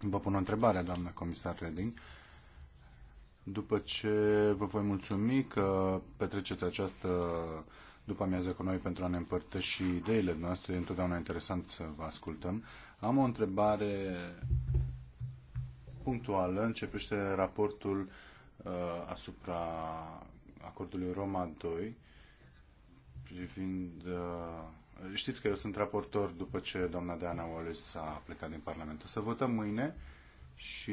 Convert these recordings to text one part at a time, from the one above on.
Vă pun o întrebare, doamnă comisar Reding. După ce vă voi mulțumi că petreceți această după amiază cu noi pentru a ne împărtăși ideile noastre, e întotdeauna interesant să vă ascultăm. Am o întrebare punctuală, începește raportul uh, asupra acordului Roma 2 privind uh, Știți că eu sunt raportor după ce doamna Diana Wallace a plecat din Parlament. O să votăm mâine și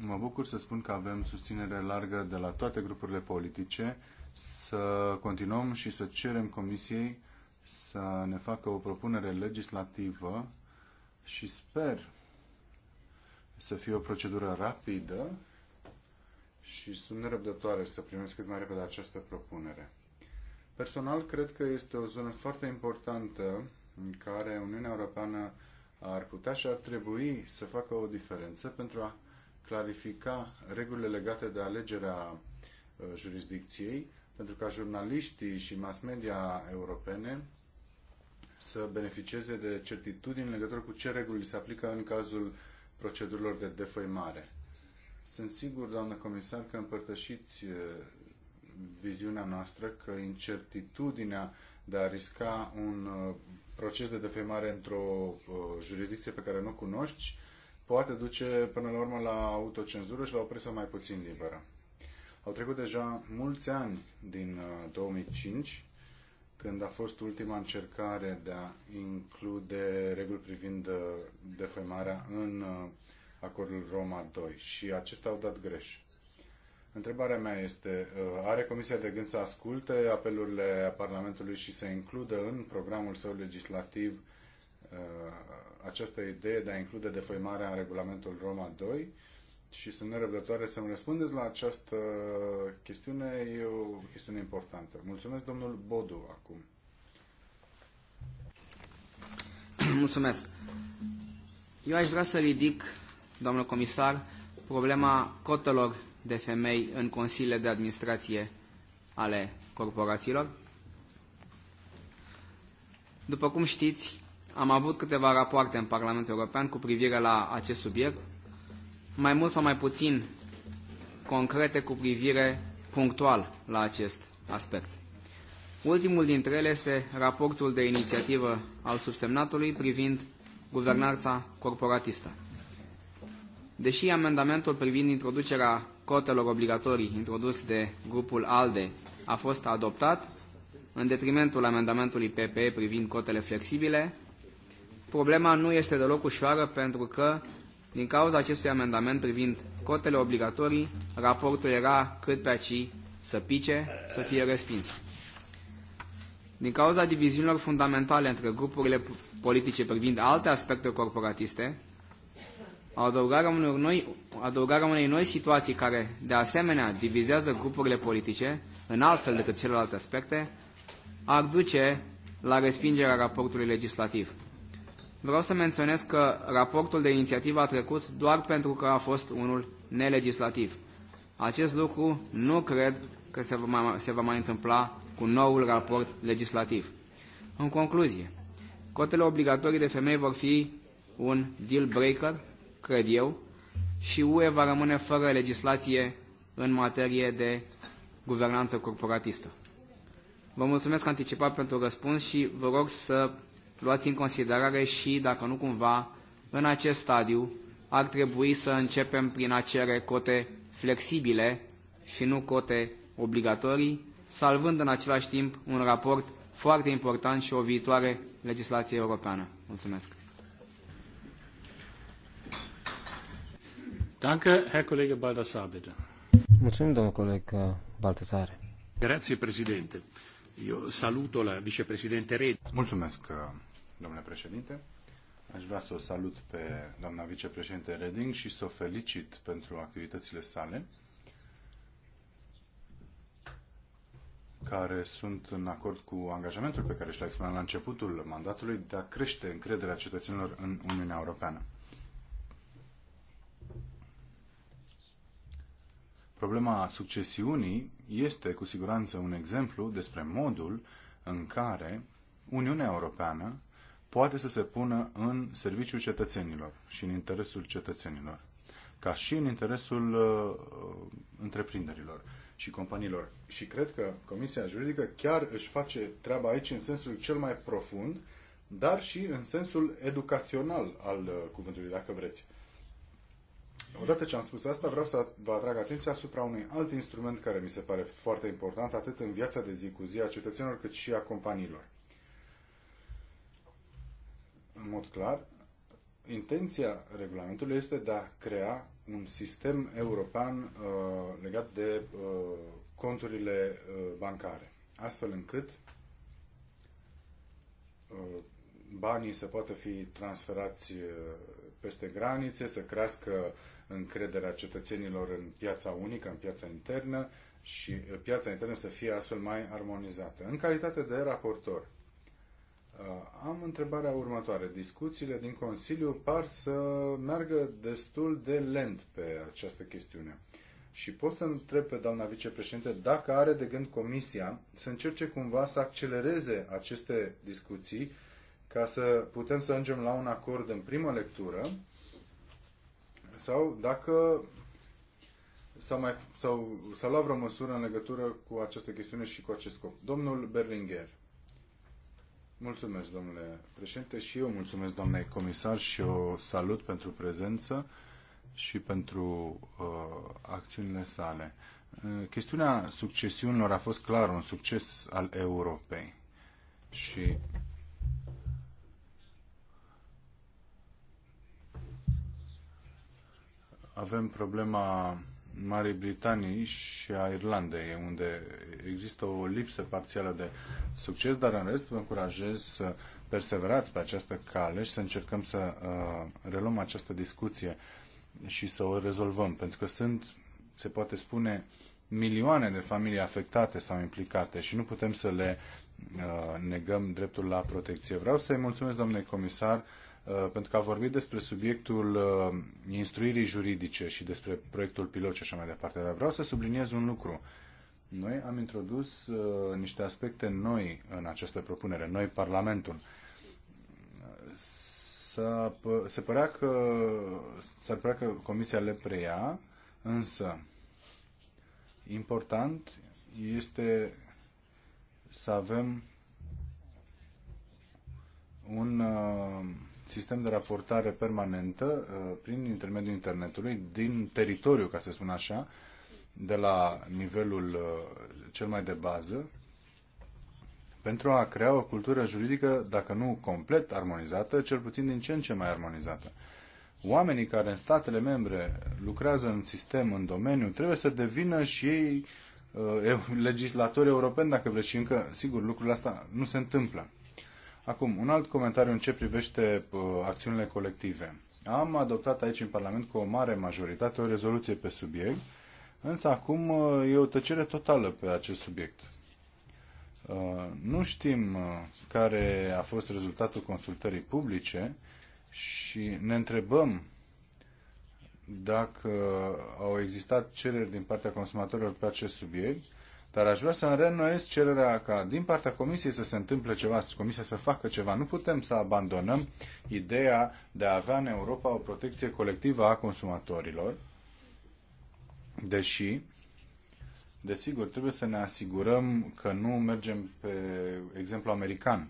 mă bucur să spun că avem susținere largă de la toate grupurile politice să continuăm și să cerem Comisiei să ne facă o propunere legislativă și sper să fie o procedură rapidă și sunt nerăbdătoare să primesc cât mai repede această propunere. Personal, cred că este o zonă foarte importantă în care Uniunea Europeană ar putea și ar trebui să facă o diferență pentru a clarifica regulile legate de alegerea uh, jurisdicției, pentru ca jurnaliștii și mass media europene să beneficieze de certitudini în legătură cu ce reguli se aplică în cazul procedurilor de defăimare. Sunt sigur, doamnă comisar, că împărtășiți uh, viziunea noastră că incertitudinea de a risca un uh, proces de defăimare într-o uh, jurisdicție pe care nu o cunoști poate duce până la urmă la autocenzură și la o presă mai puțin liberă. Au trecut deja mulți ani din 2005 uh, când a fost ultima încercare de a include reguli privind defăimarea în acordul Roma 2 și acestea au dat greș. Întrebarea mea este, uh, are Comisia de gând să asculte apelurile Parlamentului și să includă în programul său legislativ uh, această idee de a include defăimarea în regulamentul Roma 2 și sunt nerăbdătoare să-mi răspundeți la această chestiune, e o chestiune importantă. Mulțumesc, domnul Bodu, acum. Mulțumesc. Eu aș vrea să ridic, domnul comisar, problema cotelor de femei în consiliile de administrație ale corporațiilor. După cum știți, am avut câteva rapoarte în Parlamentul European cu privire la acest subiect, mai mult sau mai puțin concrete cu privire punctual la acest aspect. Ultimul dintre ele este raportul de inițiativă al subsemnatului privind guvernanța corporatistă. Deși amendamentul privind introducerea cotelor obligatorii introdus de grupul ALDE a fost adoptat, în detrimentul amendamentului PPE privind cotele flexibile, problema nu este deloc ușoară pentru că, din cauza acestui amendament privind cotele obligatorii, raportul era cât pe aci să pice, să fie respins. Din cauza diviziunilor fundamentale între grupurile politice privind alte aspecte corporatiste, adăugarea unei, noi, adăugarea unei noi situații care, de asemenea, divizează grupurile politice, în altfel decât celelalte aspecte, ar duce la respingerea raportului legislativ. Vreau să menționez că raportul de inițiativă a trecut doar pentru că a fost unul nelegislativ. Acest lucru nu cred că se va mai, se va mai întâmpla cu noul raport legislativ. În concluzie, cotele obligatorii de femei vor fi un deal breaker cred eu, și UE va rămâne fără legislație în materie de guvernanță corporatistă. Vă mulțumesc anticipat pentru răspuns și vă rog să luați în considerare și, dacă nu cumva, în acest stadiu ar trebui să începem prin a cere cote flexibile și nu cote obligatorii, salvând în același timp un raport foarte important și o viitoare legislație europeană. Mulțumesc! Danke, Herr Kollege Baldassar, bitte. Mulțumim, domnul coleg uh, Baltasar. Grazie, președinte. Eu saluto la vicepreședinte Red. Mulțumesc, uh, domnule președinte. Aș vrea să o salut pe doamna vicepreședinte Reding și să o felicit pentru activitățile sale, care sunt în acord cu angajamentul pe care și l-a exprimat la începutul mandatului de a crește încrederea cetățenilor în Uniunea Europeană. Problema succesiunii este cu siguranță un exemplu despre modul în care Uniunea Europeană poate să se pună în serviciul cetățenilor și în interesul cetățenilor, ca și în interesul uh, întreprinderilor și companiilor. Și cred că Comisia Juridică chiar își face treaba aici în sensul cel mai profund, dar și în sensul educațional al uh, cuvântului, dacă vreți. Odată ce am spus asta, vreau să vă atrag atenția asupra unui alt instrument care mi se pare foarte important, atât în viața de zi cu zi a cetățenilor, cât și a companiilor. În mod clar, intenția regulamentului este de a crea un sistem european uh, legat de uh, conturile uh, bancare, astfel încât uh, banii să poată fi transferați uh, peste granițe, să crească încrederea cetățenilor în piața unică, în piața internă și piața internă să fie astfel mai armonizată. În calitate de raportor, uh, am întrebarea următoare. Discuțiile din Consiliu par să meargă destul de lent pe această chestiune. Și pot să întreb pe doamna vicepreședinte dacă are de gând Comisia să încerce cumva să accelereze aceste discuții ca să putem să ajungem la un acord în primă lectură sau dacă s-a, mai, sau, s-a luat vreo măsură în legătură cu această chestiune și cu acest scop. Domnul Berlinger. Mulțumesc, domnule președinte, și eu mulțumesc, domnule comisar, și o salut pentru prezență și pentru uh, acțiunile sale. Uh, chestiunea succesiunilor a fost clar un succes al Europei și avem problema Marii Britanii și a Irlandei, unde există o lipsă parțială de succes, dar în rest vă încurajez să perseverați pe această cale și să încercăm să uh, reluăm această discuție și să o rezolvăm, pentru că sunt, se poate spune, milioane de familii afectate sau implicate și nu putem să le uh, negăm dreptul la protecție. Vreau să-i mulțumesc, domnule comisar, Uh, pentru că a vorbit despre subiectul uh, instruirii juridice și despre proiectul pilot și așa mai departe. Dar vreau să subliniez un lucru. Noi am introdus uh, niște aspecte noi în această propunere, noi Parlamentul. Se părea că, s-ar părea că Comisia le preia, însă important este să avem un uh, sistem de raportare permanentă uh, prin intermediul internetului din teritoriu, ca să spun așa, de la nivelul uh, cel mai de bază, pentru a crea o cultură juridică, dacă nu complet armonizată, cel puțin din ce în ce mai armonizată. Oamenii care în statele membre lucrează în sistem, în domeniu, trebuie să devină și ei uh, legislatori europeni, dacă vreți, și încă, sigur, lucrul asta nu se întâmplă. Acum, un alt comentariu în ce privește uh, acțiunile colective. Am adoptat aici în Parlament cu o mare majoritate o rezoluție pe subiect, însă acum uh, e o tăcere totală pe acest subiect. Uh, nu știm uh, care a fost rezultatul consultării publice și ne întrebăm dacă au existat cereri din partea consumatorilor pe acest subiect dar aș vrea să reînnoiesc cererea ca din partea Comisiei să se întâmple ceva, să Comisia să facă ceva. Nu putem să abandonăm ideea de a avea în Europa o protecție colectivă a consumatorilor, deși Desigur, trebuie să ne asigurăm că nu mergem pe exemplu american.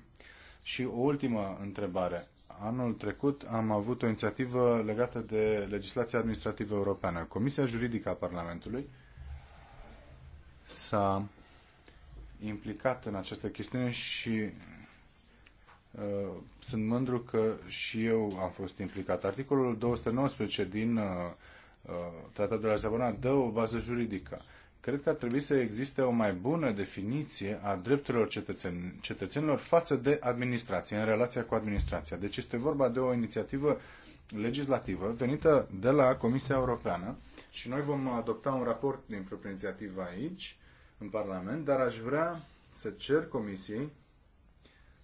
Și o ultimă întrebare. Anul trecut am avut o inițiativă legată de legislația administrativă europeană. Comisia Juridică a Parlamentului s-a implicat în această chestiune și uh, sunt mândru că și eu am fost implicat. Articolul 219 din uh, uh, Tratatul de la Savona dă o bază juridică. Cred că ar trebui să existe o mai bună definiție a drepturilor cetățen- cetățenilor față de administrație, în relația cu administrația. Deci este vorba de o inițiativă legislativă venită de la Comisia Europeană și noi vom adopta un raport din propria inițiativă aici, în Parlament, dar aș vrea să cer Comisiei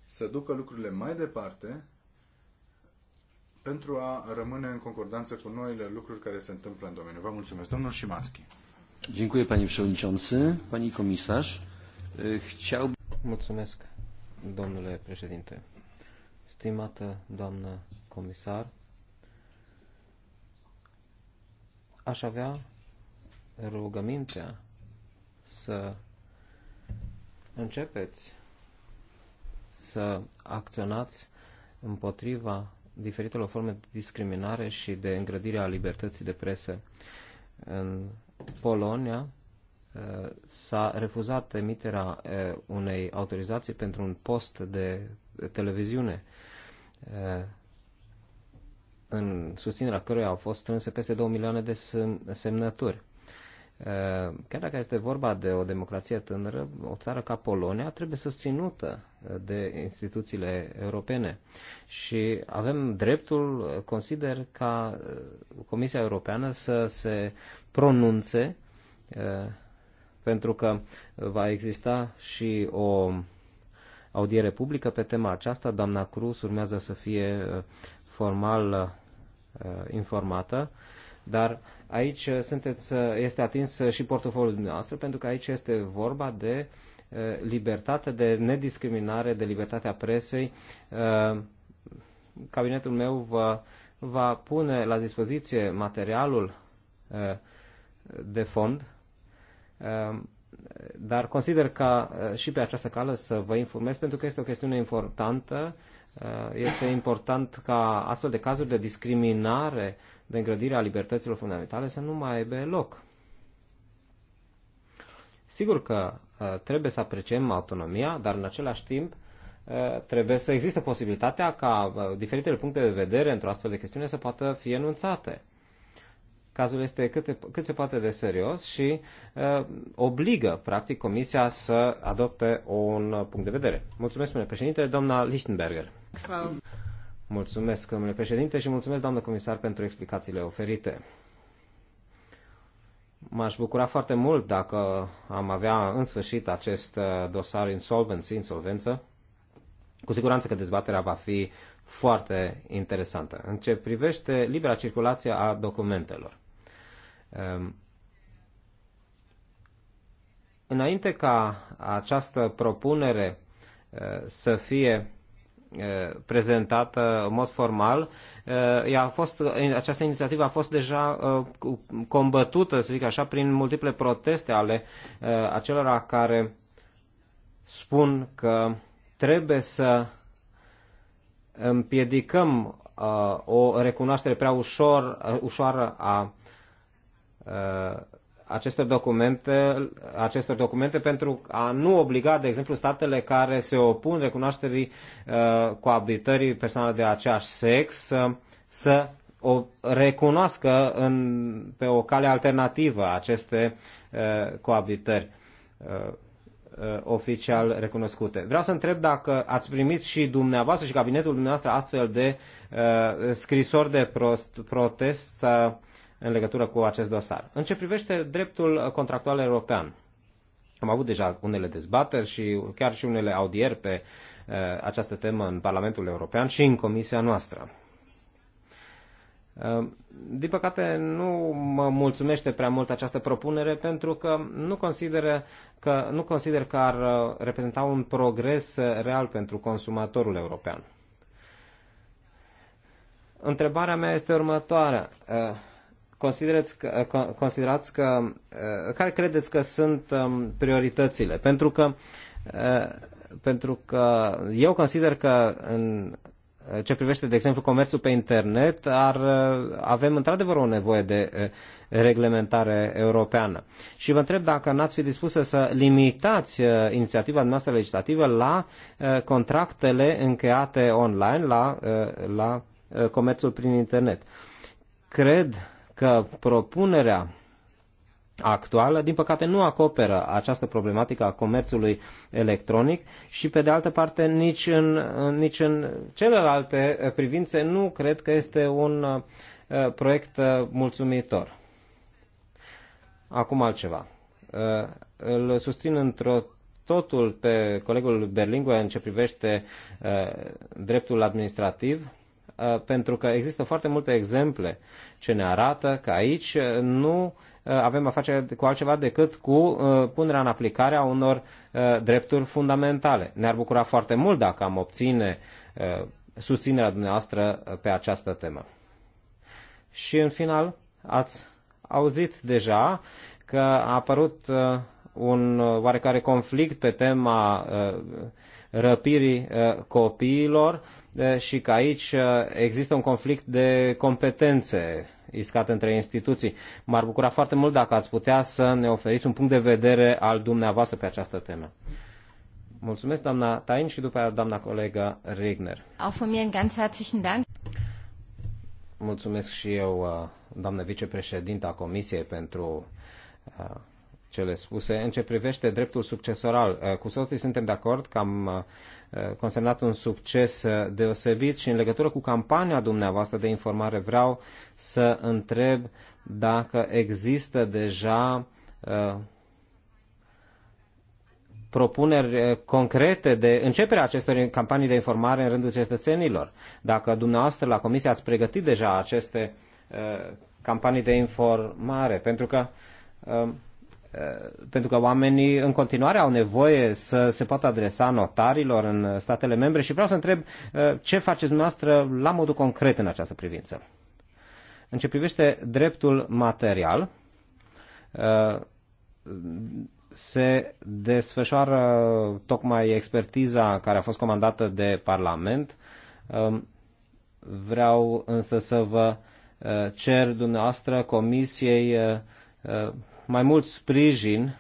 să ducă lucrurile mai departe pentru a rămâne în concordanță cu noile lucruri care se întâmplă în domeniu. Vă mulțumesc, domnul Șimanski. Dziękuję panie przewodniczący, pani komisarz. Chciałbym... Mulțumesc, domnule președinte. Stimată doamnă comisar, aș avea rugămintea să începeți să acționați împotriva diferitelor forme de discriminare și de îngrădire a libertății de presă. În Polonia eh, s-a refuzat emiterea eh, unei autorizații pentru un post de televiziune eh, în susținerea căruia au fost strânse peste 2 milioane de semnături. Chiar dacă este vorba de o democrație tânără, o țară ca Polonia trebuie susținută de instituțiile europene și avem dreptul, consider, ca Comisia Europeană să se pronunțe pentru că va exista și o audiere publică pe tema aceasta. Doamna Cruz urmează să fie formal Uh, informată, dar aici uh, sunteți, uh, este atins și portofoliul dumneavoastră, pentru că aici este vorba de libertate, de nediscriminare, de libertatea presei. Cabinetul meu va, va pune la dispoziție materialul de fond dar consider ca și pe această cală să vă informez pentru că este o chestiune importantă Uh, este important ca astfel de cazuri de discriminare, de îngrădire a libertăților fundamentale să nu mai aibă loc. Sigur că uh, trebuie să apreciem autonomia, dar în același timp uh, trebuie să existe posibilitatea ca diferitele puncte de vedere într-o astfel de chestiune să poată fi enunțate. Cazul este cât, cât se poate de serios și uh, obligă, practic, Comisia să adopte un punct de vedere. Mulțumesc, domnule președinte, doamna Lichtenberger. Wow. Mulțumesc, domnule președinte, și mulțumesc, doamnă comisar, pentru explicațiile oferite. M-aș bucura foarte mult dacă am avea în sfârșit acest uh, dosar insolvency, insolvență, cu siguranță că dezbaterea va fi foarte interesantă. În ce privește libera circulație a documentelor. Um, înainte ca această propunere uh, să fie uh, prezentată în mod formal. Uh, a fost, această inițiativă a fost deja combătută, să zic așa, prin multiple proteste ale acelora care spun că Trebuie să împiedicăm uh, o recunoaștere prea ușor, uh, ușoară a uh, acestor documente, acestor documente pentru a nu obliga, de exemplu, statele care se opun recunoașterii uh, coabitării persoanelor de aceeași sex să, să o recunoască în, pe o cale alternativă aceste uh, coabitări. Uh, Uh, oficial recunoscute. Vreau să întreb dacă ați primit și dumneavoastră și cabinetul dumneavoastră astfel de uh, scrisori de prost, protest în legătură cu acest dosar. În ce privește dreptul contractual european, am avut deja unele dezbateri și chiar și unele audieri pe uh, această temă în Parlamentul European și în Comisia noastră. Ehm, din păcate, nu mă mulțumește prea mult această propunere pentru că nu consider că, nu consider că ar uh, reprezenta un progres real pentru consumatorul european. Întrebarea mea este următoarea. Ehm, considerați că, uh, considerați că, uh, care credeți că sunt um, prioritățile? Pentru că pentru că eu consider că în ce privește, de exemplu, comerțul pe internet, ar, uh, avem într-adevăr o nevoie de uh, reglementare europeană. Și vă întreb dacă n-ați fi dispusă să limitați uh, inițiativa noastră legislativă la contractele încheiate online, la, la comerțul prin internet. Cred că propunerea actuală, din păcate nu acoperă această problematică a comerțului electronic și pe de altă parte nici în, nici în celelalte privințe nu cred că este un uh, proiect uh, mulțumitor. Acum altceva. Uh, îl susțin într-o totul pe colegul Berlingua în ce privește dreptul administrativ, pentru că există foarte multe exemple ce ne arată că aici nu uh, Uh, avem a face cu altceva decât cu uh, punerea în aplicare a unor uh, drepturi fundamentale. Ne-ar bucura foarte mult dacă am obține susținerea dumneavoastră pe această temă. Și în final, ați auzit deja că a apărut un oarecare conflict pe tema răpirii copiilor și că aici există un conflict de competențe iscat între instituții. M-ar bucura foarte mult dacă ați putea să ne oferiți un punct de vedere al dumneavoastră pe această temă. Mulțumesc, doamna Tain, și după aia doamna colegă Regner. Auch ganz herzlichen Dank. Mulțumesc și eu, uh, doamnă vicepreședinta Comisiei, pentru uh, cele spuse. În ce privește dreptul succesoral, uh, cu soții suntem de acord că am uh, consemnat un succes uh, deosebit și în legătură cu campania dumneavoastră de informare vreau să întreb dacă există deja propuneri concrete de începerea acestor campanii de informare în rândul cetățenilor. Dacă dumneavoastră la Comisie ați pregătit deja aceste campanii de informare, pentru că Eh, pentru că oamenii în continuare au nevoie să se poată adresa notarilor în statele membre și vreau să întreb eh, ce faceți dumneavoastră la modul concret în această privință. În ce privește dreptul material, eh, se desfășoară tocmai expertiza care a fost comandată de Parlament. Vreau însă să vă cer dumneavoastră Comisiei mai mult sprijin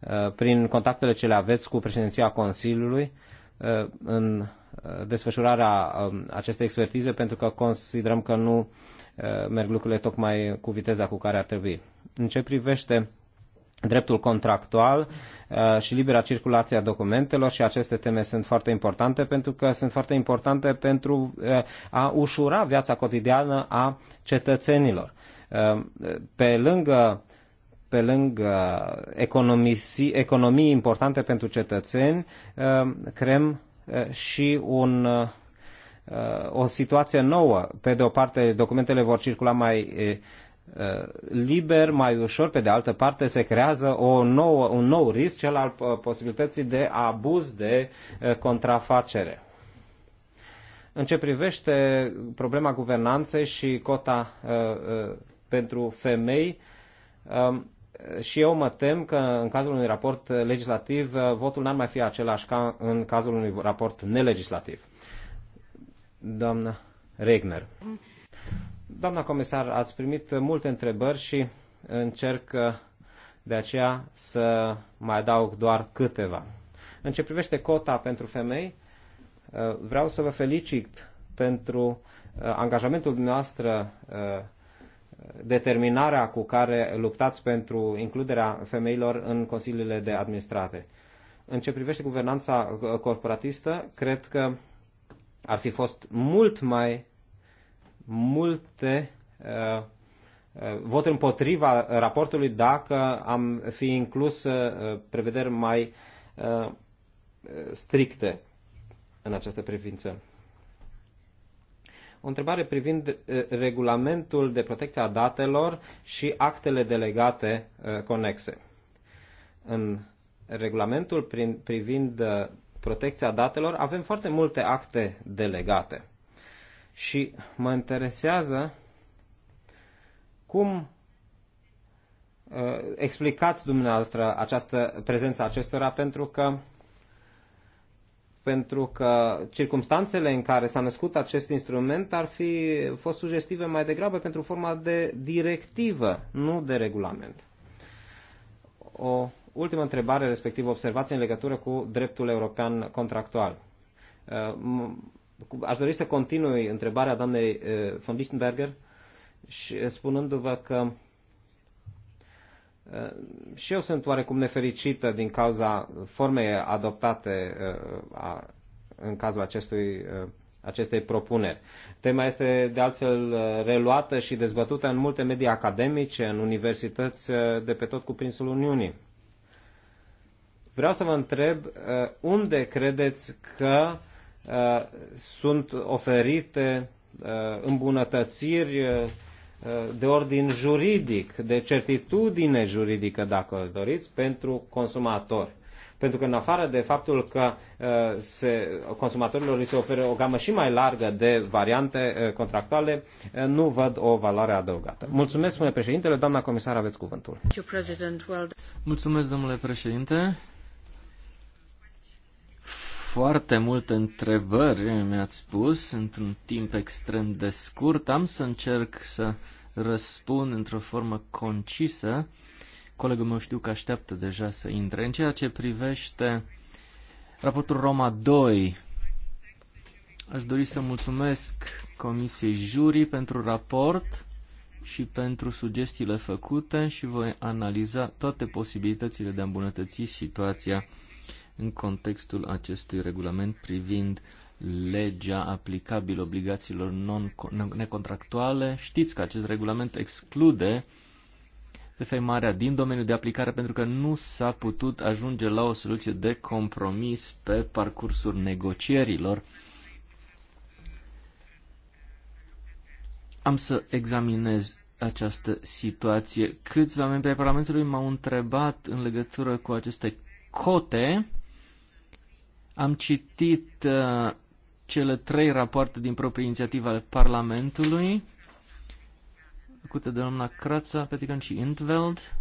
uh, prin contactele ce le aveți cu președinția Consiliului uh, în uh, desfășurarea um, acestei expertize, pentru că considerăm că nu merg lucrurile tocmai cu viteza cu care ar trebui. În ce privește dreptul contractual și libera circulație a documentelor și aceste teme sunt foarte importante pentru că sunt foarte importante pentru a ușura viața cotidiană a cetățenilor. Pe lângă pe lângă economii, economii importante pentru cetățeni, uh, creăm uh, și un, uh, o situație nouă. Pe de o parte, documentele vor circula mai liber, mai ușor, pe de altă parte se creează o nouă, un nou risc, cel al posibilității de abuz, de contrafacere. În ce privește problema guvernanței și cota pentru femei, uh, și eu mă tem că în cazul unui raport legislativ uh, votul n-ar mai fi același ca în cazul unui raport nelegislativ. Doamna Regner. Doamna comisar, ați primit multe întrebări și încerc uh, de aceea să mai adaug doar câteva. În ce privește cota pentru femei, uh, vreau să vă felicit pentru angajamentul dumneavoastră determinarea cu care luptați pentru includerea femeilor în consiliile de administrare. În ce privește guvernanța corporatistă, cred că ar fi fost mult mai multe uh, uh vot împotriva raportului dacă am fi inclus uh, prevederi mai uh, stricte în această privință o întrebare privind eh, regulamentul de protecție a datelor și actele delegate eh, conexe. În regulamentul privind eh, protecția datelor avem foarte multe acte delegate. Și mă interesează cum explicați dumneavoastră această prezența acestora, pentru că pentru că circumstanțele în care s-a născut acest instrument ar fi fost sugestive mai degrabă pentru forma de directivă, nu de regulament. O ultimă întrebare, respectiv observație în legătură cu dreptul european contractual. Uh, aș dori să continui întrebarea doamnei uh, von Lichtenberger și uh, spunându-vă că Uh, și eu sunt oarecum nefericită din cauza formei adoptate uh, a, în cazul acestui, uh, acestei propuneri. Tema este de altfel reluată și dezbătută în multe medii academice, în universități de pe tot cuprinsul Uniunii. Vreau să vă întreb unde credeți că sunt oferite îmbunătățiri de ordin juridic, de certitudine juridică, dacă doriți, pentru consumatori. Pentru că în afară de faptul că uh, se, consumatorilor li se oferă o gamă și mai largă de variante uh, contractuale, uh, nu văd o valoare adăugată. Mulțumesc, domnule președintele. Doamna comisar, aveți cuvântul. Mulțumesc, domnule președinte foarte multe întrebări, mi-ați spus, într-un timp extrem de scurt. Am să încerc să răspund într-o formă concisă. Colegul meu știu că așteaptă deja să intre. În ceea ce privește raportul Roma 2, aș dori să mulțumesc Comisiei Jurii pentru raport și pentru sugestiile făcute și voi analiza toate posibilitățile de a îmbunătăți situația în contextul acestui regulament privind legea aplicabilă obligațiilor non necontractuale. Știți că acest regulament exclude defăimarea din domeniul de aplicare pentru că nu s-a putut ajunge la o soluție de compromis pe parcursul negocierilor. Am să examinez această situație. Câțiva membri ai Parlamentului m-au întrebat în legătură cu aceste cote am citit uh, cele trei rapoarte din proprie inițiativă ale Parlamentului, făcute de doamna Crața, Petican și Intveld,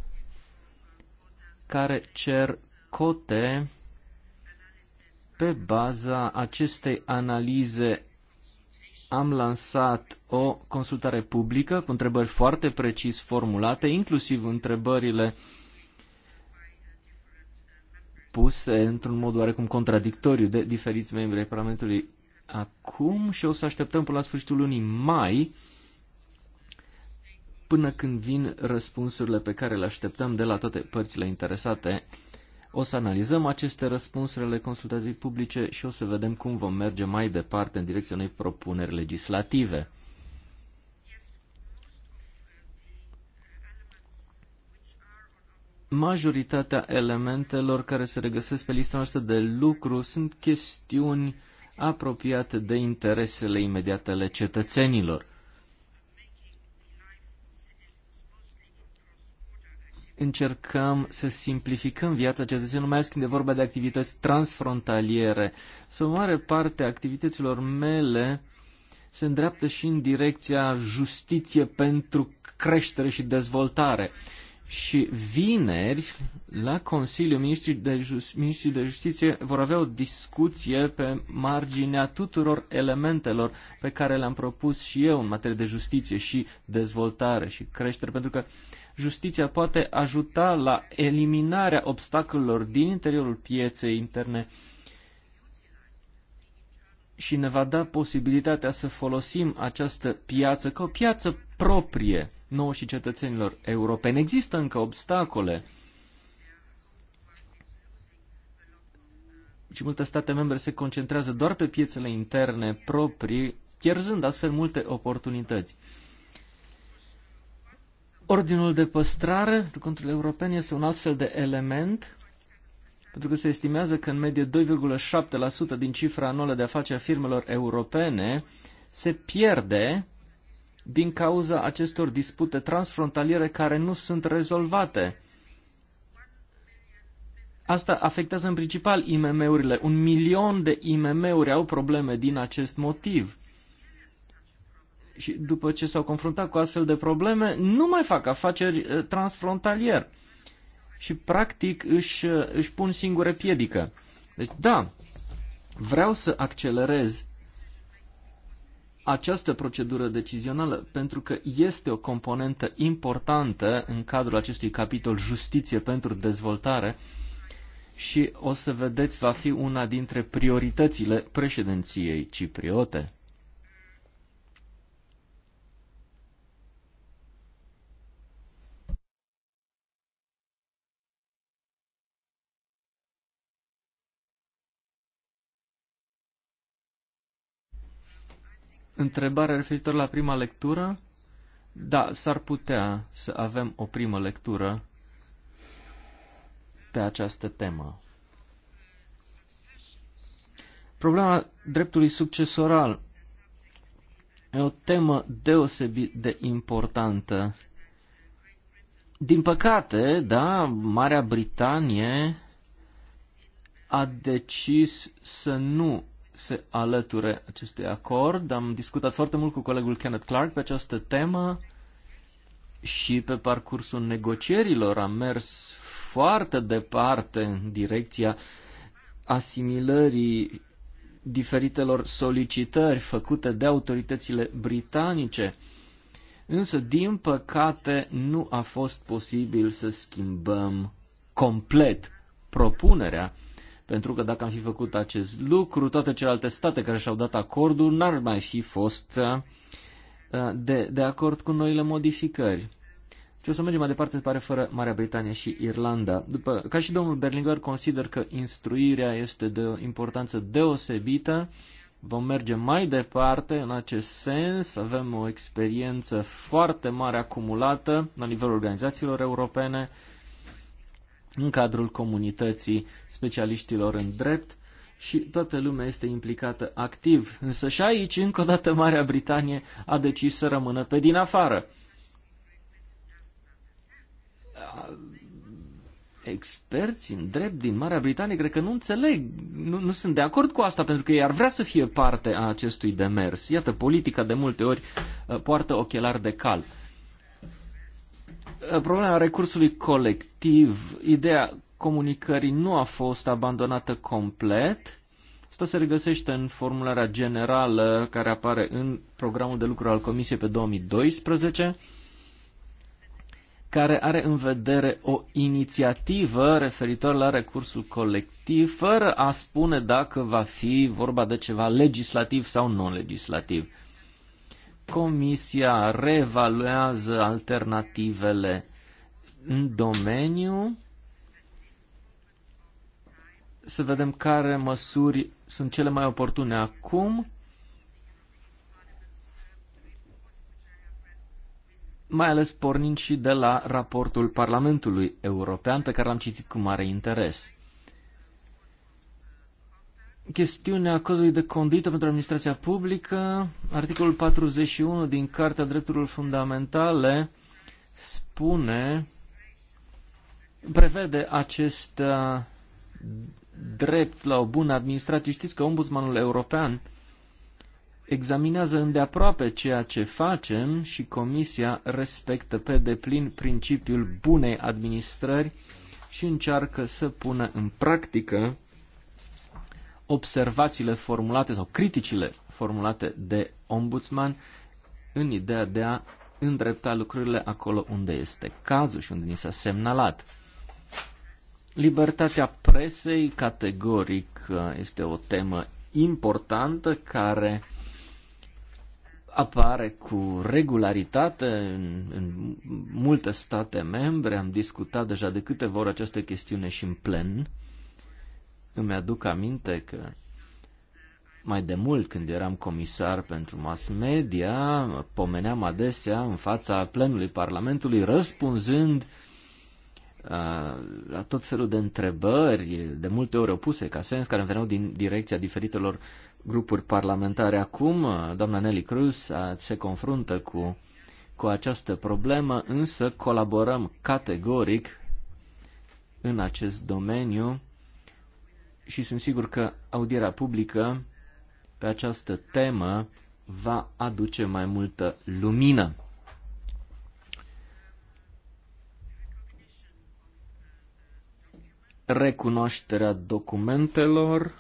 care cer cote pe baza acestei analize am lansat o consultare publică cu întrebări foarte precis formulate, inclusiv întrebările uh, spuse într-un mod oarecum contradictoriu de diferiți membri ai Parlamentului acum și o să așteptăm până la sfârșitul lunii mai până când vin răspunsurile pe care le așteptăm de la toate părțile interesate. O să analizăm aceste răspunsuri ale consultației publice și o să vedem cum vom merge mai departe în direcția unei propuneri legislative. majoritatea elementelor care se regăsesc pe lista noastră de lucru sunt chestiuni apropiate de interesele imediate ale cetățenilor. Încercăm să simplificăm viața cetățenilor, mai ales când e vorba de activități transfrontaliere. Să o mare parte a activităților mele se îndreaptă și în direcția justiție pentru creștere și dezvoltare. Și vineri, la Consiliul Ministrii de, Just, Ministrii de Justiție vor avea o discuție pe marginea tuturor elementelor pe care le-am propus și eu în materie de justiție și dezvoltare și creștere, pentru că justiția poate ajuta la eliminarea obstacolelor din interiorul pieței interne și ne va da posibilitatea să folosim această piață ca o piață proprie nouă și cetățenilor europeni. Există încă obstacole și multe state membre se concentrează doar pe piețele interne proprii, pierzând astfel multe oportunități. Ordinul de păstrare, contul european, este un alt fel de element, pentru că se estimează că în medie 2,7% din cifra anuală de afaceri a firmelor europene se pierde din cauza acestor dispute transfrontaliere care nu sunt rezolvate. Asta afectează în principal IMM-urile. Un milion de IMM-uri au probleme din acest motiv. Și după ce s-au confruntat cu astfel de probleme, nu mai fac afaceri eh, transfrontalier. Și practic își, eh, își pun singure piedică. Deci da, vreau să accelerez această procedură decizională, pentru că este o componentă importantă în cadrul acestui capitol Justiție pentru dezvoltare și o să vedeți va fi una dintre prioritățile președinției cipriote. Întrebare referitor la prima lectură? Da, s-ar putea să avem o primă lectură pe această temă. Problema dreptului succesoral e o temă deosebit de importantă. Din păcate, da, Marea Britanie a decis să nu se alăture acestui acord. Am discutat foarte mult cu colegul Kenneth Clark pe această temă și pe parcursul negocierilor am mers foarte departe în direcția asimilării diferitelor solicitări făcute de autoritățile britanice. Însă, din păcate, nu a fost posibil să schimbăm complet propunerea pentru că dacă am fi făcut acest lucru, toate celelalte state care și-au dat acordul n-ar mai fi fost uh, de, de acord cu noile modificări. Și o să mergem mai departe, pare, fără Marea Britanie și Irlanda. După, ca și domnul Berlinguer, consider că instruirea este de o importanță deosebită. Vom merge mai departe în acest sens. Avem o experiență foarte mare acumulată la nivelul organizațiilor europene în cadrul comunității specialiștilor în drept și toată lumea este implicată activ. Însă și aici, încă o dată, Marea Britanie a decis să rămână pe din afară. Experți în drept din Marea Britanie cred că nu înțeleg, nu, nu sunt de acord cu asta, pentru că ei ar vrea să fie parte a acestui demers. Iată, politica de multe ori uh, poartă ochelari de cal. Eh, problema recursului colectiv, ideea comunicării nu a fost abandonată complet. Asta se regăsește în formularea generală care apare în programul de lucru al Comisiei pe 2012 care are în vedere o inițiativă referitor la recursul colectiv, fără a spune dacă va fi vorba de ceva legislativ sau non-legislativ. Comisia reevaluează alternativele în domeniu să vedem care măsuri sunt cele mai oportune acum. mai ales pornind și de la raportul Parlamentului European, pe care l-am citit cu mare interes chestiunea codului de conduită pentru administrația publică, articolul 41 din Cartea Drepturilor Fundamentale spune, prevede acest uh, drept la o bună administrație. Știți că ombudsmanul european examinează îndeaproape ceea ce facem și Comisia respectă pe deplin principiul bunei administrări și încearcă să pună în practică observațiile formulate sau criticile formulate de ombudsman în ideea de a îndrepta lucrurile acolo unde este cazul și unde ni s-a semnalat. Libertatea presei, categoric, este o temă importantă care apare cu regularitate în, în multe state membre. Am discutat deja de câteva ori această chestiune și în plen. Îmi aduc aminte că mai de mult când eram comisar pentru mass media, pomeneam adesea în fața plenului Parlamentului, răspunzând la tot felul de întrebări, de multe ori opuse ca sens, care veneau din direcția diferitelor grupuri parlamentare. Acum, doamna Nelly Cruz se confruntă cu, cu această problemă, însă colaborăm categoric în acest domeniu și sunt sigur că audierea publică pe această temă va aduce mai multă lumină. Recunoașterea documentelor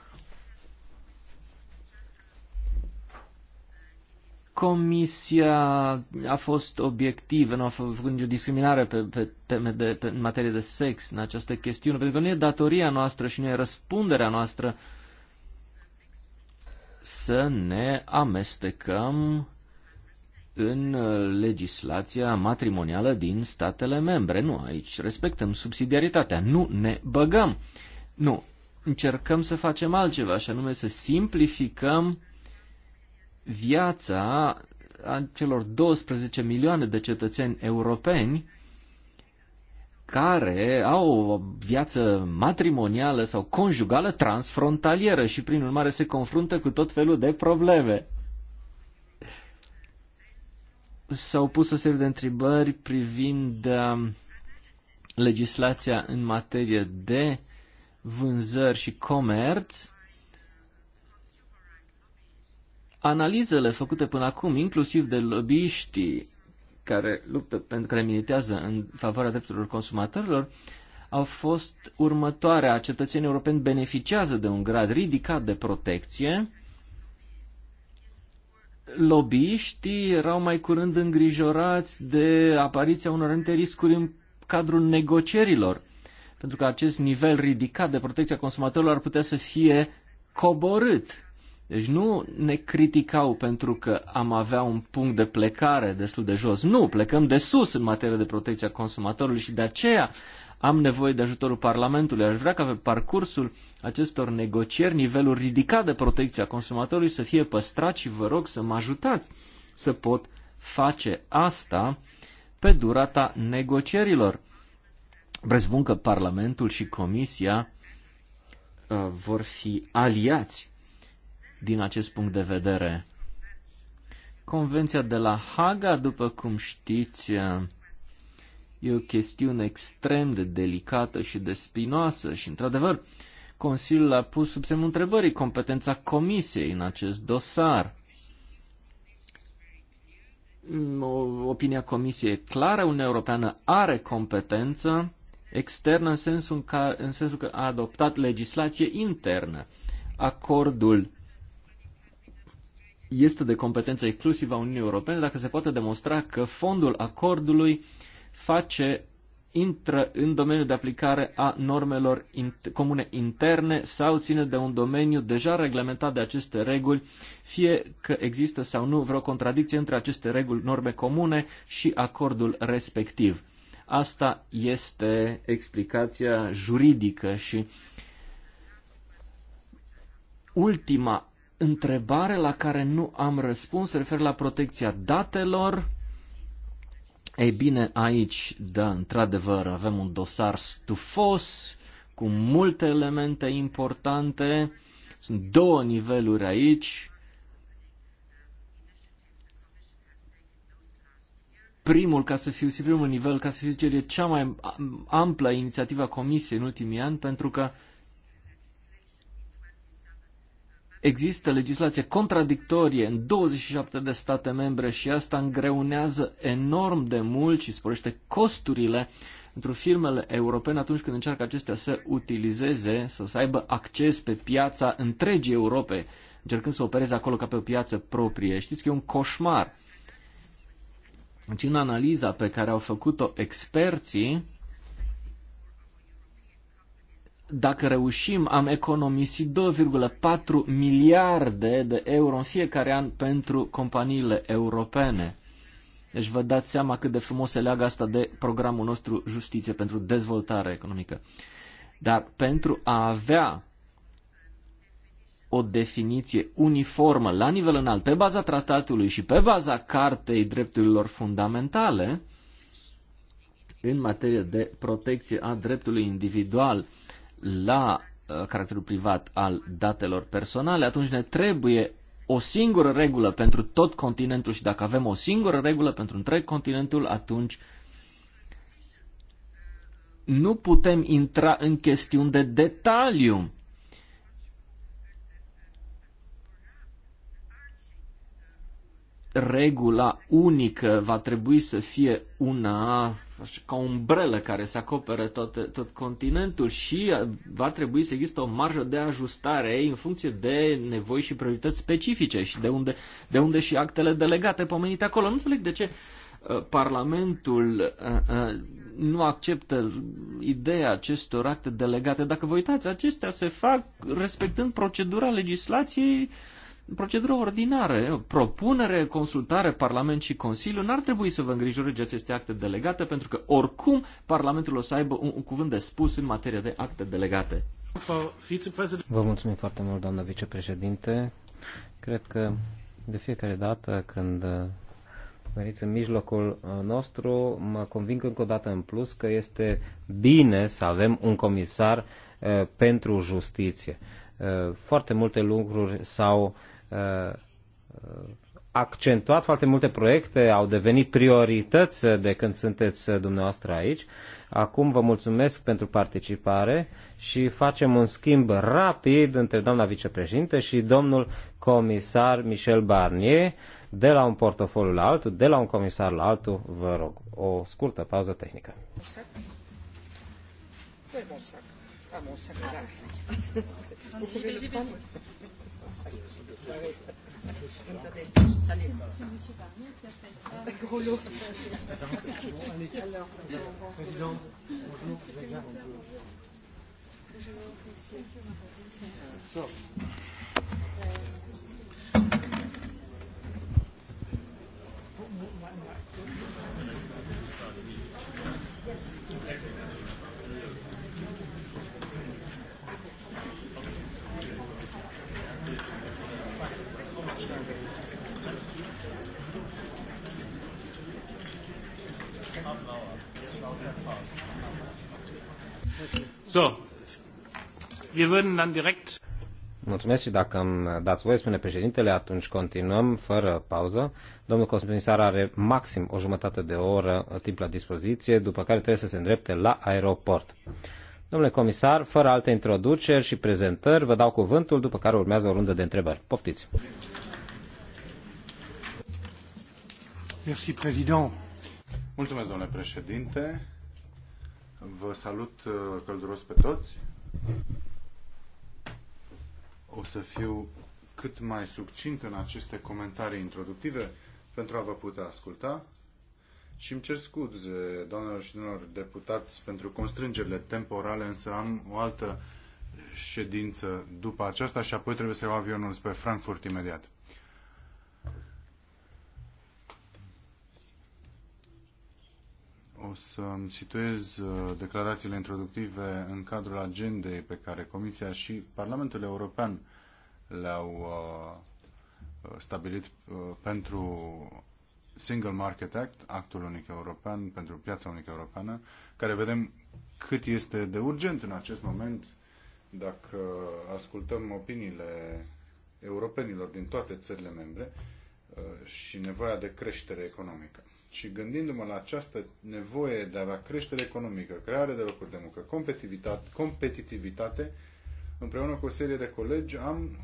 Comisia a fost obiectivă, nu a făcut nicio discriminare pe, pe teme de, pe, în materie de sex în această chestiune, pentru că nu e datoria noastră și nu e răspunderea noastră să ne amestecăm în uh, legislația matrimonială din statele membre. Nu, aici respectăm subsidiaritatea, nu ne băgăm. Nu, încercăm să facem altceva, și anume să simplificăm viața a celor 12 milioane de cetățeni europeni care au o viață matrimonială sau conjugală transfrontalieră și prin urmare se confruntă cu tot felul de probleme. S-au pus o serie de întrebări privind um, legislația în materie de vânzări și comerț Analizele făcute până acum, inclusiv de lobbyiștii care luptă pentru care militează în favoarea drepturilor consumatorilor, au fost următoarea. Cetățenii europeni beneficiază de un grad ridicat de protecție. Lobbyiștii erau mai curând îngrijorați de apariția unor anumite riscuri în cadrul negocierilor, pentru că acest nivel ridicat de protecția consumatorilor ar putea să fie coborât deci nu ne criticau pentru că am avea un punct de plecare destul de jos. Nu, plecăm de sus în materie de protecția consumatorului și de aceea am nevoie de ajutorul Parlamentului. Aș vrea ca pe parcursul acestor negocieri nivelul ridicat de protecție a consumatorului să fie păstrat și vă rog să mă ajutați să pot face asta pe durata negocierilor. spun că Parlamentul și Comisia uh, vor fi aliați din acest punct de vedere. Convenția de la Haga, după cum știți, e o chestiune extrem de delicată și de spinoasă și, într-adevăr, Consiliul a pus sub semnul întrebării competența Comisiei în acest dosar. Mm, opinia Comisiei e clară, Uniunea Europeană are competență externă în sensul, în, care, în sensul că a adoptat legislație internă. Acordul este de competență exclusivă a Uniunii Europene dacă se poate demonstra că fondul acordului face intră în domeniul de aplicare a normelor comune interne sau ține de un domeniu deja reglementat de aceste reguli, fie că există sau nu vreo contradicție între aceste reguli, norme comune și acordul respectiv. Asta este explicația juridică și ultima întrebare la care nu am răspuns, refer la protecția datelor. Ei bine, aici, da, într-adevăr, avem un dosar stufos, cu multe elemente importante. Sunt două niveluri aici. Primul, ca să fiu, primul nivel, ca să fiu zicer, e cea mai amplă inițiativă a Comisiei în ultimii ani, pentru că uh, Există legislație contradictorie în 27 de state membre și asta îngreunează enorm de mult și sporește costurile pentru firmele europene atunci când încearcă acestea să utilizeze sau să aibă acces pe piața întregii Europe, încercând să opereze acolo ca pe o piață proprie. Știți că e un coșmar. Deci în analiza pe care au făcut-o experții, dacă reușim, am economisit 2,4 miliarde de euro în fiecare an pentru companiile europene. Deci vă dați seama cât de frumos se leagă asta de programul nostru Justiție pentru dezvoltare economică. Dar pentru a avea o definiție uniformă la nivel înalt, pe baza tratatului și pe baza cartei drepturilor fundamentale, în materie de protecție a dreptului individual, la uh, caracterul privat al datelor personale, atunci ne trebuie o singură regulă pentru tot continentul și dacă avem o singură regulă pentru întreg continentul, atunci nu putem intra în chestiuni de detaliu. Regula unică va trebui să fie una ca o umbrelă care să acopere tot, tot continentul și uh, va trebui să există o marjă de ajustare în funcție de nevoi și priorități specifice și de unde, de unde și actele delegate pomenite acolo. Nu înțeleg de ce uh, Parlamentul uh, nu acceptă ideea acestor acte delegate. Dacă vă uitați, acestea se fac respectând procedura legislației uh, procedură ordinară, propunere, consultare, Parlament și Consiliu, n-ar trebui să vă îngrijoreze aceste acte delegate, pentru că oricum Parlamentul o să aibă un, un cuvânt de spus în materie de acte delegate. Vă mulțumim foarte mult, doamnă vicepreședinte. Cred că de fiecare dată când veniți în mijlocul nostru, mă conving încă o dată în plus că este bine să avem un comisar eh, pentru justiție. Eh, foarte multe lucruri s-au Uh, accentuat foarte multe proiecte, au devenit priorități de când sunteți dumneavoastră aici. Acum vă mulțumesc pentru participare și facem un schimb rapid între doamna vicepreședinte și domnul comisar Michel Barnier, de la un portofoliu la altul, de la un comisar la altul, vă rog, o scurtă pauză tehnică. Bon sac. Ah, mon sac, là. Présidente, bonjour. Bonjour. So, wir würden dann direkt... Mulțumesc și dacă îmi dați voie, spune președintele, atunci continuăm fără pauză. Domnul comisar are maxim o jumătate de oră uh, timp la dispoziție, după care trebuie să se îndrepte la aeroport. Domnule comisar, fără alte introduceri și prezentări, vă dau cuvântul, după care urmează o rundă de întrebări. Poftiți! Mulțumesc, domnule președinte. Vă salut uh, călduros pe toți. O să fiu cât mai succint în aceste comentarii introductive pentru a vă putea asculta. Și îmi cer scuze, doamnelor și domnilor deputați, pentru constrângerile temporale, însă am o altă ședință după aceasta și apoi trebuie să iau avionul spre Frankfurt imediat. O să îmi situez uh, declarațiile introductive în cadrul agendei pe care Comisia și Parlamentul European le-au uh, uh, stabilit pentru Single Market Act, actul unic european pentru piața unică europeană, care vedem cât este de urgent în acest moment dacă ascultăm opiniile europenilor din toate țările membre și nevoia de creștere economică. Și gândindu-mă la această nevoie de a avea creștere economică, creare de locuri de muncă, competitivitate, competitivitate împreună cu o serie de colegi am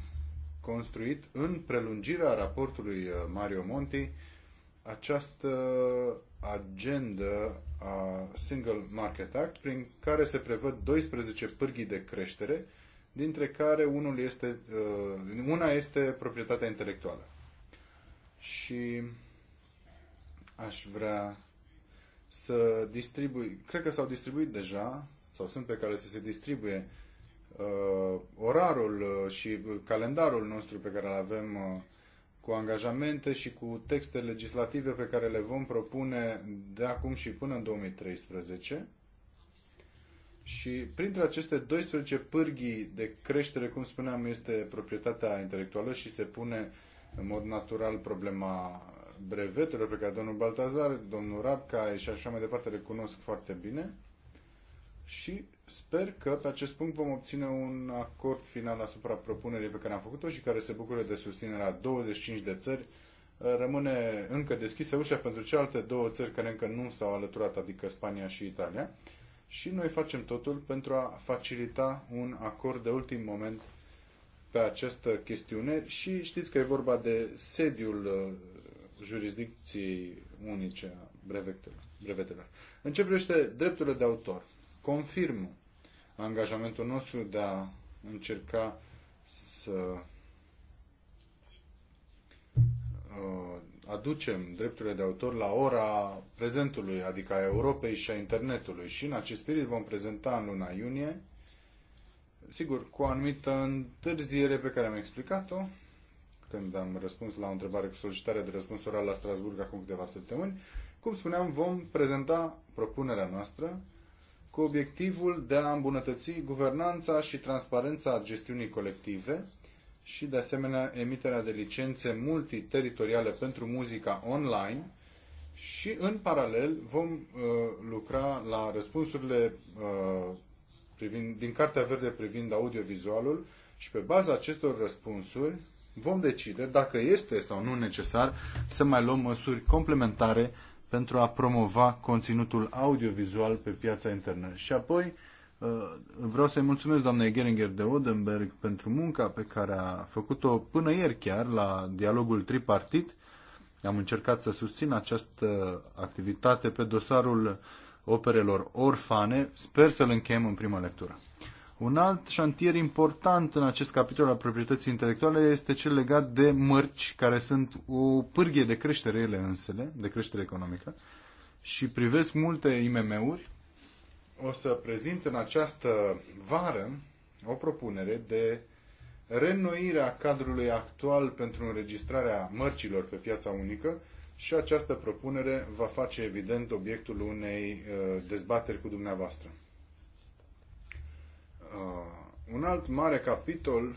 construit în prelungirea raportului uh, Mario Monti această agendă a Single Market Act prin care se prevăd 12 pârghii de creștere, dintre care unul este, uh, una este proprietatea intelectuală. Și Aș vrea să distribui, cred că s-au distribuit deja, sau sunt pe care să se distribuie uh, orarul uh, și uh, calendarul nostru pe care îl avem uh, cu angajamente și cu texte legislative pe care le vom propune de acum și până în 2013. Și printre aceste 12 pârghii de creștere, cum spuneam, este proprietatea intelectuală și se pune în mod natural problema brevetelor pe care domnul Baltazar, domnul Rabca și așa mai departe le cunosc foarte bine și sper că pe acest punct vom obține un acord final asupra propunerii pe care am făcut-o și care se bucură de susținerea 25 de țări. Rămâne încă deschisă ușa pentru cealaltă două țări care încă nu s-au alăturat, adică Spania și Italia. Și noi facem totul pentru a facilita un acord de ultim moment pe această chestiune și știți că e vorba de sediul jurisdicției unice a brevetelor. În ce privește drepturile de autor, confirm angajamentul nostru de a încerca să uh, aducem drepturile de autor la ora prezentului, adică a Europei și a internetului. Și în acest spirit vom prezenta în luna iunie, sigur, cu o anumită întârziere pe care am explicat-o, când am răspuns la o întrebare cu solicitare de răspuns oral la Strasburg acum câteva săptămâni, cum spuneam, vom prezenta propunerea noastră cu obiectivul de a îmbunătăți guvernanța și transparența gestiunii colective și, de asemenea, emiterea de licențe multiteritoriale pentru muzica online și, în paralel, vom uh, lucra la răspunsurile uh, privind, din Cartea Verde privind audiovizualul și, pe baza acestor răspunsuri, vom decide dacă este sau nu necesar să mai luăm măsuri complementare pentru a promova conținutul audiovizual pe piața internă. Și apoi uh, vreau să-i mulțumesc doamnei Geringer de Odenberg pentru munca pe care a făcut-o până ieri chiar la dialogul tripartit. Am încercat să susțin această activitate pe dosarul operelor orfane. Sper să-l încheiem în prima lectură. Un alt șantier important în acest capitol al proprietății intelectuale este cel legat de mărci, care sunt o pârghie de creștere ele însele, de creștere economică, și privesc multe IMM-uri. O să prezint în această vară o propunere de a cadrului actual pentru înregistrarea mărcilor pe piața unică și această propunere va face evident obiectul unei uh, dezbateri cu dumneavoastră. Ah, un alt mare capitol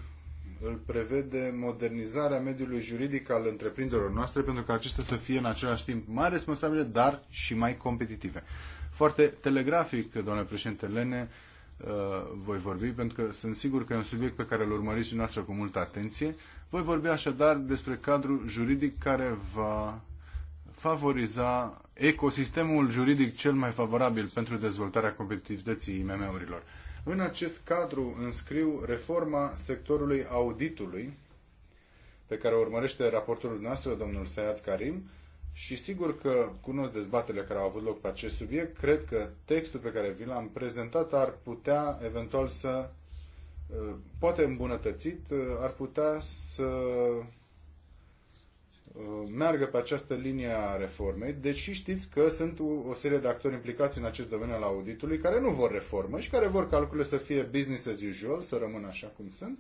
îl prevede modernizarea mediului juridic al întreprinderilor noastre pentru că acestea să fie în același timp mai responsabile, dar și mai competitive. Foarte telegrafic, doamne președinte Lene, ah, voi vorbi, pentru că sunt sigur că e un subiect pe care îl urmăriți și noastră cu multă atenție. Voi vorbi așadar despre cadrul juridic care va favoriza ecosistemul juridic cel mai favorabil pentru dezvoltarea competitivității IMM-urilor. În acest cadru înscriu reforma sectorului auditului, pe care o urmărește raportorul noastră, domnul Sayad Karim, și sigur că cunosc dezbaterile care au avut loc pe acest subiect, cred că textul pe care vi l-am prezentat ar putea eventual să, uh, poate îmbunătățit, uh, ar putea să Uh, meargă pe această linie a reformei, deși știți că sunt o serie de actori implicați în acest domeniu al auditului care nu vor reformă și care vor ca lucrurile să fie business as usual, să rămână așa cum sunt.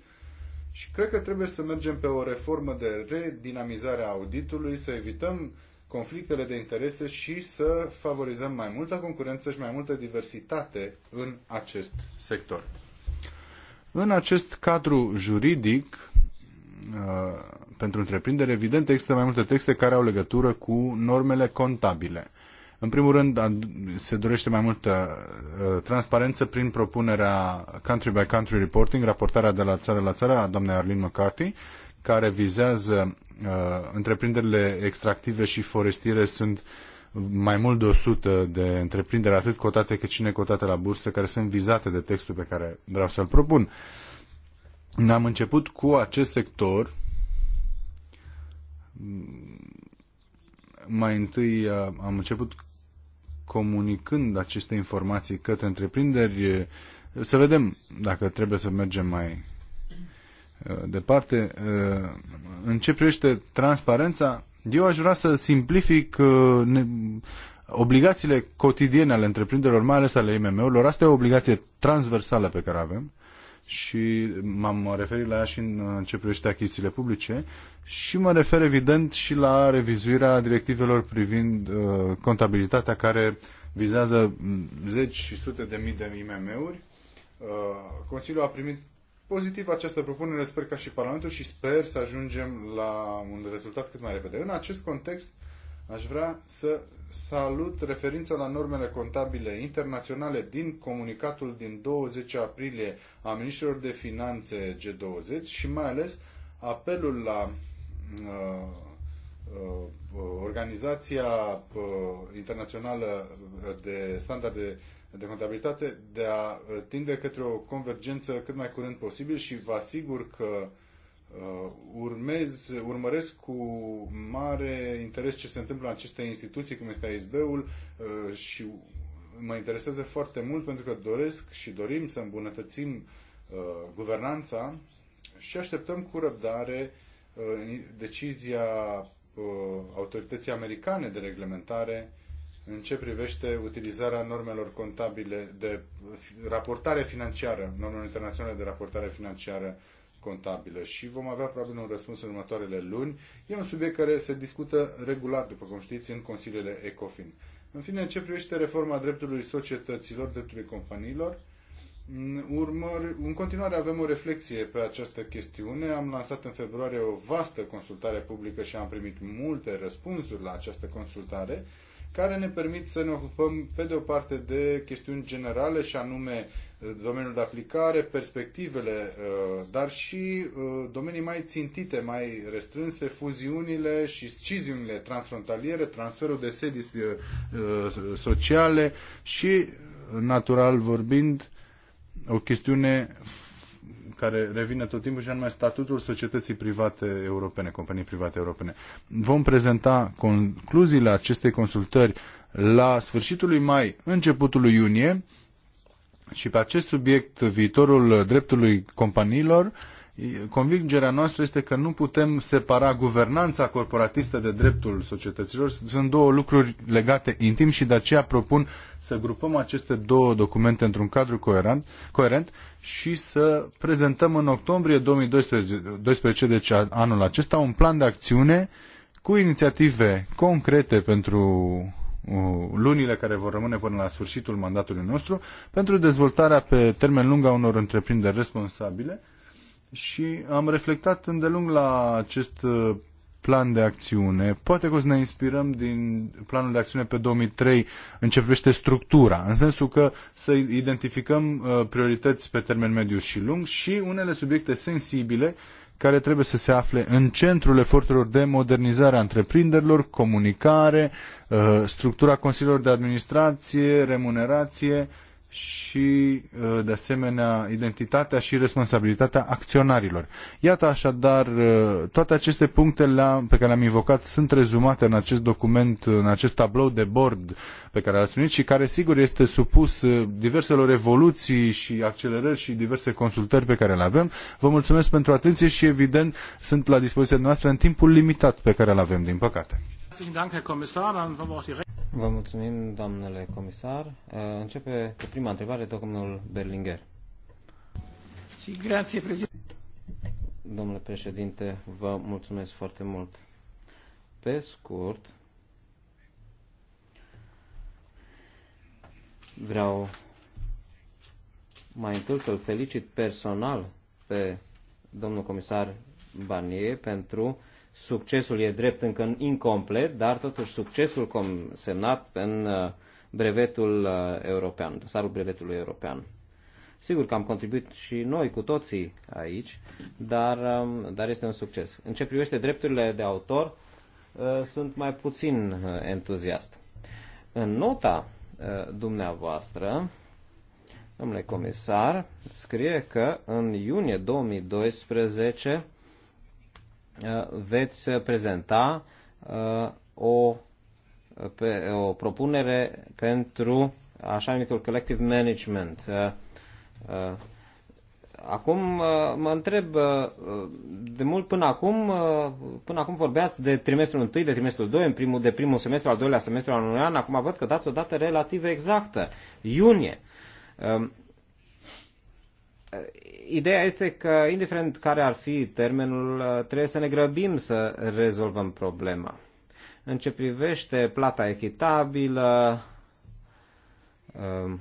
Și cred că trebuie să mergem pe o reformă de redinamizare a auditului, să evităm conflictele de interese și să favorizăm mai multă concurență și mai multă diversitate în acest sector. În acest cadru juridic, uh, pentru întreprindere, evident, există mai multe texte care au legătură cu normele contabile. În primul rând, se dorește mai multă uh, transparență prin propunerea country by country reporting, raportarea de la țară la țară a doamnei Arlene McCarthy, care vizează uh, întreprinderile extractive și forestiere sunt mai mult de 100 de întreprinderi, atât cotate cât și necotate la bursă, care sunt vizate de textul pe care vreau să-l propun. Ne-am început cu acest sector mai întâi uh, am început comunicând aceste informații către întreprinderi, să vedem dacă trebuie să mergem mai uh, departe. Uh, în ce privește transparența, eu aș vrea să simplific obligațiile cotidiene ale întreprinderilor, mai ales ale IMM-urilor. Asta e o obligație transversală pe care o avem și m-am referit la ea și în ce privește achizițiile publice și mă refer evident și la revizuirea directivelor privind uh, contabilitatea care vizează mm, zeci și sute de mii de IMM-uri. Uh, Consiliul a primit pozitiv această propunere, sper ca și Parlamentul și sper să ajungem la un rezultat cât mai repede. În acest context, uh, Aș vrea să salut referința la normele contabile internaționale din comunicatul din 20 aprilie a ministrilor de finanțe G20 și mai ales apelul la uh, uh, uh Organizația uh, Internațională de Standarde de Contabilitate de a tinde către o convergență cât mai curând posibil și vă asigur că Uh, urmez, urmăresc cu mare interes ce se întâmplă în aceste instituții, cum este ASB-ul uh, și mă interesează foarte mult pentru că doresc și dorim să îmbunătățim uh, guvernanța și așteptăm cu răbdare decizia autorității americane de reglementare în ce privește utilizarea normelor contabile de raportare financiară, normelor internaționale de raportare financiară contabilă și vom avea probabil un răspuns în următoarele luni. E un subiect care se discută regulat, după cum știți, în consiliile ECOFIN. În fine, în ce privește reforma dreptului societăților, dreptului companiilor, Urmări, în continuare avem o reflexie pe această chestiune. Am lansat în februarie o vastă consultare publică și am primit multe răspunsuri la această consultare care ne permit să ne ocupăm, pe de o parte, de chestiuni generale și anume Eh, domeniul de aplicare, perspectivele, eh, dar și eh, domenii mai țintite, mai restrânse, fuziunile și sciziunile transfrontaliere, transferul de sedii sociale și, natural vorbind, o chestiune care revine tot timpul și anume statutul societății private europene, companii private europene. Vom prezenta concluziile acestei consultări la sfârșitul lui mai, începutul lui iunie, și pe acest subiect, viitorul dreptului companiilor, convingerea noastră este că nu putem separa guvernanța corporatistă de dreptul societăților. Sunt două lucruri legate intim și de aceea propun să grupăm aceste două documente într-un cadru coerent, coerent și să prezentăm în octombrie 2012, deci anul acesta, un plan de acțiune cu inițiative concrete pentru Uh, lunile care vor rămâne până la sfârșitul mandatului nostru, pentru dezvoltarea pe termen lung a unor întreprinderi responsabile și am reflectat îndelung la acest uh, plan de acțiune. Poate că o să ne inspirăm din planul de acțiune pe 2003 începește structura, în sensul că să identificăm uh, priorități pe termen mediu și lung și unele subiecte sensibile care trebuie să se afle în centrul eforturilor de modernizare a întreprinderilor, comunicare, uh, structura consiliilor de administrație, remunerație, și, uh, de asemenea, identitatea și responsabilitatea acționarilor. Iată așadar, uh, toate aceste puncte pe care le-am invocat sunt rezumate în acest document, în acest tablou de bord pe care l-ați primit și care, sigur, este supus uh, diverselor evoluții și accelerări și diverse consultări pe care le avem. Vă mulțumesc pentru atenție și, evident, sunt la dispoziția noastră în timpul limitat pe care îl avem, din păcate. Vă mulțumim, doamnele comisar. Uh, începe cu prima întrebare domnul Berlinger. Și grație, președinte. Domnule președinte, vă mulțumesc foarte mult. Pe scurt, vreau mai întâi să-l felicit personal pe domnul comisar Barnier pentru Succesul e drept încă incomplet, dar totuși succesul semnat în uh, brevetul uh, european, dosarul brevetului european. Sigur că am contribuit și noi cu toții aici, dar, um, dar este un succes. În ce privește drepturile de autor, uh, sunt mai puțin entuziast. În nota dumneavoastră, domnule comisar, scrie că în iunie 2012 Uh, veți prezenta uh, o, pe, o propunere pentru așa numitul collective management. Uh, acum mă întreb, de mult până acum, până acum vorbeați de trimestrul 1, de trimestrul 2, în primul, de primul semestru, al doilea semestru al unui an, acum văd că dați o dată relativ exactă, iunie ideea este că, indiferent care ar fi termenul, uh, trebuie să ne grăbim să rezolvăm problema. În ce privește plata echitabilă, um,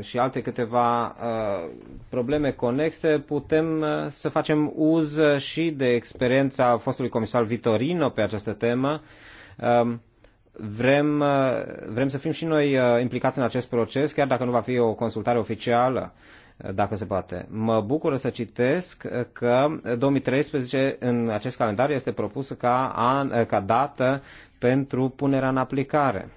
și alte câteva uh, probleme conexe, putem uh, să facem uz și de experiența fostului comisar Vitorino pe această temă um, vrem, uh, vrem să fim și noi uh, implicați în acest proces, chiar dacă nu va fi o consultare oficială, uh, dacă se poate. Mă bucură să citesc că 2013 în acest calendar este propus ca, an, ca dată pentru punerea în aplicare.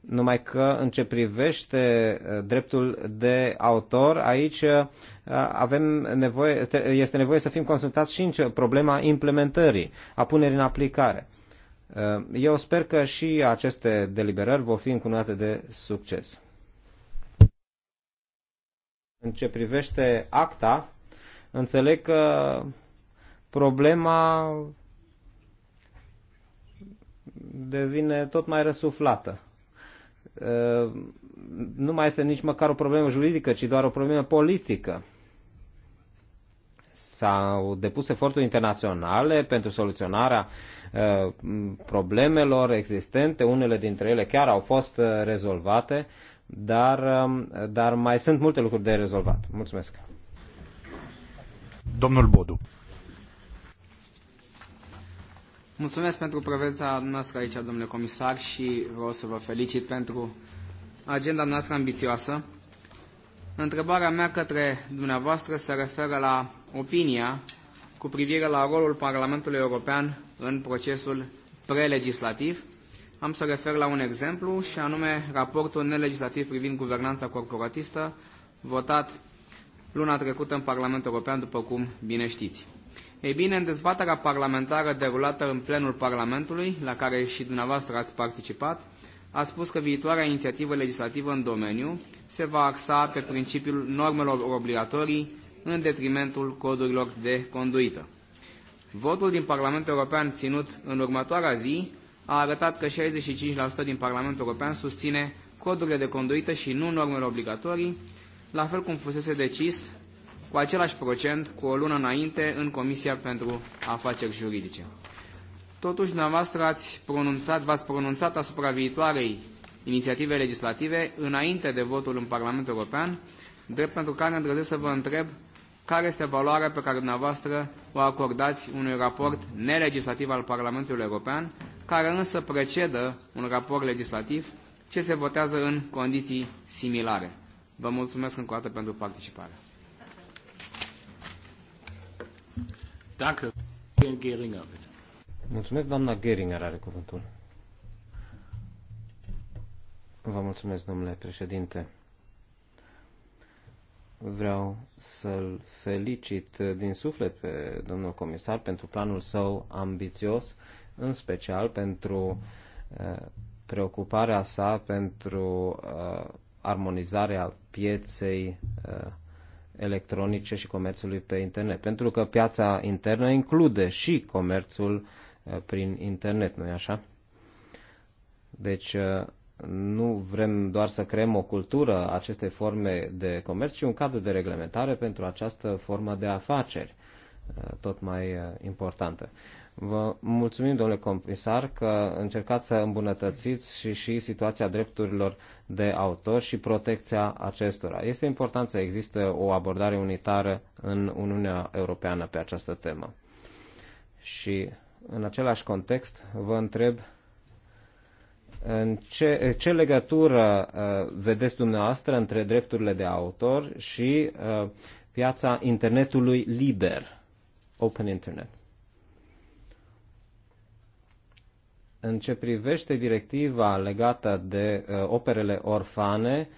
Numai că în ce privește dreptul de autor, aici avem nevoie, este nevoie să fim consultați și în problema implementării, a punerii în aplicare. Uh, eu sper că și aceste deliberări vor fi încunate de succes. În ce privește acta, înțeleg că problema devine tot mai răsuflată. Uh, nu mai este nici măcar o problemă juridică, ci doar o problemă politică. S-au depus eforturi internaționale pentru soluționarea uh, Uh, problemelor existente, unele dintre ele chiar au fost uh, rezolvate, dar, um, dar mai sunt multe lucruri de rezolvat. Mulțumesc. Domnul Bodu. Mulțumesc pentru prezența noastră aici, domnule comisar, și vreau să vă felicit pentru agenda noastră ambițioasă. Întrebarea mea către dumneavoastră se referă la opinia cu privire la rolul Parlamentului European în procesul prelegislativ. Am să refer la un exemplu și anume raportul nelegislativ privind guvernanța corporatistă votat luna trecută în Parlamentul European, după cum bine știți. Ei bine, în dezbaterea parlamentară derulată în plenul Parlamentului, la care și dumneavoastră ați participat, a spus că viitoarea inițiativă legislativă în domeniu se va axa pe principiul normelor obligatorii în detrimentul codurilor de conduită. Votul din Parlamentul European ținut în următoarea zi a arătat că 65% din Parlamentul European susține codurile de conduită și nu normele obligatorii, la fel cum fusese decis cu același procent cu o lună înainte în Comisia pentru Afaceri Juridice. Totuși, dumneavoastră ați pronunțat, v-ați pronunțat asupra viitoarei inițiative legislative înainte de votul în Parlamentul European, drept pentru care îndrăzesc să vă întreb care este valoarea pe care dumneavoastră o acordați unui raport nelegislativ al Parlamentului European, care însă precedă un raport legislativ ce se votează în condiții similare. Vă mulțumesc încă o dată pentru participare. Danke. Geringer, Mulțumesc, doamna Geringer are cuvântul. Vă mulțumesc, domnule președinte. Vreau să-l felicit din suflet pe domnul comisar pentru planul său ambițios, în special pentru uh, preocuparea sa pentru uh, armonizarea pieței uh, electronice și comerțului pe internet. Pentru că piața internă include și comerțul prin internet, nu-i așa? Deci nu vrem doar să creăm o cultură acestei forme de comerț, ci un cadru de reglementare pentru această formă de afaceri uh, tot mai uh, importantă. Vă mulțumim, domnule comisar, că încercați să îmbunătățiți și, și situația drepturilor de autor și protecția acestora. Este important să existe o abordare unitară în Uniunea Europeană pe această temă. Și în același context vă întreb în ce, ce legătură uh, vedeți dumneavoastră între drepturile de autor și uh, piața internetului liber, Open Internet? În ce privește directiva legată de uh, operele orfane,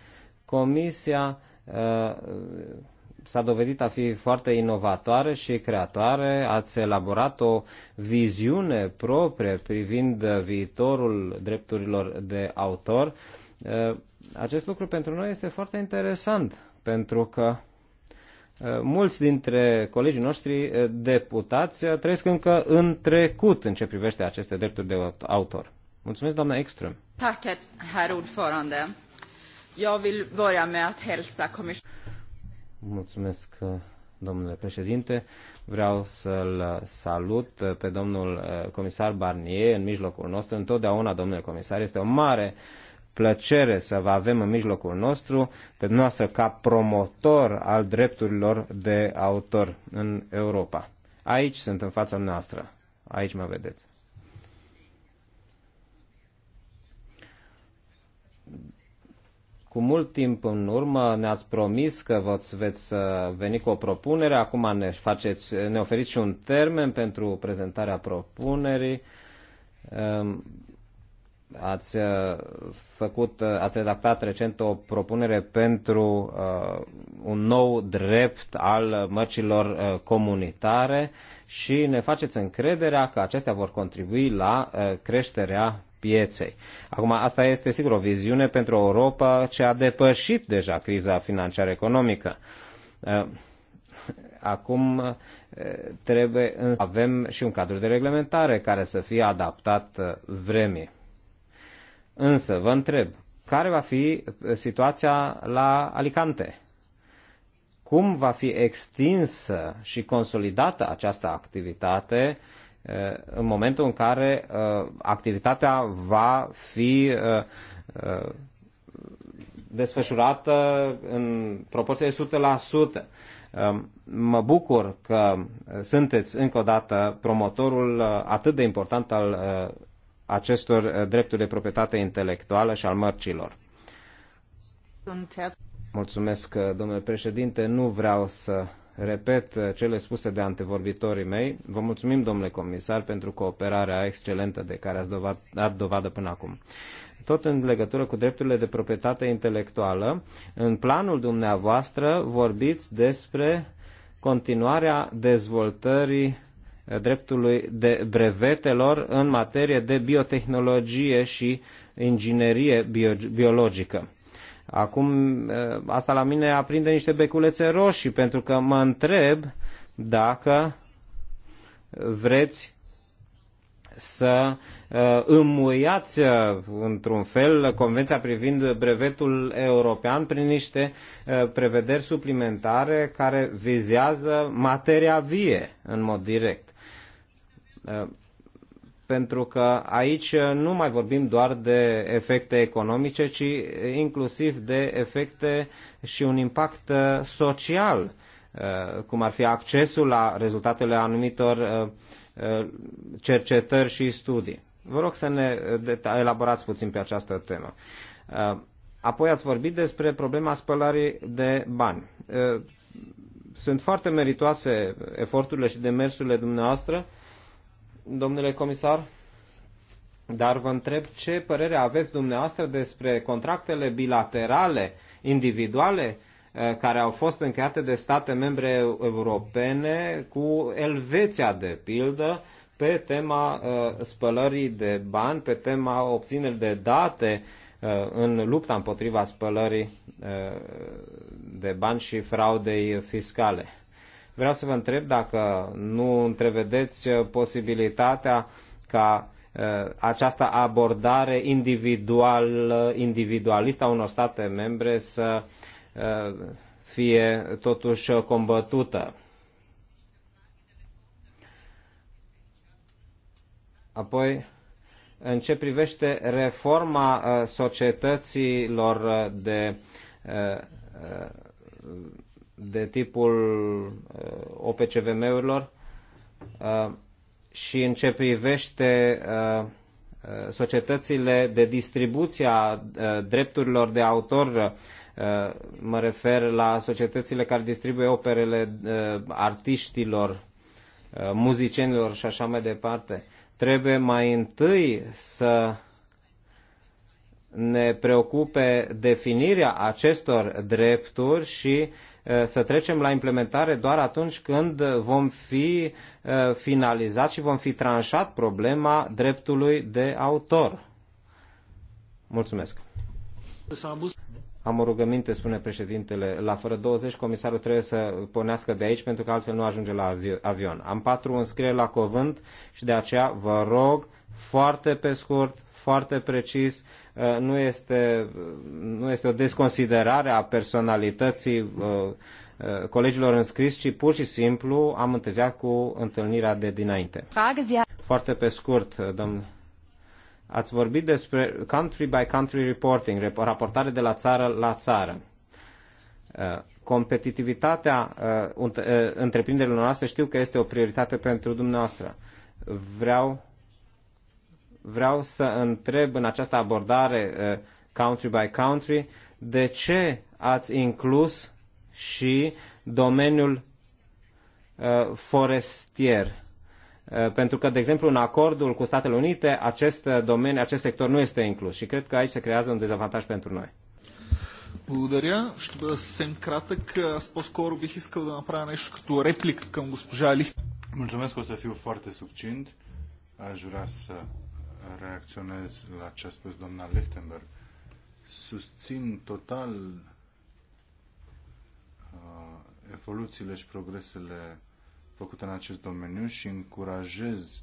Comisia uh, s-a dovedit a fi foarte inovatoare și creatoare. Ați elaborat o viziune proprie privind viitorul drepturilor de autor. Eh, acest lucru pentru noi este foarte interesant, pentru că eh, mulți dintre colegii noștri eh, deputați trăiesc încă în trecut în ce privește aceste drepturi de autor. Mulțumesc, doamna Ekström. Tack, herr ordförande. Jag vill börja med att hälsa kommissionen. Mulțumesc, domnule președinte. Vreau să-l salut pe domnul uh, comisar Barnier în mijlocul nostru. Întotdeauna, domnule comisar, este o mare plăcere să vă avem în mijlocul nostru, pe dumneavoastră, ca promotor al drepturilor de autor în Europa. Aici sunt în fața noastră. Aici mă vedeți. Cu mult timp în urmă ne-ați promis că vă veți uh, veni cu o propunere, acum ne, faceți, ne oferiți și un termen pentru prezentarea propunerii. Um, ați, uh, făcut, uh, ați redactat recent o propunere pentru un nou drept al mărcilor comunitare și ne faceți încrederea că acestea vor contribui la creșterea pieței. Acum, asta este sigur o viziune pentru Europa ce a depășit deja criza financiară economică. Uh, acum uh, trebuie avem și un cadru de reglementare care să fie adaptat uh, vremii. Însă, vă întreb, care va fi situația la Alicante? Cum va fi extinsă și consolidată această activitate uh, Eh, în momentul în care eh, activitatea va fi eh, desfășurată în proporție de 100%. Mă bucur că sunteți încă o dată promotorul atât de important al acestor drepturi de proprietate intelectuală și al mărcilor. Mulțumesc, domnule președinte. Nu vreau să repet uh, cele spuse de antevorbitorii mei. Vă mulțumim, domnule comisar, pentru cooperarea excelentă de care ați dovad, dat dovadă până acum. Tot în legătură cu drepturile de proprietate intelectuală, în planul dumneavoastră vorbiți despre continuarea dezvoltării uh, dreptului de brevetelor în materie de biotehnologie și inginerie bio- biologică Acum, asta la mine aprinde niște beculețe roșii, pentru că mă întreb dacă vreți să uh, înmuiați într-un fel convenția privind brevetul european prin niște uh, prevederi suplimentare care vizează materia vie în mod direct. Uh, pentru că aici nu mai vorbim doar de efecte economice, ci inclusiv de efecte și un impact uh, social, uh, cum ar fi accesul la rezultatele anumitor uh, cercetări și studii. Vă rog să ne elaborați puțin pe această temă. Apoi ați vorbit despre problema spălării de bani. Sunt foarte meritoase eforturile și demersurile dumneavoastră domnule comisar, dar vă întreb ce părere aveți dumneavoastră despre contractele bilaterale, individuale, eh, care au fost încheiate de state membre europene cu Elveția, de pildă, pe tema eh, spălării de bani, pe tema obținerii de date eh, în lupta împotriva spălării de bani și fraudei fiscale. Vreau să vă întreb dacă nu întrevedeți uh, posibilitatea ca uh, această abordare individual, uh, individualistă a unor state membre să fie totuși combătută. Apoi, în ce privește reforma societăților de de tipul uh, OPCVM-urilor uh, și în ce privește uh, societățile de distribuție a drepturilor de autor, mă refer la societățile care distribuie operele artiștilor, muzicienilor și așa mai departe, trebuie mai întâi să ne preocupe definirea acestor drepturi și Eh, să trecem la implementare doar atunci când vom fi eh, finalizat și vom fi tranșat problema dreptului de autor. Mulțumesc. Am o rugăminte, spune președintele. La fără 20, comisarul trebuie să pornească de aici, pentru că altfel nu ajunge la avion. Am patru înscrieri la cuvânt și de aceea vă rog foarte pe scurt, foarte precis, Uh, nu este, uh, nu este o desconsiderare a personalității uh, colegilor înscriși, ci pur și simplu am întârziat cu întâlnirea de dinainte. Foarte pe scurt, domnule. Ați vorbit despre country by country reporting, raportare de la țară la țară. Competitivitatea întreprinderilor noastre știu că este o prioritate pentru dumneavoastră. Vreau vreau să întreb în această abordare uh, country by country de ce ați inclus și domeniul uh, forestier. Uh, pentru că, de exemplu, în acordul cu Statele Unite, acest domeniu, acest sector nu este inclus și cred că aici se creează un dezavantaj pentru noi. Благодаря. Ще бъда съвсем кратък. Аз по-скоро бих искал да направя нещо като реплика към госпожа Лих. Mulțumesc, o să fiu foarte succint. Aș vrea să reacționez la ce a spus doamna Lichtenberg. Susțin total uh, evoluțiile și progresele făcute în acest domeniu și încurajez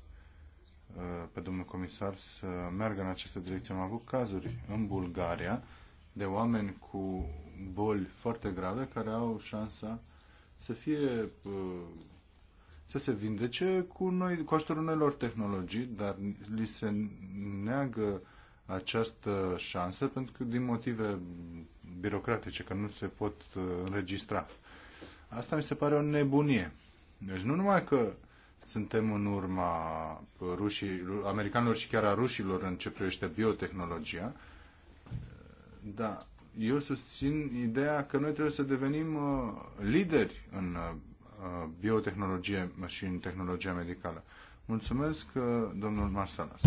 uh, pe domnul comisar să meargă în această direcție. Am avut cazuri în Bulgaria de oameni cu boli foarte grave care au șansa să fie uh, să se vindece cu, noi, cu ajutorul noilor tehnologii, dar li se neagă această șansă pentru că din motive birocratice, că nu se pot uh, înregistra. Asta mi se pare o nebunie. Deci nu numai că suntem în urma rușii, americanilor și chiar a rușilor în ce privește biotehnologia, dar eu susțin ideea că noi trebuie să devenim uh, lideri în uh, Uh, biotehnologie și în tehnologia medicală. Mulțumesc, uh, domnul Marsalas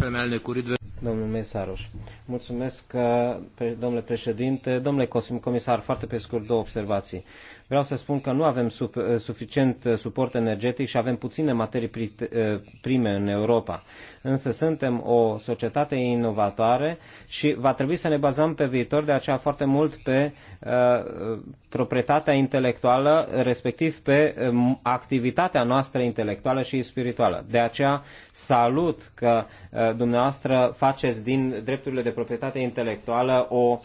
domnul Mesaros. Mulțumesc, uh, domnule președinte. Domnule comisar, foarte pe scurt două observații. Vreau să spun că nu avem uh, suficient uh, suport energetic și avem puține materii prime în Europa. Însă suntem o societate inovatoare și va trebui să ne bazăm pe viitor, de aceea foarte mult pe proprietatea intelectuală, respectiv pe um, activitatea noastră intelectuală și spirituală. De aceea salut că dumneavoastră faceți din drepturile de proprietate intelectuală o uh,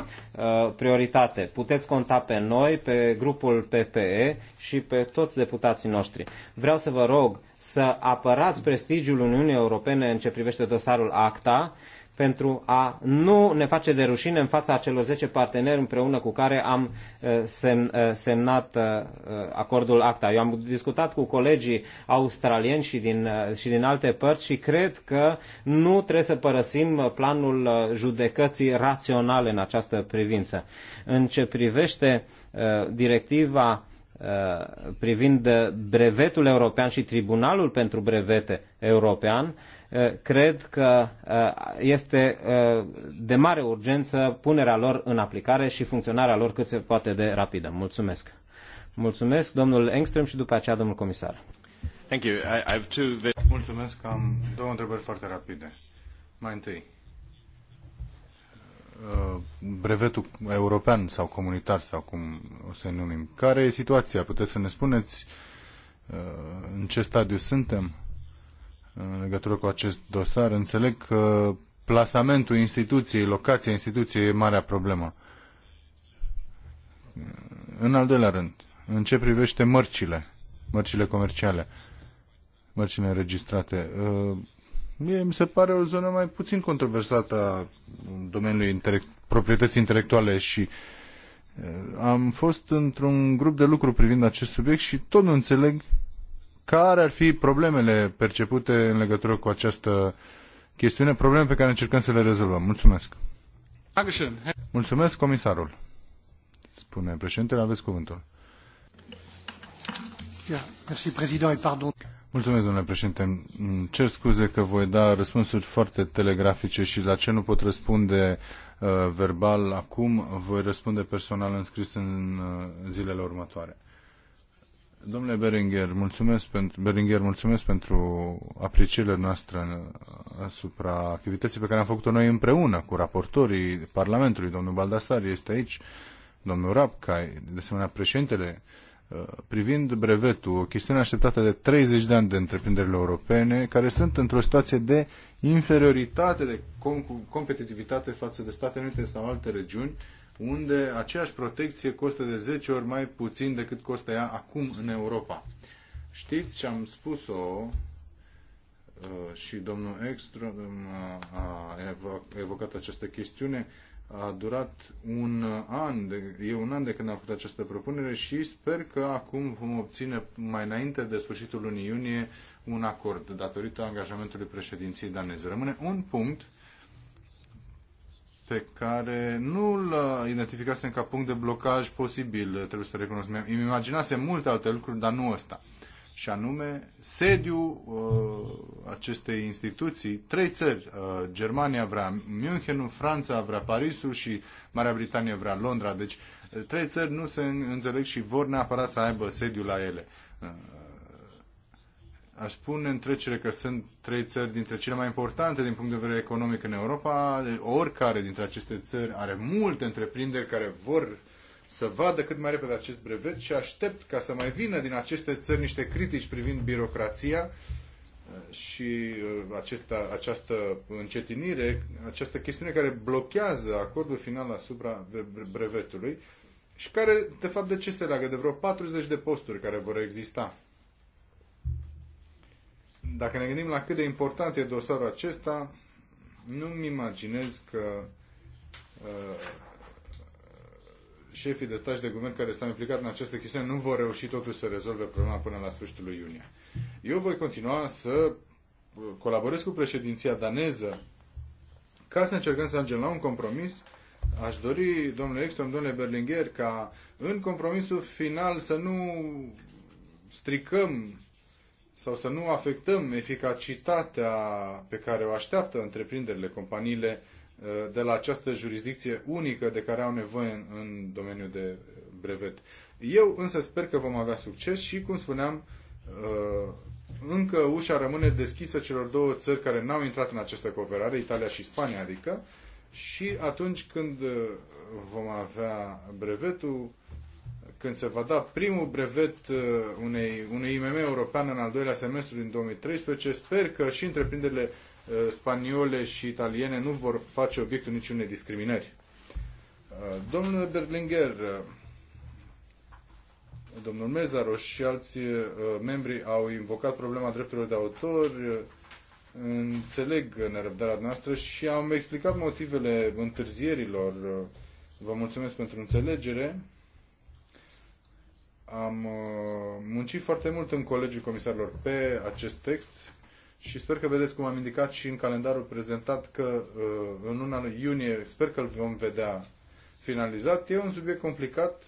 prioritate. Puteți conta pe noi, pe grupul PPE și pe toți deputații noștri. Vreau să vă rog să apărați prestigiul Uniunii Europene în ce privește dosarul ACTA, pentru a nu ne face de rușine în fața celor 10 parteneri împreună cu care am uh, uh, semnat uh, acordul ACTA. Eu am discutat cu colegii australieni și din, și din alte părți și cred că nu trebuie să părăsim planul judecății raționale în această privință. În ce privește directiva privind brevetul european și Tribunalul pentru Brevete European, Eh, cred că eh, este eh, de mare urgență punerea lor în aplicare și funcționarea lor cât se poate de rapidă. Mulțumesc. Mulțumesc, domnul Engström și după aceea domnul comisar. Thank you. I, have two... Mulțumesc. Am două întrebări foarte rapide. Mai întâi, brevetul european sau comunitar sau cum o să numim. Care e situația? Puteți să ne spuneți în ce stadiu suntem? în legătură cu acest dosar. Înțeleg că plasamentul instituției, locația instituției e marea problemă. În al doilea rând, în ce privește mărcile, mărcile comerciale, mărcile înregistrate, uh, mie mi se pare o zonă mai puțin controversată a domeniului intele- proprietății intelectuale și uh, am fost într-un grup de lucru privind acest subiect și tot nu înțeleg care ar fi problemele percepute în legătură cu această chestiune, probleme pe care încercăm să le rezolvăm. Mulțumesc. Mulțumesc, comisarul. Spune președintele, aveți cuvântul. Mulțumesc, domnule președinte. cer scuze că voi da răspunsuri foarte telegrafice și la ce nu pot răspunde uh, verbal acum, voi răspunde personal înscris în uh, zilele următoare. Domnule Berenguer, mulțumesc pentru, Beringer, mulțumesc pentru aprecierile noastre asupra activității pe care am făcut-o noi împreună cu raportorii Parlamentului. Domnul Baldassar este aici, domnul Rapcai, de asemenea președintele, uh, privind brevetul, o chestiune așteptată de 30 de ani de întreprinderile europene, care sunt într-o situație de inferioritate, de competitivitate față de Statele Unite sau alte regiuni, unde aceeași protecție costă de 10 ori mai puțin decât costă ea acum în Europa. Știți și am spus-o uh, și domnul Ekström uh, a evocat această chestiune, a durat un an, de, e un an de când am făcut această propunere și sper că acum vom obține mai înainte de sfârșitul lunii iunie un acord datorită angajamentului președinției daneze. Rămâne un punct pe care nu l identificasem ca punct de blocaj posibil, trebuie să recunosc. Îmi imaginasem multe alte lucruri, dar nu ăsta. Și anume, sediul uh, acestei instituții, trei țări, uh, Germania vrea Münchenul, Franța vrea Parisul și Marea Britanie vrea Londra. Deci, uh, trei țări nu se înțeleg și vor neapărat să aibă sediul la ele. Uh, Aș spune în trecere că sunt trei țări dintre cele mai importante din punct de vedere economic în Europa. Oricare dintre aceste țări are multe întreprinderi care vor să vadă cât mai repede acest brevet și aștept ca să mai vină din aceste țări niște critici privind birocrația uh, și uh, acesta, această încetinire, această chestiune care blochează acordul final asupra brevetului și care, de fapt, de ce se leagă? De vreo 40 de posturi care vor exista dacă ne gândim la cât de important e dosarul acesta, nu-mi imaginez că uh, șefii de stat și de guvern care s-au implicat în această chestiune nu vor reuși totuși să rezolve problema până la sfârșitul lui iunie. Eu voi continua să uh, colaborez cu președinția daneză ca să încercăm să ajungem la un compromis aș dori, domnule Ekstrom, domnule Berlinger, ca în compromisul final să nu stricăm sau să nu afectăm eficacitatea pe care o așteaptă întreprinderile, companiile uh, de la această jurisdicție unică de care au nevoie în, în domeniul de brevet. Eu însă sper că vom avea succes și, cum spuneam, uh, încă ușa rămâne deschisă celor două țări care n-au intrat în această cooperare, Italia și Spania, adică, și atunci când uh, vom avea brevetul, când se va da primul brevet uh, unei, unei IMM europeană în al doilea semestru din 2013, sper că și întreprinderile uh, spaniole și italiene nu vor face obiectul niciunei discriminări. Domnule uh, Berlinger, domnul Mezaro și alți membri au invocat problema drepturilor de autor, înțeleg nerăbdarea noastră și am explicat motivele întârzierilor. Vă mulțumesc pentru înțelegere. Am uh, muncit foarte mult în Colegiul Comisarilor pe acest text și sper că vedeți cum am indicat și în calendarul prezentat că uh, în luna iunie sper că îl vom vedea finalizat. E un subiect complicat,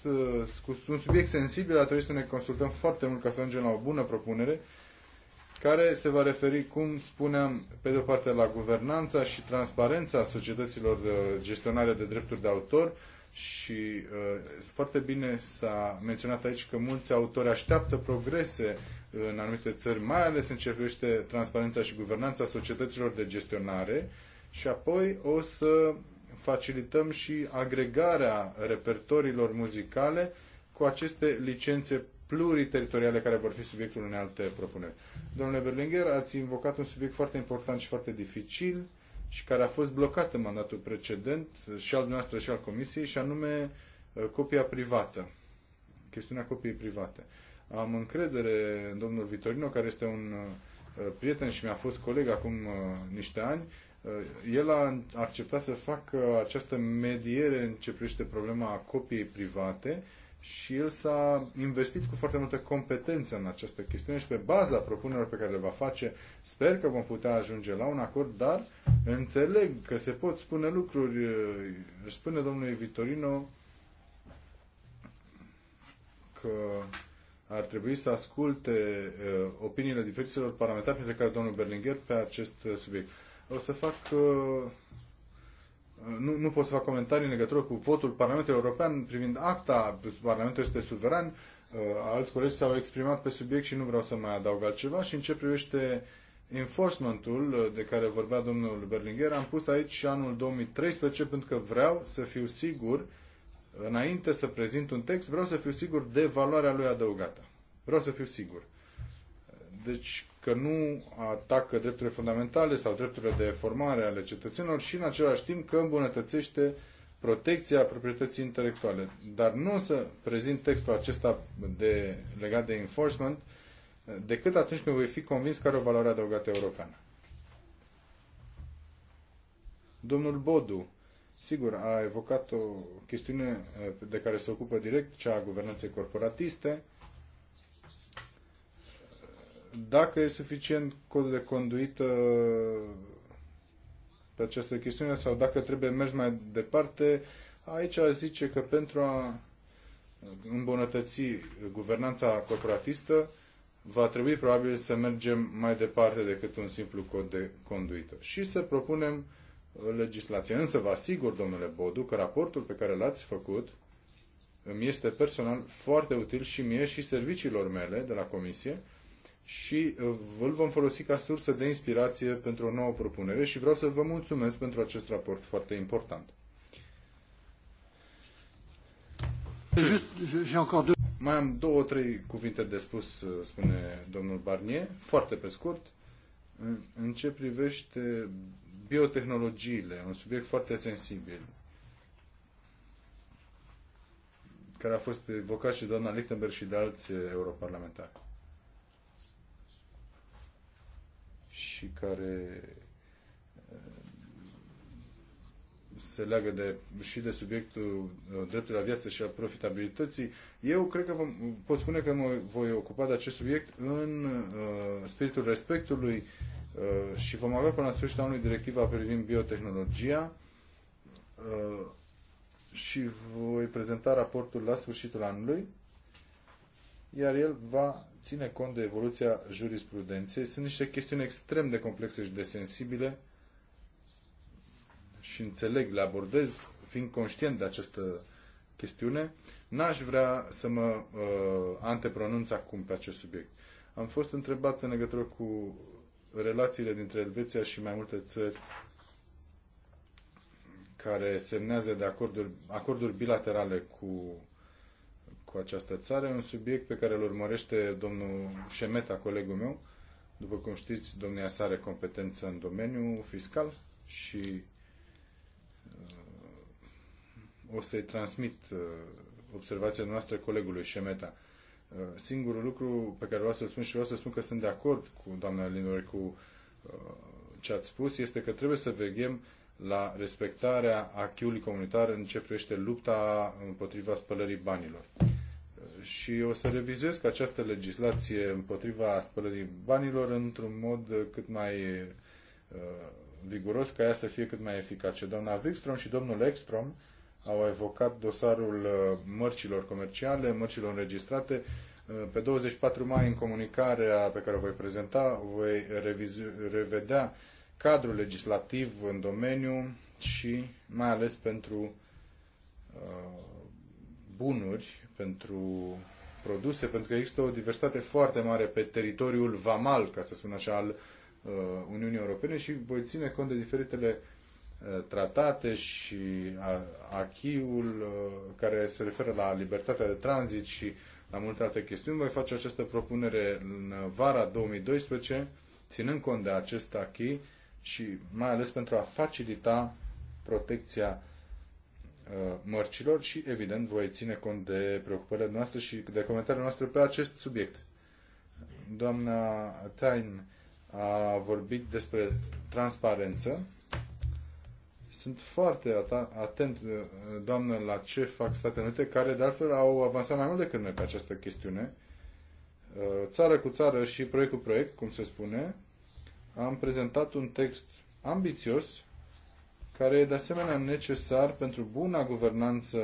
uh, un subiect sensibil, a trebuit să ne consultăm foarte mult ca să ajungem la o bună propunere care se va referi, cum spuneam, pe de o parte la guvernanța și transparența societăților gestionare de drepturi de autor, și uh, foarte bine s-a menționat aici că mulți autori așteaptă progrese în anumite țări, mai ales în ce privește transparența și guvernanța societăților de gestionare și apoi o să facilităm și agregarea repertoriilor muzicale cu aceste licențe pluriteritoriale care vor fi subiectul unei alte propuneri. Domnule Berlinger, ați invocat un subiect foarte important și foarte dificil și care a fost blocat în mandatul precedent și al dumneavoastră și al Comisiei, și anume uh, copia privată, chestiunea copiei private. Am încredere în domnul Vitorino, care este un uh, prieten și mi-a fost coleg acum uh, niște ani. El a acceptat să facă această mediere în ce privește problema copiei private și el s-a investit cu foarte multă competență în această chestiune și pe baza propunerilor pe care le va face, sper că vom putea ajunge la un acord, dar înțeleg că se pot spune lucruri, își eh, spune domnului Vitorino că ar trebui să asculte eh, opiniile diferiților parlamentari, printre care domnul Berlinger, pe acest eh, subiect. O să fac nu, nu pot să fac comentarii în legătură cu votul Parlamentului European privind acta. Parlamentul este suveran. Uh, alți colegi s-au exprimat pe subiect și nu vreau să mai adaug altceva. Și în ce privește enforcementul uh, de care vorbea domnul Berlinger, am pus aici și anul 2013 pentru că vreau să fiu sigur, înainte să prezint un text, vreau să fiu sigur de valoarea lui adăugată. Vreau să fiu sigur. Deci, că nu atacă drepturile fundamentale sau drepturile de formare ale cetățenilor și în același timp că îmbunătățește protecția proprietății intelectuale. Dar nu o să prezint textul acesta de, legat de enforcement eh, decât atunci când voi fi convins că are o valoare adăugată europeană. Domnul Bodu, sigur, a evocat o chestiune eh, de care se ocupă direct, cea a guvernanței corporatiste, dacă e suficient codul de conduită pe această chestiune sau dacă trebuie mers mai departe, aici aș zice că pentru a îmbunătăți guvernanța corporatistă, va trebui probabil să mergem mai departe decât un simplu cod de conduită și să propunem legislație. Însă vă asigur, domnule Bodu, că raportul pe care l-ați făcut îmi este personal foarte util și mie și serviciilor mele de la Comisie și uh, îl vom folosi ca sursă de inspirație pentru o nouă propunere și vreau să vă mulțumesc pentru acest raport foarte important. Mai am două, trei cuvinte de spus, uh, spune domnul Barnier, foarte pe scurt. În ce privește biotehnologiile, un subiect foarte sensibil, care a fost evocat și doamna Lichtenberg și de alți uh, europarlamentari. și care uh, se leagă de, și de subiectul uh, dreptului la viață și a profitabilității. Eu cred că vă, pot spune că mă voi ocupa de acest subiect în uh, spiritul respectului uh, și vom avea până la sfârșitul anului directiva privind biotehnologia uh, și voi prezenta raportul la sfârșitul anului, iar el va ține cont de evoluția jurisprudenței. Sunt niște chestiuni extrem de complexe și de sensibile și înțeleg, le abordez fiind conștient de această chestiune. N-aș vrea să mă uh, antepronunț acum pe acest subiect. Am fost întrebat în legătură cu relațiile dintre Elveția și mai multe țări care semnează de acorduri, acorduri bilaterale cu cu această țară. un subiect pe care îl urmărește domnul Șemeta, colegul meu. După cum știți, domnia sa are competență în domeniul fiscal și uh, o să-i transmit uh, observația noastră colegului Șemeta. Uh, singurul lucru pe care vreau să spun și vreau să spun că sunt de acord cu doamna Linore cu ce ați spus este că trebuie să veghem la respectarea acchiului comunitar în ce privește lupta împotriva spălării banilor și o să revizuiesc această legislație împotriva spălării banilor într-un mod cât mai uh, viguros ca ea să fie cât mai eficace. Doamna Wikstrom și domnul Ekstrom au evocat dosarul uh, mărcilor comerciale, mărcilor înregistrate. Uh, pe 24 mai, în comunicarea pe care o voi prezenta, voi revedea cadrul legislativ în domeniu și mai ales pentru uh, bunuri pentru produse, pentru că există o diversitate foarte mare pe teritoriul vamal, ca să spun așa, al uh, Uniunii Europene și voi ține cont de diferitele uh, tratate și uh, achiul uh, care se referă la libertatea de tranzit și la multe alte chestiuni. Voi face această propunere în vara 2012, ținând cont de acest achi și mai ales pentru a facilita protecția Uh, mărcilor și, evident, voi ține cont de preocupările noastre și de comentariile noastre pe acest subiect. Doamna Tain a vorbit despre transparență. Sunt foarte atent, uh, doamnă, la ce fac Statele Unite, care, de altfel, au avansat mai mult decât noi pe această chestiune. Uh, țară cu țară și proiect cu proiect, cum se spune, am prezentat un text ambițios care e de asemenea necesar pentru buna guvernanță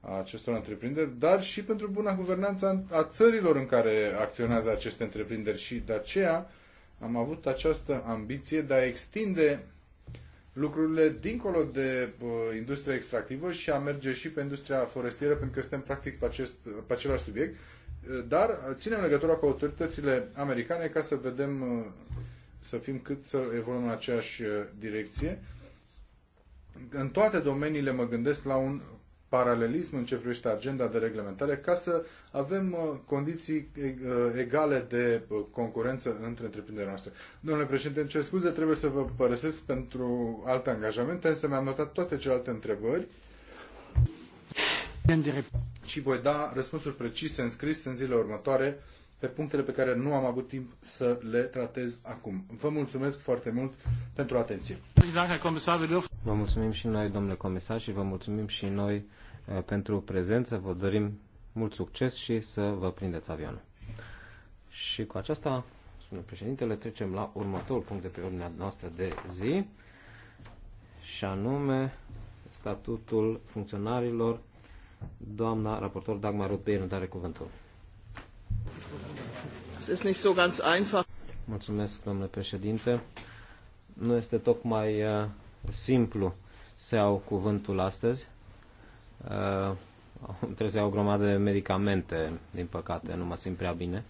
a acestor întreprinderi, dar și pentru buna guvernanță a țărilor în care acționează aceste întreprinderi și de aceea am avut această ambiție de a extinde lucrurile dincolo de uh, industria extractivă și a merge și pe industria forestieră, pentru că suntem practic pe, acest, pe același subiect, uh, dar ținem legătura cu autoritățile americane ca să vedem, uh, să fim cât să evoluăm în aceeași uh, direcție în toate domeniile mă gândesc la un paralelism în ce privește agenda de reglementare ca să avem uh, condiții uh, egale de uh, concurență între întreprinderile noastre. Domnule președinte, ce scuze, trebuie să vă părăsesc pentru alte angajamente, însă mi-am notat toate celelalte întrebări și voi da răspunsuri precise în scris în zilele următoare pe punctele pe care nu am avut timp să le tratez acum. Vă mulțumesc foarte mult pentru atenție. Vă mulțumim și noi, domnule comisar, și vă mulțumim și noi uh, pentru prezență. Vă dorim mult succes și să vă prindeți avionul. Și cu aceasta, spune președintele, trecem la următorul punct de pe ordinea noastră de zi, și anume statutul funcționarilor. Doamna raportor Dagmar Rutbein, dare cuvântul. Mulțumesc, domnule președinte. Nu este tocmai uh, simplu să iau cuvântul astăzi. Uh, trebuie să iau o grămadă de medicamente, din păcate, nu mă simt prea bine.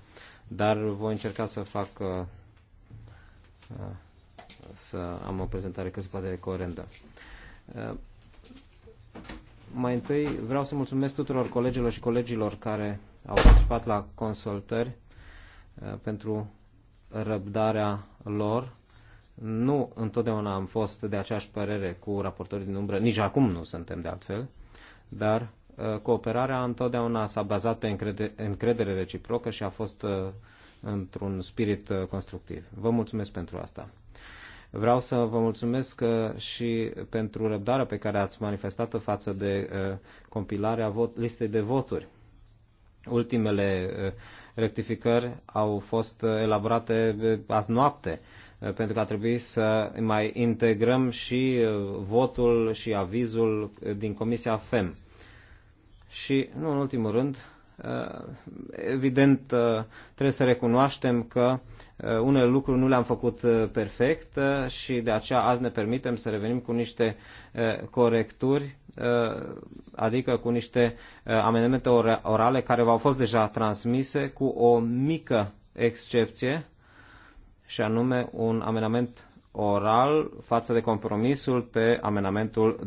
Dar voi încerca să fac uh, uh, să am o prezentare cât se poate de coerentă. Uh, mai întâi vreau să mulțumesc tuturor colegilor și colegilor care au participat la consultări uh, pentru răbdarea lor. Nu întotdeauna am fost de aceeași părere cu raportorii din umbră, nici acum nu suntem de altfel, dar uh, cooperarea întotdeauna s-a bazat pe încredere, încredere reciprocă și a fost uh, într-un spirit constructiv. Vă mulțumesc pentru asta. Vreau să vă mulțumesc și pentru răbdarea pe care ați manifestat-o față de compilarea vot, listei de voturi. Ultimele eh, rectificări au fost eh, elaborate eh, azi noapte, pentru că a trebuit să mai integrăm și votul și avizul din Comisia FEM. Și, nu în ultimul rând, Uh, evident, uh, trebuie să recunoaștem că uh, unele lucruri nu le-am făcut perfect și de aceea azi ne permitem să revenim cu niște corecturi, adică cu niște amendamente orale care v-au fost deja transmise, cu o mică excepție, și anume un amendament oral față de compromisul pe amenamentul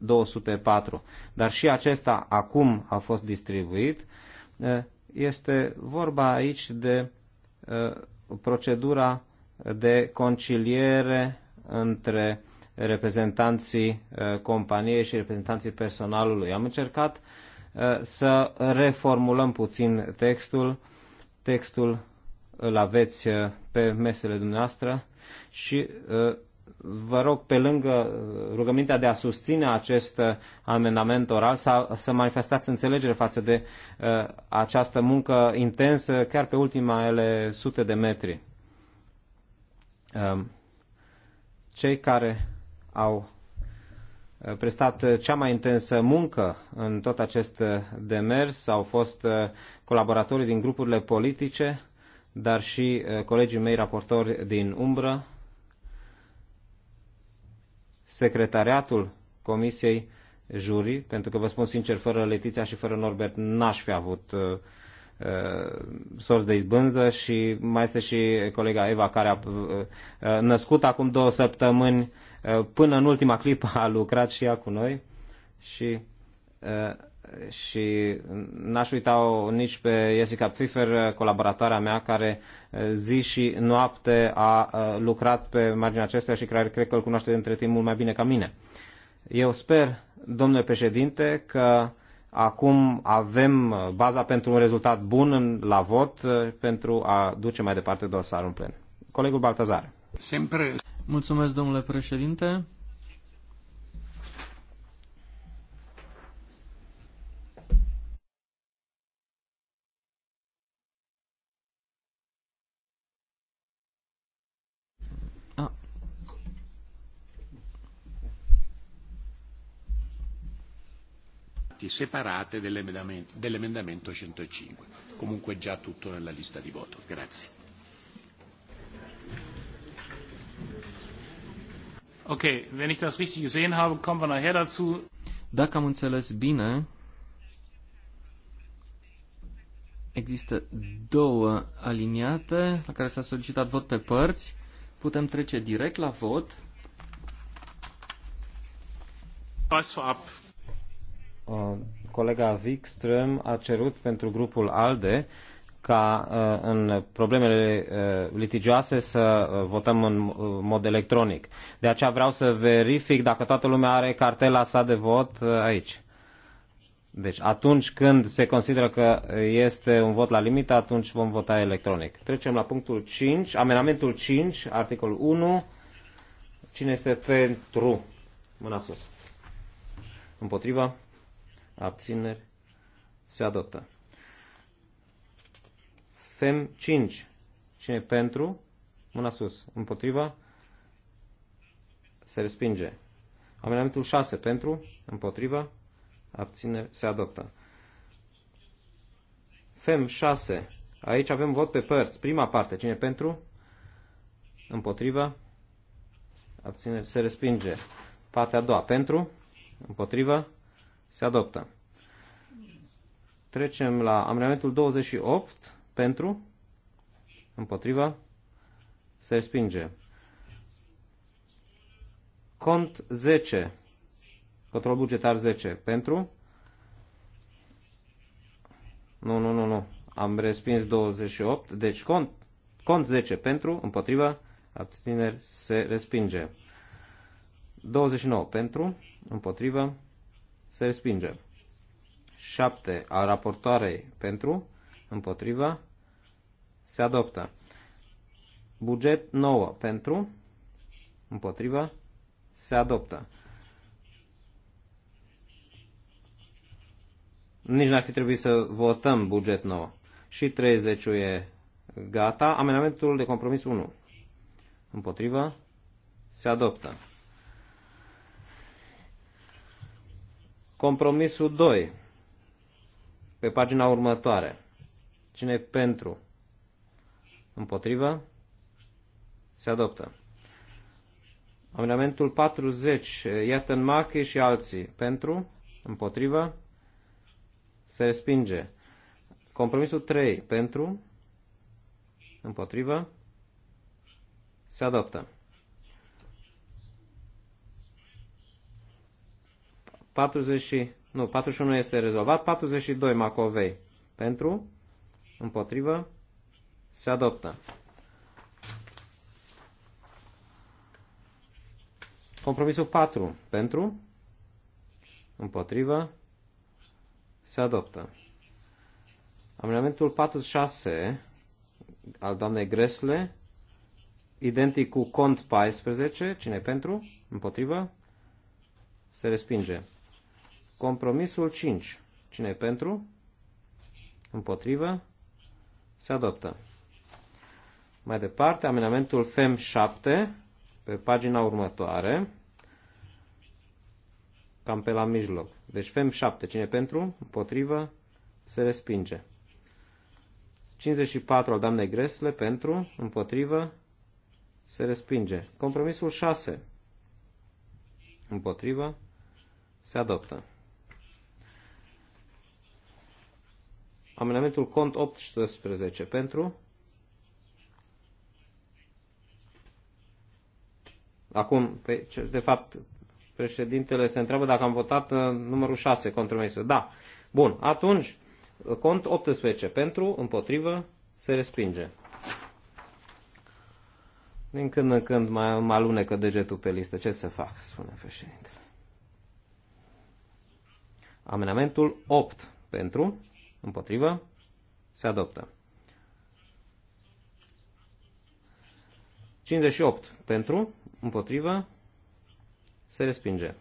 204. Dar și acesta acum a fost distribuit. Eh, este vorba aici de eh, procedura de conciliere între reprezentanții eh, companiei și reprezentanții personalului. Am încercat să reformulăm puțin textul. Textul îl aveți pe mesele dumneavoastră și uh, vă rog, pe lângă uh, rugămintea de a susține acest uh, amendament oral, să, să manifestați înțelegere față de această muncă intensă, chiar pe ultimele sute de metri. Um, cei care au prestat cea mai intensă muncă în tot acest demers, au fost colaboratorii din grupurile politice, dar și uh, colegii mei raportori din umbră, secretariatul Comisiei Juri, pentru că vă spun sincer, fără Letiția și fără Norbert n-aș fi avut uh, uh sorți de izbândă și mai este și colega Eva care a uh, născut acum două săptămâni, până în ultima clipă a lucrat și ea cu noi și uh, și n-aș uita nici pe Jessica Pfeiffer, colaboratoarea mea, care eh, zi și noapte a eh, lucrat pe marginea acestea și care cred că îl cunoaște între timp mult mai bine ca mine. Eu sper, domnule președinte, că acum avem eh, baza pentru un rezultat bun la vot pentru a duce mai departe dosarul în plen. Colegul Baltazar. Mulțumesc, domnule președinte. separate dell'emendamento, dell'emendamento 105. Comunque già tutto nella lista di voto. Grazie. Ok. wenn ich das richtig gesehen habe, kommen wir nachher dazu. Dacă am înțeles bine, există două aliniate la care s-a solicitat vot pe părți. Putem trece direct la vot. Was vorab Uh, colega Wikström a cerut pentru grupul ALDE ca uh, în problemele uh, litigioase să votăm în mod electronic. De aceea vreau să verific dacă toată lumea are cartela sa de vot aici. Deci atunci când se consideră că este un vot la limită, atunci vom vota electronic. Trecem la punctul 5, amenamentul 5, articolul 1. Cine este pentru? Mâna sus. Împotriva? abțineri, se adoptă. Fem 5. Cine pentru? Mâna sus. Împotriva? Se respinge. Amendamentul 6. Pentru? Împotriva? Abțineri, se adoptă. Fem 6. Aici avem vot pe părți. Prima parte. Cine pentru? Împotriva? Abțineri, se respinge. Partea a doua. Pentru? Împotriva? Se adoptă. Trecem la amendamentul 28 pentru, împotriva, se respinge. Cont 10, control bugetar 10 pentru, nu, nu, nu, nu, am respins 28, deci cont, cont 10 pentru, împotriva, abțineri se respinge. 29 pentru, împotriva, se respinge. 7 A raportoarei pentru, împotriva, se adoptă. Buget 9 pentru, împotriva, se adoptă. Nici n-ar fi trebuit să votăm buget 9. Și 30 e gata. Amendamentul de compromis 1. Împotriva, se adoptă. Compromisul 2, pe pagina următoare. Cine pentru? Împotrivă? Se adoptă. Amendamentul 40, în Machi și alții. Pentru? Împotrivă? Se respinge. Compromisul 3, pentru? Împotrivă? Se adoptă. 40, nu, 41 este rezolvat, 42 Macovei pentru, împotrivă, se adoptă. Compromisul 4 pentru, împotrivă, se adoptă. Amendamentul 46 al doamnei Gresle, identic cu cont 14, cine pentru, împotrivă, se respinge. Compromisul 5. Cine e pentru? Împotrivă? Se adoptă. Mai departe, amendamentul FEM 7, pe pagina următoare, cam pe la mijloc. Deci FEM 7, cine e pentru? Împotrivă? Se respinge. 54 al doamnei Gresle, pentru? Împotrivă? Se respinge. Compromisul 6, împotrivă? Se adoptă. Amendamentul cont 18 pentru. Acum, pe, de fapt, președintele se întreabă dacă am votat uh, numărul 6 contra meu. Da. Bun. Atunci, cont 18 pentru, împotrivă, se respinge. Din când în când mai alunecă degetul pe listă. Ce să fac, spune președintele. Amenamentul 8 pentru, Împotrivă. Se adoptă. 58 pentru, împotrivă, se respinge.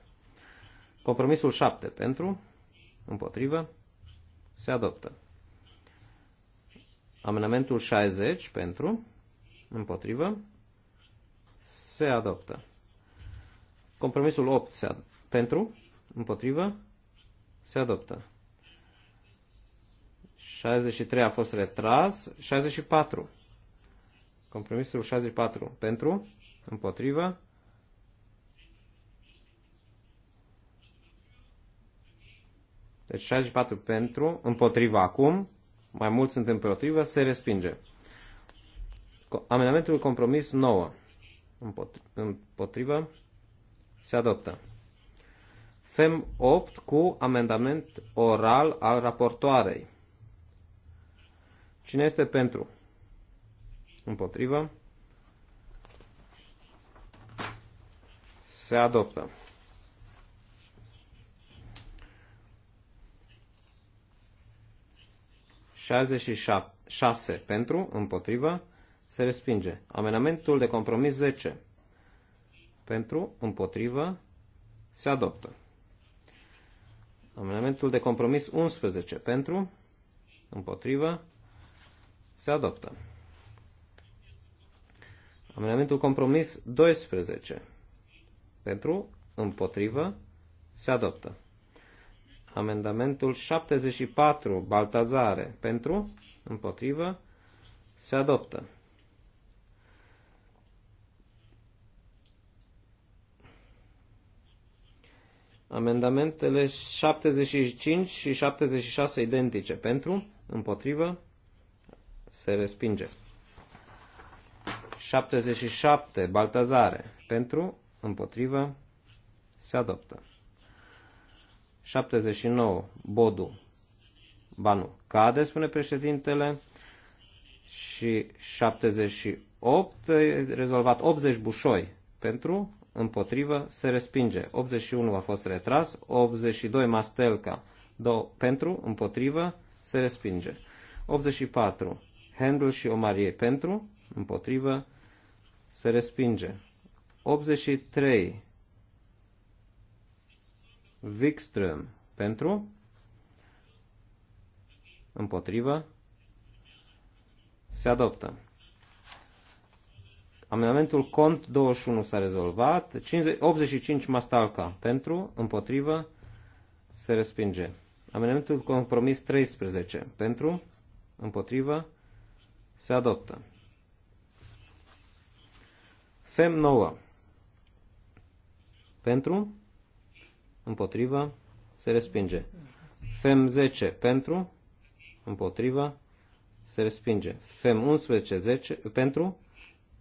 Compromisul 7 pentru, împotrivă, se adoptă. Amenamentul 60 pentru, împotrivă, se adoptă. Compromisul 8 se ad- pentru, împotrivă, se adoptă. 63 a fost retras. 64. Compromisul 64. Pentru? Împotrivă? Deci 64 pentru, împotriva acum, mai mulți sunt împotrivă, se respinge. Amendamentul compromis 9, împotrivă, se adoptă. FEM 8 cu amendament oral al raportoarei. Cine este pentru? Împotrivă. Se adoptă. șase pentru, împotrivă, se respinge. Amenamentul de compromis 10 pentru, împotrivă, se adoptă. amenamentul de compromis 11 pentru, împotrivă, se adoptă. Amendamentul compromis 12. Pentru, împotrivă, se adoptă. Amendamentul 74, Baltazare, pentru, împotrivă, se adoptă. Amendamentele 75 și 76 identice, pentru, împotrivă, se respinge. 77, Baltazare, pentru, împotrivă, se adoptă. 79, Bodu, Ba nu. cade, spune președintele, și 78, rezolvat 80 bușoi, pentru, împotrivă, se respinge. 81 a fost retras, 82 Mastelca, do, pentru, împotrivă, se respinge. 84 Handel și Omarie pentru, împotrivă, se respinge. 83. Wikström pentru, împotrivă, se adoptă. Amendamentul cont 21 s-a rezolvat. 50, 85 Mastalca pentru, împotrivă, se respinge. Amendamentul compromis 13 pentru, împotrivă, se adoptă. Fem nouă. Pentru? Împotrivă? Se respinge. Fem 10. Pentru? Împotrivă? Se respinge. Fem 11. 10. Pentru?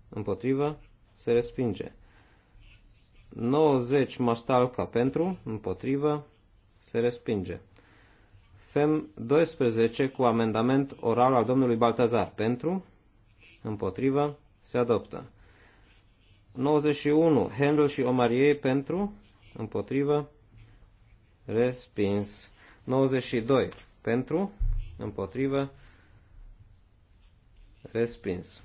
Împotrivă? Se respinge. 90 mastalca pentru, împotrivă, se respinge. FEM 12 cu amendament oral al domnului Baltazar. Pentru, împotrivă, se adoptă. 91. Handel și Omarie pentru, împotrivă, respins. 92. Pentru, împotrivă, respins.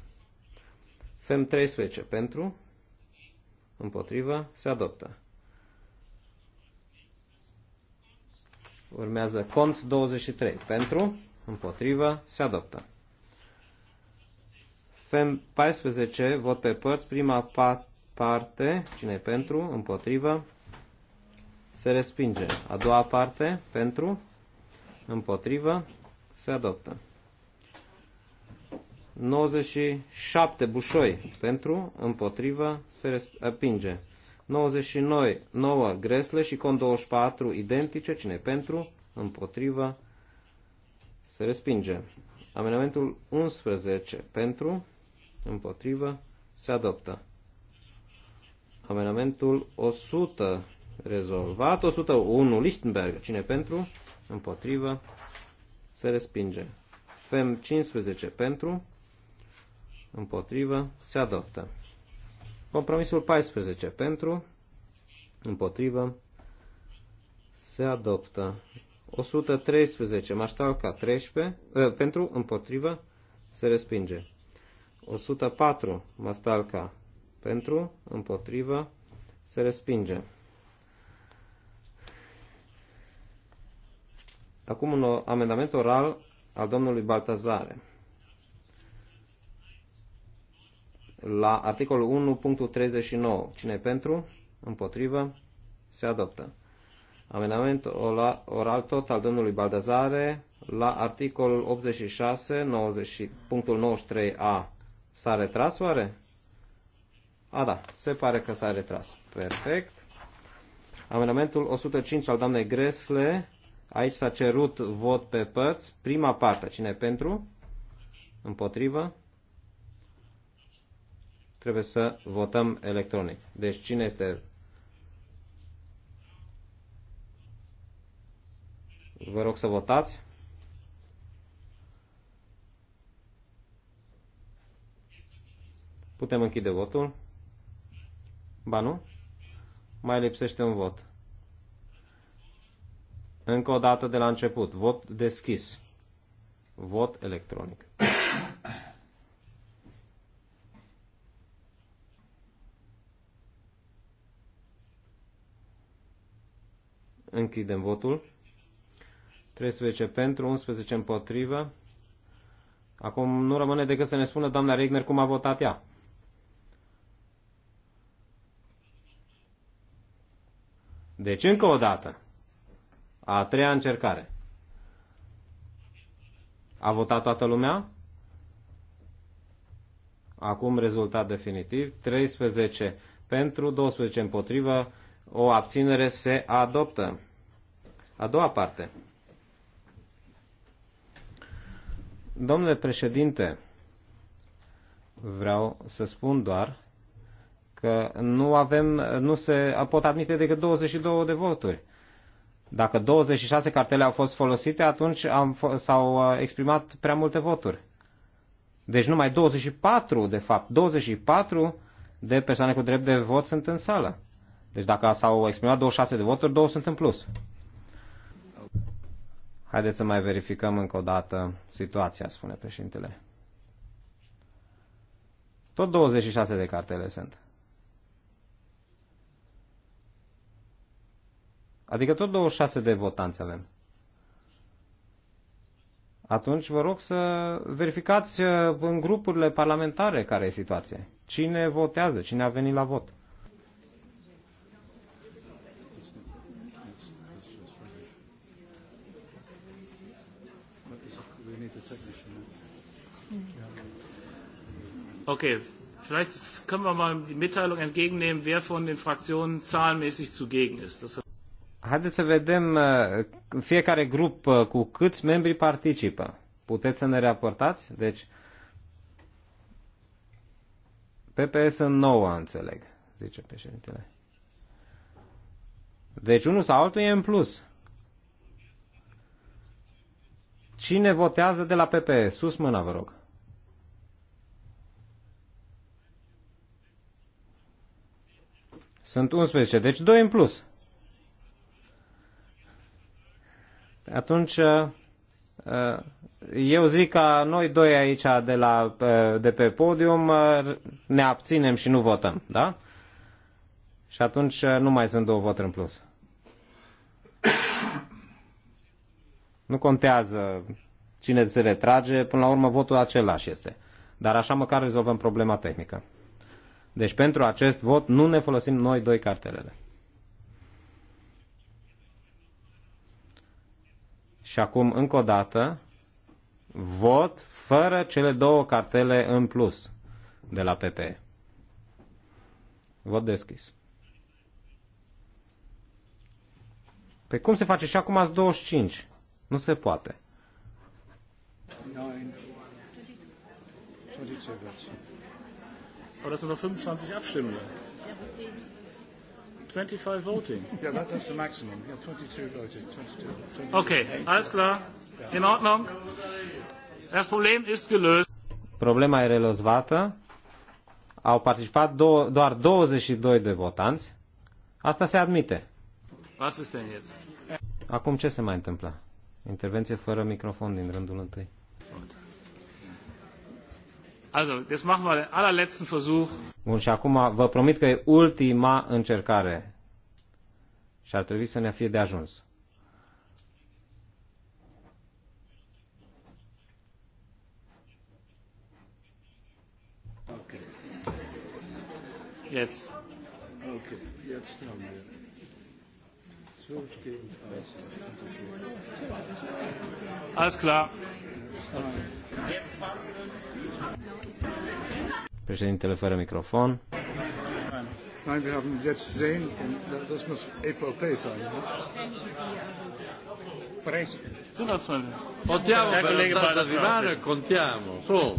FEM 13 pentru, împotrivă, se adoptă. Urmează cont 23. Pentru, împotrivă, se adoptă. FEM 14, vot pe părți, prima parte, cine pentru, împotrivă, se respinge. A doua parte, pentru, împotrivă, se adoptă. 97 bușoi pentru, împotrivă, se respinge. 99, 9 Gresle și cont 24 identice, cine pentru, împotriva, se respinge. Amendamentul 11 pentru, împotrivă, se adoptă. Amendamentul 100 rezolvat, 101 Lichtenberg, cine pentru, împotrivă, se respinge. FEM 15 pentru, împotrivă, se adoptă. Compromisul 14 pentru, împotrivă, se adoptă. 113, maștalca 13, ă, pentru, împotrivă, se respinge. 104, mastalca pentru, împotrivă, se respinge. Acum un amendament oral al domnului Baltazare. la articolul 1.39. Cine pentru? Împotrivă? Se adoptă. Amendament oral tot al domnului Baldazare la articolul 86, 90, punctul 93a. S-a retras oare? A, da, se pare că s-a retras. Perfect. Amendamentul 105 al doamnei Gresle. Aici s-a cerut vot pe părți. Prima parte. Cine pentru? Împotrivă? trebuie să votăm electronic. Deci cine este Vă rog să votați. Putem închide votul. Ba nu? Mai lipsește un vot. Încă o dată de la început. Vot deschis. Vot electronic. Închidem votul. 13 pentru, 11 împotrivă. Acum nu rămâne decât să ne spună doamna Regner cum a votat ea. Deci încă o dată. A treia încercare. A votat toată lumea? Acum rezultat definitiv. 13 pentru, 12 împotrivă, o abținere se adoptă. A doua parte. Domnule președinte, vreau să spun doar că nu avem, nu se pot admite decât 22 de voturi. Dacă 26 cartele au fost folosite, atunci am, s-au uh, exprimat prea multe voturi. Deci numai 24, de fapt, 24 de persoane cu drept de vot sunt în sală. Deci dacă s-au exprimat 26 de voturi, două sunt în plus. Haideți să mai verificăm încă o dată situația, spune președintele. Tot 26 de cartele sunt. Adică tot 26 de votanți avem. Atunci vă rog să verificați uh, în grupurile parlamentare care e situația. Cine votează, cine a venit la vot. Okay, vielleicht können wir mal die Mitteilung entgegennehmen, wer von den Fraktionen zahlenmäßig zugegen ist. Das Haideți să vedem uh, fiecare grup uh, cu câți membri participă. Puteți să ne raportați? Deci, PPS în 9, înțeleg, zice președintele. Deci unul sau altul e în plus. Cine votează de la PPS? Sus mâna, vă rog. Sunt 11, deci 2 în plus. Atunci, uh, uh, eu zic că noi doi aici de, la, uh, de pe podium ne abținem și nu votăm, da? Și atunci nu mai sunt două voturi în plus. Nu contează cine se retrage, până la urmă votul același este. Dar așa măcar rezolvăm problema tehnică. Deci pentru acest vot nu ne folosim noi doi cartelele. Și acum, încă o dată, vot fără cele două cartele în plus de la PPE. Vot deschis. Pe păi cum se face? Și acum ați 25. Nu se poate. 9. Aber das sind noch 25 Abstimmungen. 25 voting. Ja, das ist das maximum. Ja, 22 Leute. 22, 22. Okay, alles klar. In Ordnung. Das Problem ist gelöst. Problema e rezolvată. Au participat do- doar 22 de votanți. Asta se admite. Was ist denn jetzt? Acum ce se mai întâmplă? Intervenție fără microfon din rândul întâi. Also, das machen wir den allerletzten Versuch. Bun, și acum vă promit că e ultima încercare. Și ar trebui să ne fie de ajuns. Okay. Jetzt. Okay, jetzt haben wir. Alles klar. Jetzt passt es. Președintele fără microfon. Nein, wir haben jetzt sehen, das muss EVP sein. Presi. Contiamo, collega Baldassare, contiamo. Su.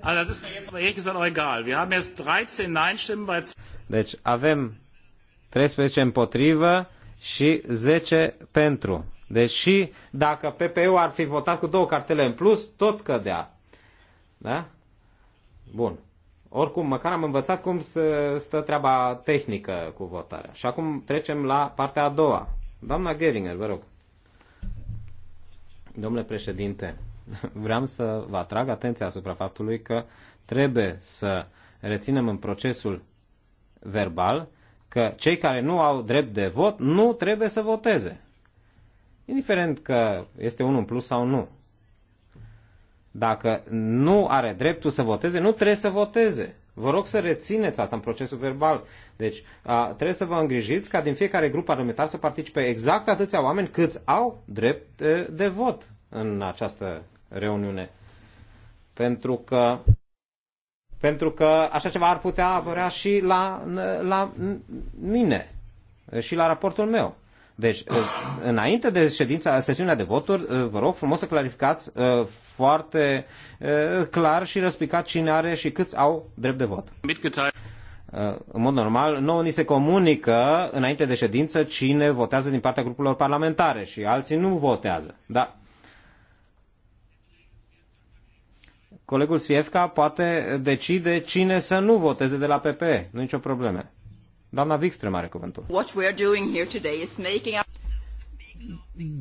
Also das ist ehrlich gesagt auch egal. Wir haben jetzt 13 Nein-Stimmen bei Deci avem 13 împotrivă și 10 pentru. Deși deci dacă PPU ar fi votat cu două cartele în plus, tot cădea. Da? Bun. Oricum, măcar am învățat cum stă treaba tehnică cu votarea. Și acum trecem la partea a doua. Doamna Geringer, vă rog. Domnule președinte, vreau să vă atrag atenția asupra faptului că trebuie să reținem în procesul verbal că cei care nu au drept de vot nu trebuie să voteze. Indiferent că este unul în plus sau nu. Dacă nu are dreptul să voteze, nu trebuie să voteze. Vă rog să rețineți asta în procesul verbal. Deci a, trebuie să vă îngrijiți ca din fiecare grup parlamentar să participe exact atâția oameni câți au drept de, de vot în această reuniune. Pentru că pentru că așa ceva ar putea apărea și la, la mine, și la raportul meu. Deci, eh, înainte de ședința, sesiunea de voturi, eh, vă rog frumos să clarificați eh, foarte clar și răspicat cine are și câți au drept de vot. În mod normal, nouă ni se comunică înainte de ședință cine votează din partea grupurilor parlamentare și alții nu votează. Dar colegul Sfiefca poate decide cine să nu voteze de la PPE. Nu nicio problemă. Doamna Wikström are cuvântul. What doing here today is making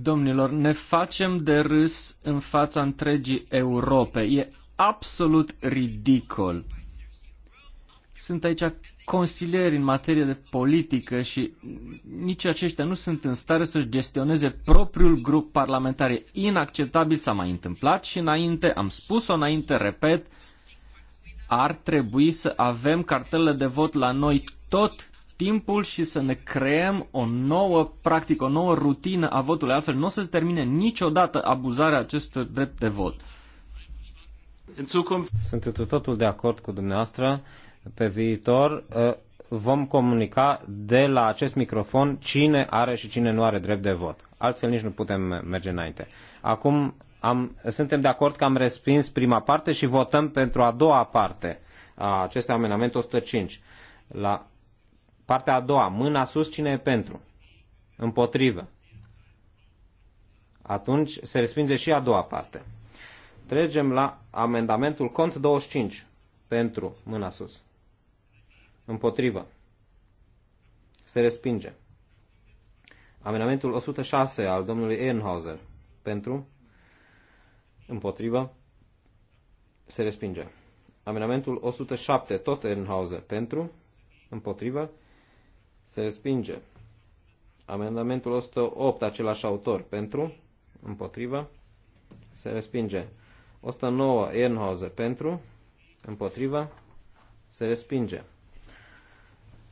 Domnilor, ne facem de râs în fața întregii Europe. E absolut ridicol sunt aici consilieri în materie de politică și nici aceștia nu sunt în stare să-și gestioneze propriul grup parlamentar. E inacceptabil, s-a mai întâmplat și înainte, am spus-o înainte, repet, ar trebui să avem cartelele de vot la noi tot timpul și să ne creăm o nouă, practică, o nouă rutină a votului. Altfel nu o să se termine niciodată abuzarea acestor drept de vot. Sunt totul de acord cu dumneavoastră pe viitor uh, vom comunica de la acest microfon cine are și cine nu are drept de vot. Altfel nici nu putem merge înainte. Acum am, suntem de acord că am respins prima parte și votăm pentru a doua parte a acestui amendament 105. La partea a doua, mâna sus, cine e pentru? Împotrivă. Atunci se respinge și a doua parte. Trecem la amendamentul cont 25 pentru mâna sus. Împotrivă. Se respinge. Amendamentul 106 al domnului Ehrenhauser. Pentru. Împotrivă. Se respinge. Amendamentul 107, tot Ehrenhauser. Pentru. Împotrivă. Se respinge. Amendamentul 108, același autor. Pentru. Împotrivă. Se respinge. 109, Ehrenhauser. Pentru. Împotrivă. Se respinge.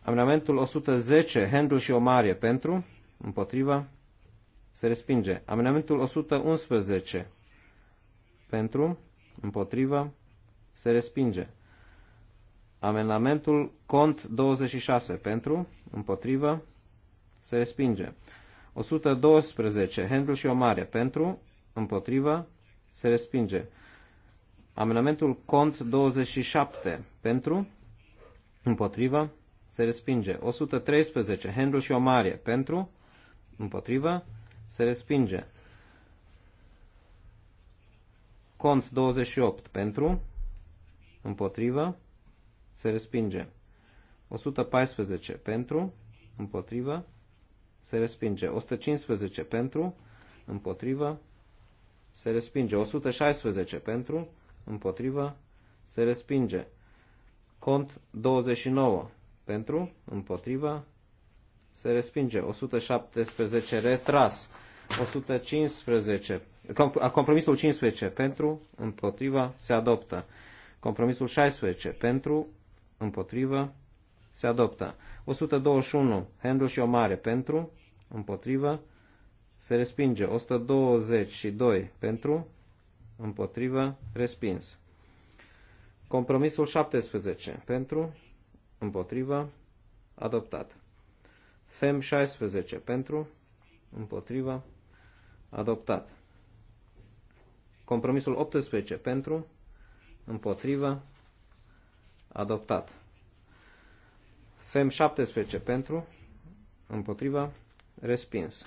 Amendamentul 110, Handel și Omarie pentru, împotriva, se respinge. Amendamentul 111 pentru, împotriva, se respinge. Amendamentul cont 26 pentru, împotriva, se respinge. 112, Handel și Omarie, pentru, împotriva, se respinge. Amendamentul cont 27 pentru, împotriva se respinge. 113, Handel și Omarie, pentru, împotrivă, se respinge. Cont 28, pentru, împotrivă, se respinge. 114, pentru, împotrivă, se respinge. 115, pentru, împotrivă, se respinge. 116, pentru, împotrivă, se respinge. Cont 29, pentru, împotrivă, se respinge. 117 retras. 115. Compromisul 15 pentru, împotrivă, se adoptă. Compromisul 16 pentru, împotrivă, se adoptă. 121. Hendru și Omare pentru, împotrivă, se respinge. 122 pentru, împotrivă, respins. Compromisul 17 pentru, împotrivă, adoptat. FEM 16 pentru, împotrivă, adoptat. Compromisul 18 pentru, împotrivă, adoptat. FEM 17 pentru, împotriva, respins.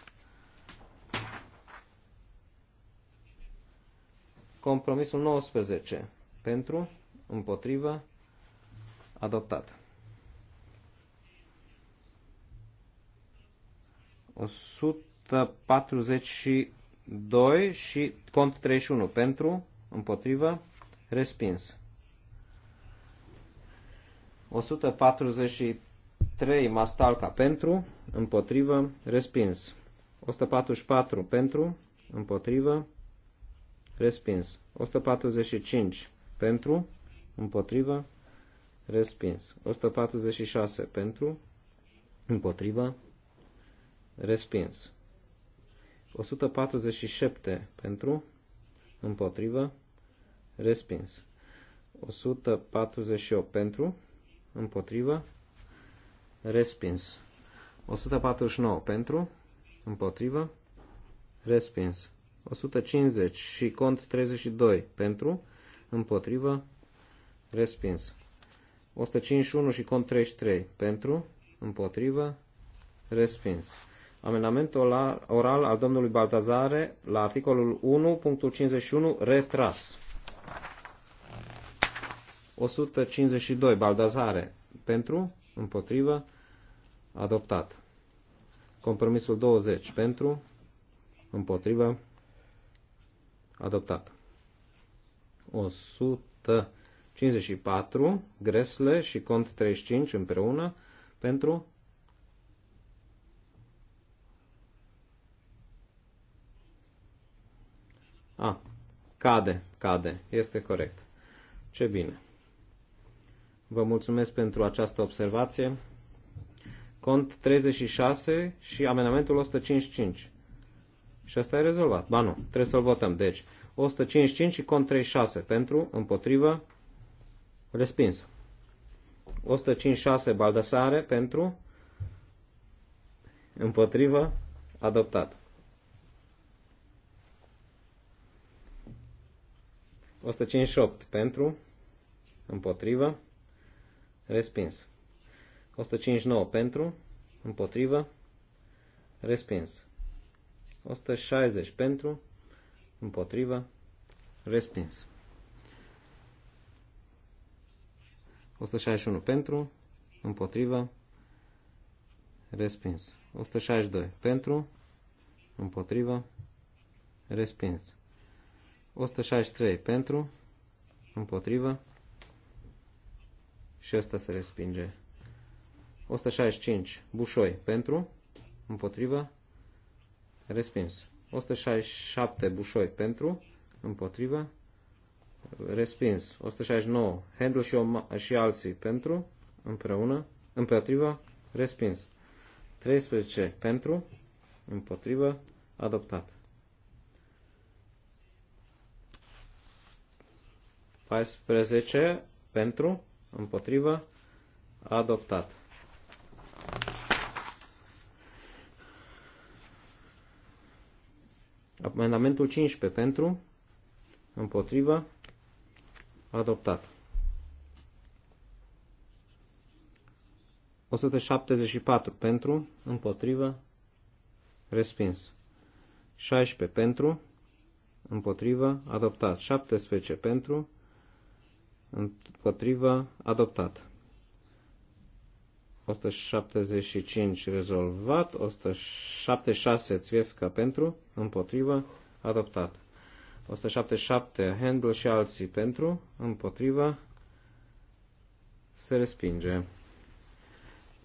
Compromisul 19 pentru, împotriva, adoptat. 142 și cont 31 pentru, împotrivă, respins. 143 Mastalca pentru, împotrivă, respins. 144 pentru, împotrivă, respins. 145 pentru, împotrivă, respins. 146 pentru, împotrivă, Respins. 147 pentru, împotrivă, respins. 148 pentru, împotrivă, respins. 149 pentru, împotrivă, respins. 150 și cont 32 pentru, împotrivă, respins. 151 și cont 33 pentru, împotrivă, respins. Amendamentul oral al domnului Baltazare la articolul 1.51 retras. 152. Baldazare. Pentru. Împotrivă. Adoptat. Compromisul 20. Pentru. Împotrivă. Adoptat. 154. Gresle și cont 35 împreună. Pentru. A, cade, cade, este corect. Ce bine. Vă mulțumesc pentru această observație. Cont 36 și amendamentul 155. Și asta e rezolvat. Ba nu, trebuie să-l votăm. Deci, 155 și cont 36 pentru, împotrivă, respins. 156 Baldasare pentru, împotrivă, adoptat. 158 pentru, împotrivă, respins. 159 pentru, împotrivă, respins. 160 pentru, împotrivă, respins. 161 pentru, împotrivă, respins. 162 pentru, împotrivă, respins. 163 pentru, împotrivă și ăsta se respinge. 165 bușoi pentru, împotrivă, respins. 167 bușoi pentru, împotrivă, respins. 169 Handel și, și alții pentru, împreună, împotrivă, respins. 13 pentru, împotrivă, adoptat. 14 pentru, împotrivă, adoptat. Amendamentul 15 pentru, împotrivă, adoptat. 174 pentru, împotrivă, respins. 16 pentru, împotrivă, adoptat. 17 pentru, împotriva adoptat. 175 rezolvat, 176 țvefca pentru, împotriva adoptat. 177 Handel și alții pentru, împotriva se respinge.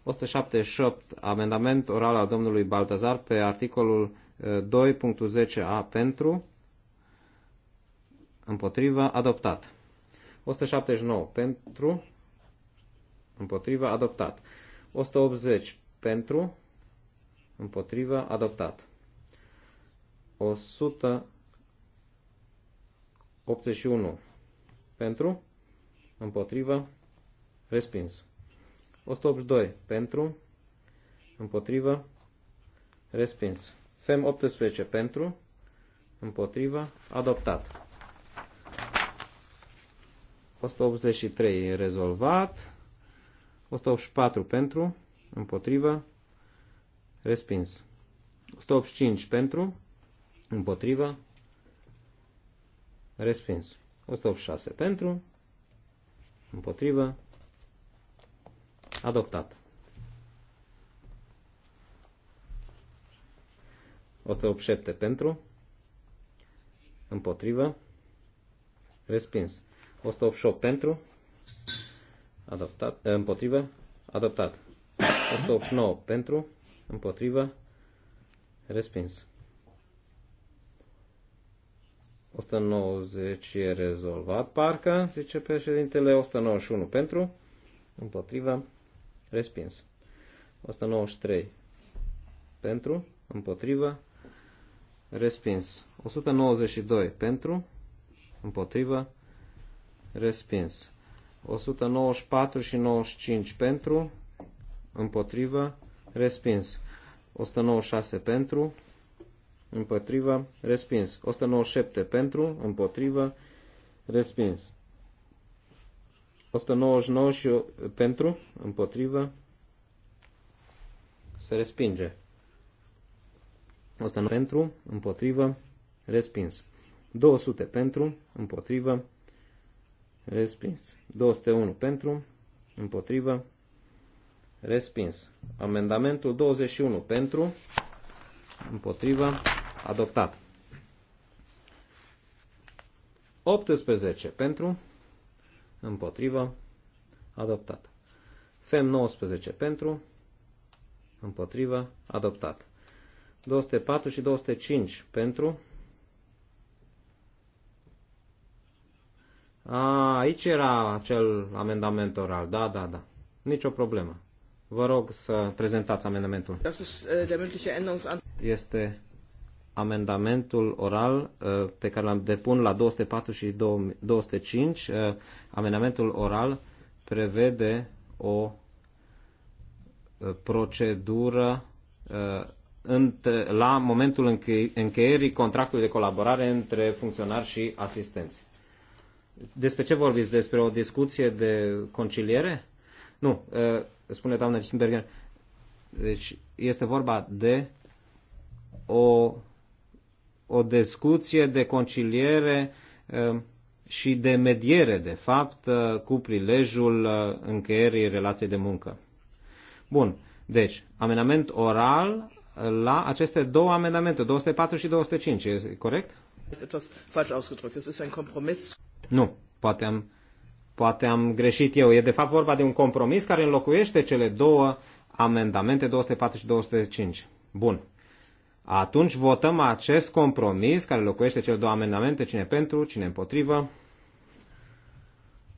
178 amendament oral al domnului Baltazar pe articolul 2.10a pentru, împotriva adoptat. 179 pentru, împotriva, adoptat. 180 pentru, împotriva, adoptat. 181 pentru, împotriva, respins. 182 pentru, împotriva, respins. FEM 18 pentru, împotriva, adoptat. 183 rezolvat, 184 pentru, împotrivă, respins. 185 pentru, împotrivă, respins. 186 pentru, împotrivă, adoptat. 187 pentru, împotrivă, respins. 188 pentru, adoptat, eh, împotrivă, adoptat. 189 pentru, împotrivă, respins. 190 e rezolvat, parcă, zice președintele, 191 pentru, împotrivă, respins. 193 pentru, împotrivă, respins. 192 pentru, împotrivă, respins. 194 și 95 pentru, împotrivă, respins. 196 pentru, împotrivă, respins. 197 pentru, împotrivă, respins. 199 și pentru, împotrivă, se respinge. 100 pentru, împotrivă, respins. 200 pentru, împotrivă, Respins. 201 pentru, împotrivă, respins. Amendamentul 21 pentru, împotrivă, adoptat. 18 pentru, împotrivă, adoptat. FEM 19 pentru, împotrivă, adoptat. 204 și 205 pentru, A, aici era acel amendament oral. Da, da, da. Nicio problemă. Vă rog să prezentați amendamentul. Äh, este amendamentul oral äh, pe care l-am depun la 204 și 205. Äh, amendamentul oral prevede o procedură la momentul încheierii contractului de colaborare între funcționari și asistenți. Despre ce vorbiți? Despre o discuție de conciliere? Nu, spune doamna Kimberger. Deci este vorba de o, o discuție de conciliere și de mediere, de fapt, cu prilejul încheierii relației de muncă. Bun, deci, amenament oral la aceste două amendamente, 204 și 205, este corect? Etwas falsch ausgedrückt. Es ist ein Kompromiss. Nu, poate am, poate am greșit eu. E de fapt vorba de un compromis care înlocuiește cele două amendamente 204 și 205. Bun. Atunci votăm acest compromis care locuiește cele două amendamente, cine pentru, cine împotrivă.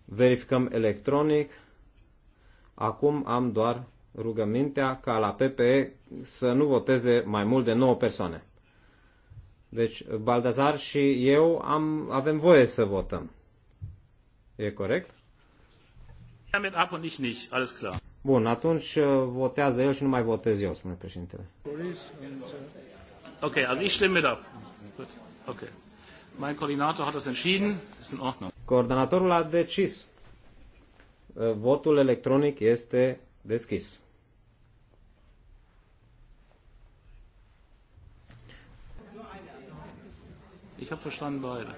Verificăm electronic. Acum am doar rugămintea ca la PPE să nu voteze mai mult de 9 persoane. Deci, Baldazar și eu am, avem voie să votăm. E corect? Damit ab und ich nicht, alles klar. Bun, atunci uh, votează el și nu mai votez eu, spune președintele. Ok, also ich stimme mit ab. Ok. Mein Koordinator hat das entschieden, ist in Ordnung. Coordonatorul a decis. Uh, votul electronic este deschis. Ich habe verstanden beide.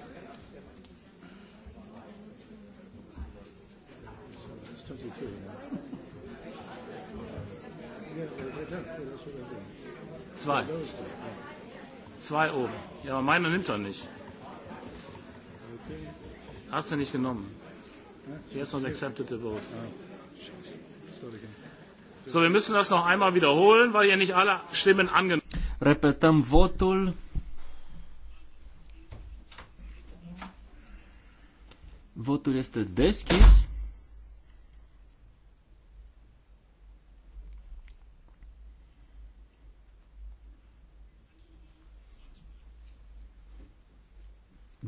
Zwei. Zwei oben. Ja, aber meine nimmt er nicht. Hast du nicht genommen? He has noch accepted the vote. So, wir müssen das noch einmal wiederholen, weil ihr nicht alle Stimmen angenommen. Repetăm votul Votul este deschis.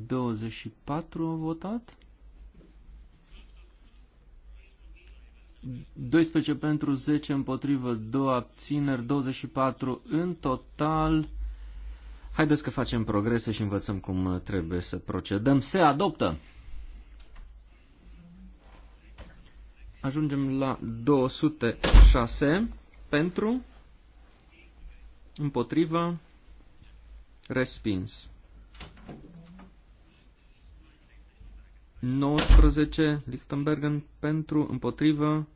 Douăzeci și patru au votat. 12 pentru 10 împotrivă, 2 abțineri, 24 în total. Haideți că facem progrese și învățăm cum trebuie să procedăm. Se adoptă! Ajungem la 206 pentru, împotrivă, respins. 19 Lichtenbergen pentru, împotrivă,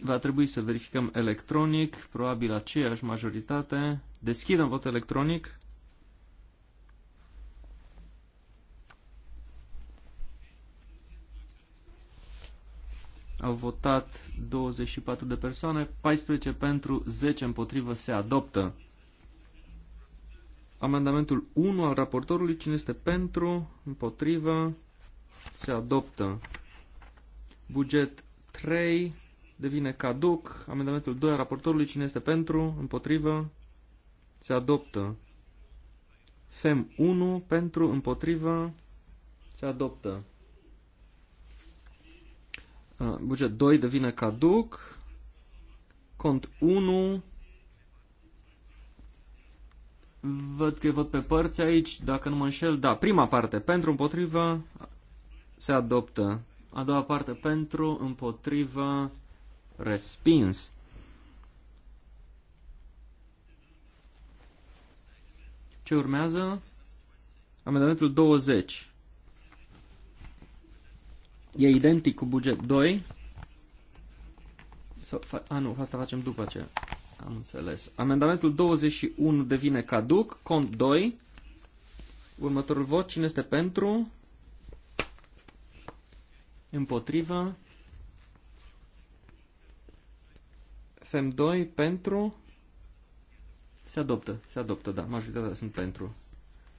va trebui să verificăm electronic, probabil aceeași majoritate. Deschidem vot electronic. Au votat 24 de persoane, 14 pentru, 10 împotrivă se adoptă. Amendamentul 1 al raportorului, cine este pentru, împotrivă, se adoptă. Buget 3 devine caduc. Amendamentul 2 al raportorului, cine este pentru, împotrivă, se adoptă. FEM 1 pentru, împotrivă, se adoptă. Buget 2 devine caduc. Cont 1. Văd că văd pe părți aici, dacă nu mă înșel. Da, prima parte pentru împotriva se adoptă. A doua parte pentru împotriva respins. Ce urmează? Amendamentul 20. E identic cu buget 2. Sau, a, nu, asta facem după ce am înțeles. Amendamentul 21 devine caduc, cont 2. Următorul vot, cine este pentru? Împotrivă. FEM 2 pentru. Se adoptă, se adoptă, da, majoritatea sunt pentru.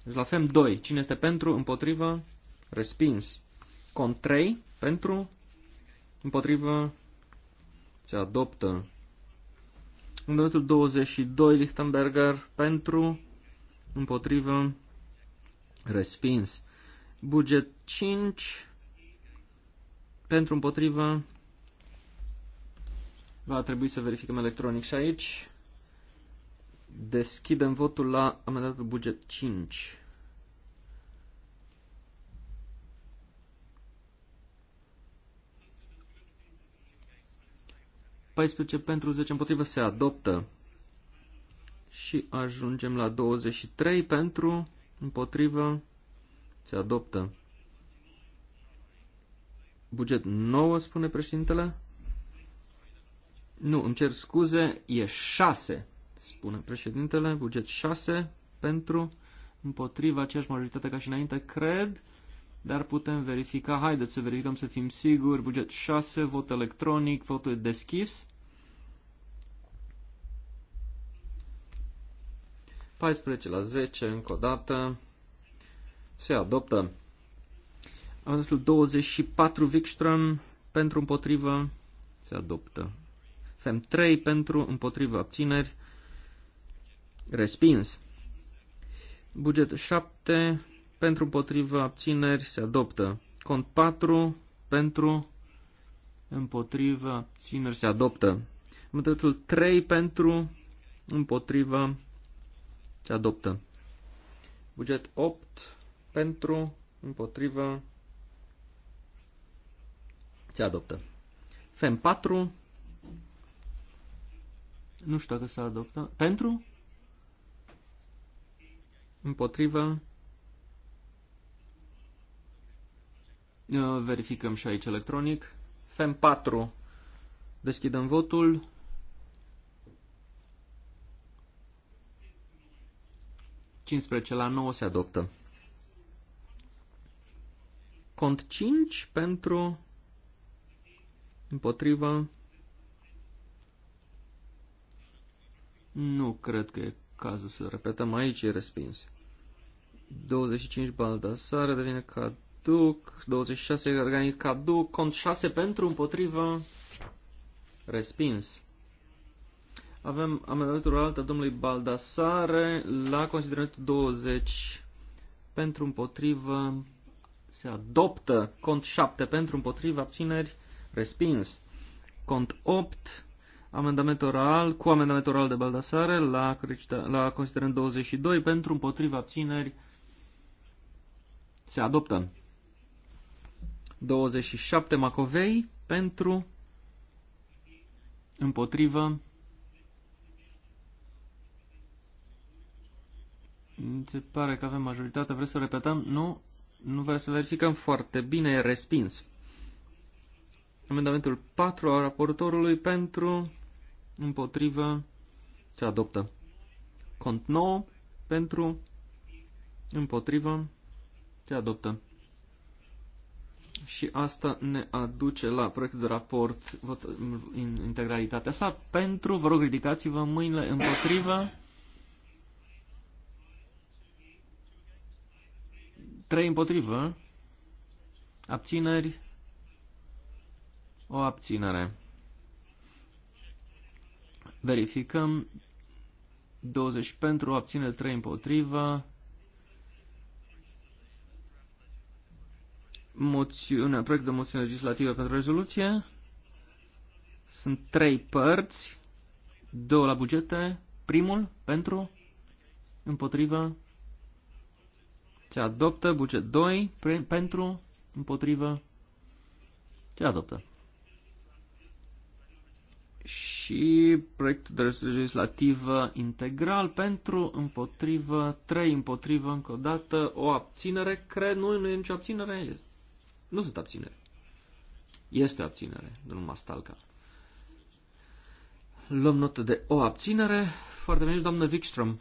Deci la FEM 2, cine este pentru, împotrivă, respins. Cont 3 pentru, împotrivă, se adoptă. în 22, Lichtenberger, pentru, împotrivă, respins. Buget 5, pentru, împotrivă, va trebui să verificăm electronic și aici. Deschidem votul la amendatul buget 5. 14 pentru 10 împotrivă se adoptă. Și ajungem la 23 pentru împotrivă se adoptă. Buget 9, spune președintele. Nu, îmi cer scuze, e 6, spune președintele. Buget 6 pentru împotriva aceeași majoritate ca și înainte, cred dar putem verifica. Haideți să verificăm să fim siguri. Buget 6, vot electronic, votul deschis. 14 la 10, încă o dată. Se adoptă. Amendamentul 24, Wikström, pentru împotrivă, se adoptă. Fem 3 pentru împotrivă abțineri, respins. Buget 7, pentru împotrivă abțineri se adoptă. Cont 4 pentru împotrivă abțineri se adoptă. Amendamentul 3 pentru împotrivă se adoptă. Buget 8 pentru împotrivă se adoptă. FEM 4 nu știu dacă se adoptă. Pentru? Împotrivă? Uh, verificăm și aici electronic. FEM 4. Deschidem votul. Cincisprezece la 9 se adoptă. Cont 5 pentru împotriva. Nu cred că e cazul să repetăm aici, e respins. 25 Sare devine caduc Duc, 26 organic caduc, cont 6 pentru, împotrivă, respins. Avem amendamentul altă domnului Baldasare la considerentul 20 pentru împotrivă se adoptă cont 7 pentru împotrivă abțineri respins. Cont 8 amendament oral cu amendament oral de Baldasare la, la considerent 22 pentru împotriva abțineri se adoptă. 27 Macovei pentru, împotrivă, se pare că avem majoritate, vreți să repetăm? Nu, nu vreau să verificăm foarte bine, e respins. Amendamentul 4 al raportorului pentru, împotrivă, se adoptă. Cont 9 pentru, împotrivă, se adoptă. Și asta ne aduce la proiectul de raport vot, în integralitatea sa. Pentru, vă rog, ridicați-vă mâinile împotriva. Trei împotrivă. Abțineri. O abținere. Verificăm. 20 pentru, abținere 3 împotrivă. moțiune, proiect de moțiune legislativă pentru rezoluție. Sunt trei părți, două la bugete, primul pentru, împotrivă, ce adoptă, buget 2, pre, pentru, împotrivă, ce adoptă. Și proiectul de rezoluție legislativă integral pentru, împotrivă, 3 împotrivă, încă o dată, o abținere, cred, nu, nu e nicio abținere, este nu sunt abținere. Este o abținere, domnul Mastalca. Luăm notă de o abținere. Foarte bine, doamnă Wikström.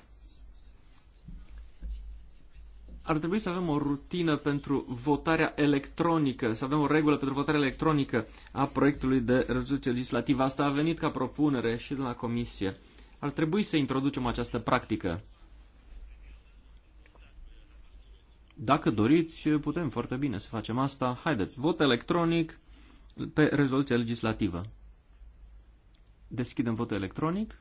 Ar trebui să avem o rutină pentru votarea electronică, să avem o regulă pentru votarea electronică a proiectului de rezoluție legislativă. Asta a venit ca propunere și de la comisie. Ar trebui să introducem această practică. Dacă doriți, putem foarte bine să facem asta. Haideți, vot electronic pe rezoluția legislativă. Deschidem votul electronic.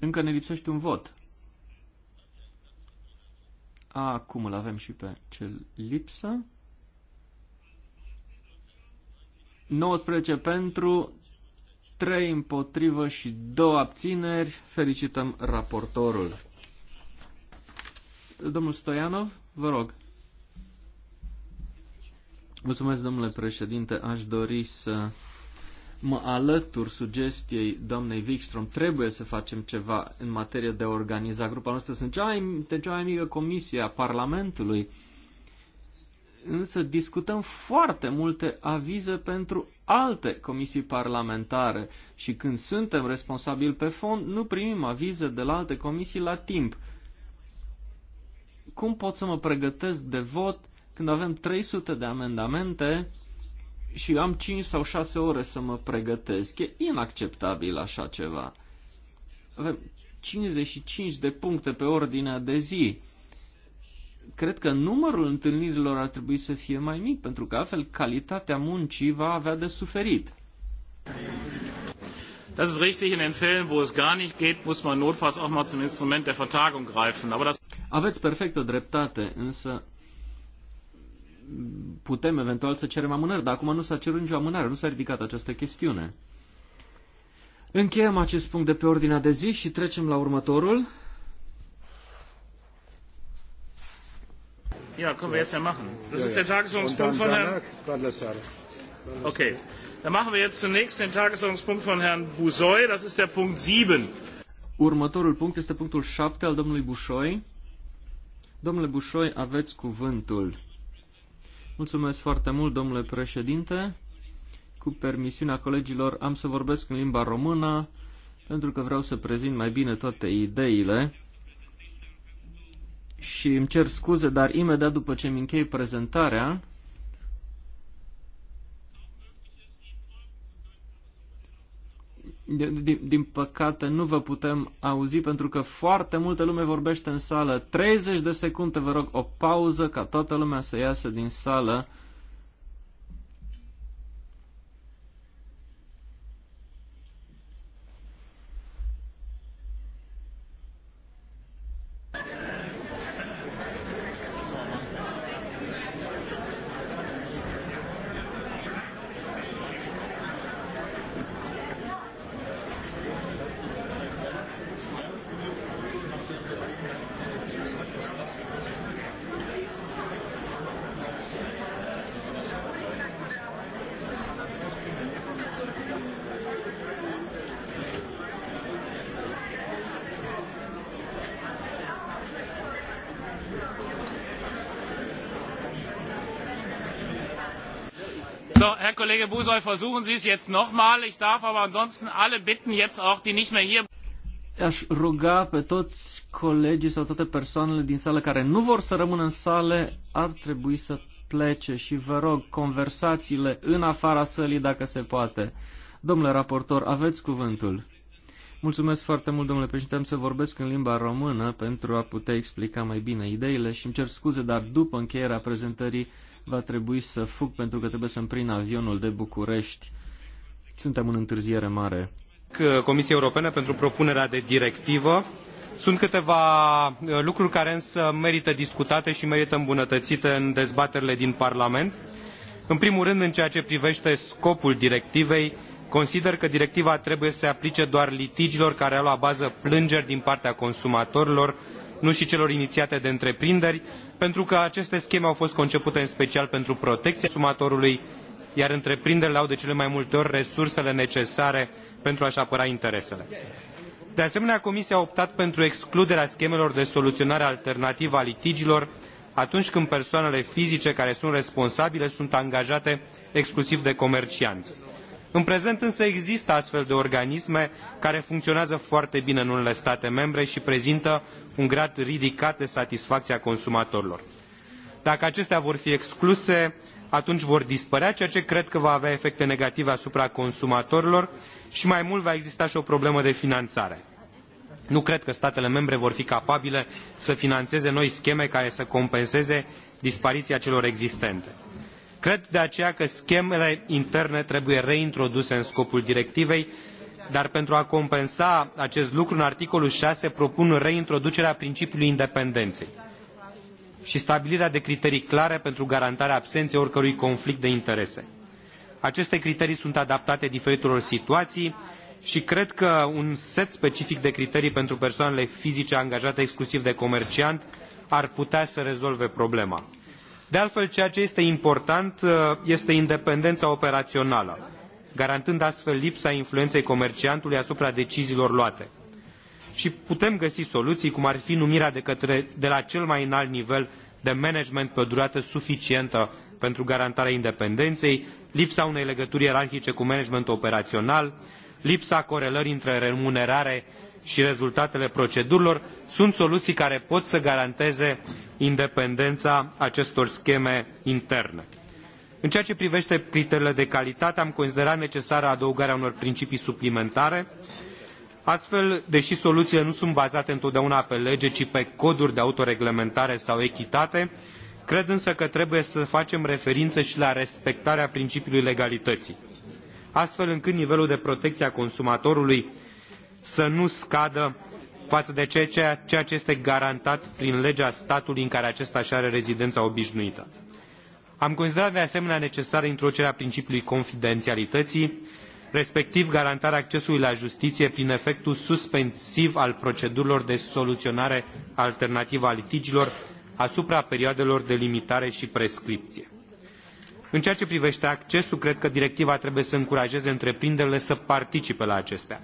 Încă ne lipsește un vot. Acum îl avem și pe cel lipsă. 19 pentru, 3 împotrivă și 2 abțineri. Felicităm raportorul. Domnul Stoianov, vă rog. Mulțumesc, domnule președinte. Aș dori să mă alătur sugestiei doamnei Wikström. Trebuie să facem ceva în materie de a organiza. Grupa noastră sunt cea mai, cea mai mică comisie a Parlamentului. Uh, însă discutăm foarte multe avize pentru alte comisii parlamentare și când suntem responsabili pe fond, nu primim avize de la alte comisii la timp. Cum pot să mă pregătesc de vot când avem 300 de amendamente și am 5 sau 6 ore să mă pregătesc? E inacceptabil așa ceva. Avem 55 de puncte pe ordinea de zi cred că numărul întâlnirilor ar trebui să fie mai mic, pentru că altfel calitatea muncii va avea de suferit. Das ist richtig, in den Fällen, wo es gar nicht geht, muss man notfalls auch mal zum Instrument der Vertagung greifen. Aber das Aveți perfectă dreptate, însă putem eventual să cerem amânări, dar acum nu s-a cerut nicio amânare, nu s-a ridicat această chestiune. Încheiem acest punct de pe ordinea de zi și trecem la următorul. Ja, können wir jetzt ja machen. Das ja, ist der Tagesordnungspunkt von Herrn... Okay, dann machen wir jetzt zunächst den Tagesordnungspunkt von Herrn Busoy. Das ist der Punkt 7. Următorul punct este punctul 7 al domnului Bușoi. Domnule Bușoi, aveți cuvântul. Mulțumesc foarte mult, domnule președinte. Cu permisiunea colegilor, am să vorbesc în limba română, pentru că vreau să prezint mai bine toate ideile și îmi cer scuze, dar imediat după ce îmi închei prezentarea, din, din, din păcate nu vă putem auzi pentru că foarte multă lume vorbește în sală. 30 de secunde, vă rog, o pauză ca toată lumea să iasă din sală. Busoy, versuchen Sie es jetzt nochmal. Ich darf aber ansonsten alle bitten, jetzt auch die nicht mehr hier. Aș ruga pe toți colegii sau toate persoanele din sală care nu vor să rămână în sale, ar trebui să plece și vă rog conversațiile în afara sălii dacă se poate. Domnule raportor, aveți cuvântul. Mulțumesc foarte mult, domnule președinte. Am să vorbesc în limba română pentru a putea explica mai bine ideile și îmi cer scuze, dar după încheierea prezentării va trebui să fug pentru că trebuie să-mi prind avionul de București. Suntem în întârziere mare. Uh, Comisia Europeană pentru propunerea de directivă. Sunt câteva uh, lucruri care însă merită discutate și merită îmbunătățite în dezbaterile din Parlament. În primul rând, în ceea ce privește scopul directivei, consider că directiva trebuie să se aplice doar litigiilor care au la bază plângeri din partea consumatorilor, nu și celor inițiate de întreprinderi, pentru că aceste scheme au fost concepute în special pentru protecția consumatorului, iar întreprinderile au de cele mai multe ori resursele necesare pentru a-și apăra interesele. De asemenea, Comisia a optat pentru excluderea schemelor de soluționare alternativă a litigiilor atunci când persoanele fizice care sunt responsabile sunt angajate exclusiv de comercianți în prezent însă există astfel de organisme care funcionează foarte bine în unele state membre i prezintă un grad ridicat de satisfacie a consumatorilor. dacă acestea vor fi excluse atunci vor dispărea ceea ce cred că va avea efecte negative asupra consumatorilor i mai mult va exista i o problemă de finanare. nu cred că statele membre vor fi capabile să finaneze noi scheme care să compenseze dispariia celor existente Cred de aceea că schemele interne trebuie reintroduse în scopul directivei, dar pentru a compensa acest lucru, în articolul 6 propun reintroducerea principiului independenței și stabilirea de criterii clare pentru garantarea absenței oricărui conflict de interese. Aceste criterii sunt adaptate diferitelor situații și cred că un set specific de criterii pentru persoanele fizice angajate exclusiv de comerciant ar putea să rezolve problema de altfel, ceea ce este important uh, este independența operațională, garantând astfel lipsa influenței comerciantului asupra deciziilor luate. Și putem găsi soluții, cum ar fi numirea de, către, de la cel mai înalt nivel de management pe o durată suficientă pentru garantarea independenței, lipsa unei legături ierarhice cu managementul operațional, lipsa corelării între remunerare i rezultatele procedurilor sunt soluii care pot să garanteze independena acestor scheme interne. în ceea ce privete criteriile de calitate am considerat necesară adăugarea unor principii suplimentare astfel dei soluiile nu sunt bazate întotdeauna pe lege ci pe coduri de autoreglementare sau echitate cred însă că trebuie să facem referină i la respectarea principiului legalităii astfel încât nivelul de protecie a consumatorului să nu scadă faă de ceea, ce este garantat prin legea statului în care acesta îi are rezidena obinuită. am considerat de asemenea necesară introducerea principiului confidenialităii respectiv garantarea accesului la justiie prin efectul suspensiv al procedurilor de soluionare alternativă a litigiilor asupra perioadelor de limitare i prescripie. în ceea ce privete accesul cred că directiva trebuie să încurajeze întreprinderile să participe la acestea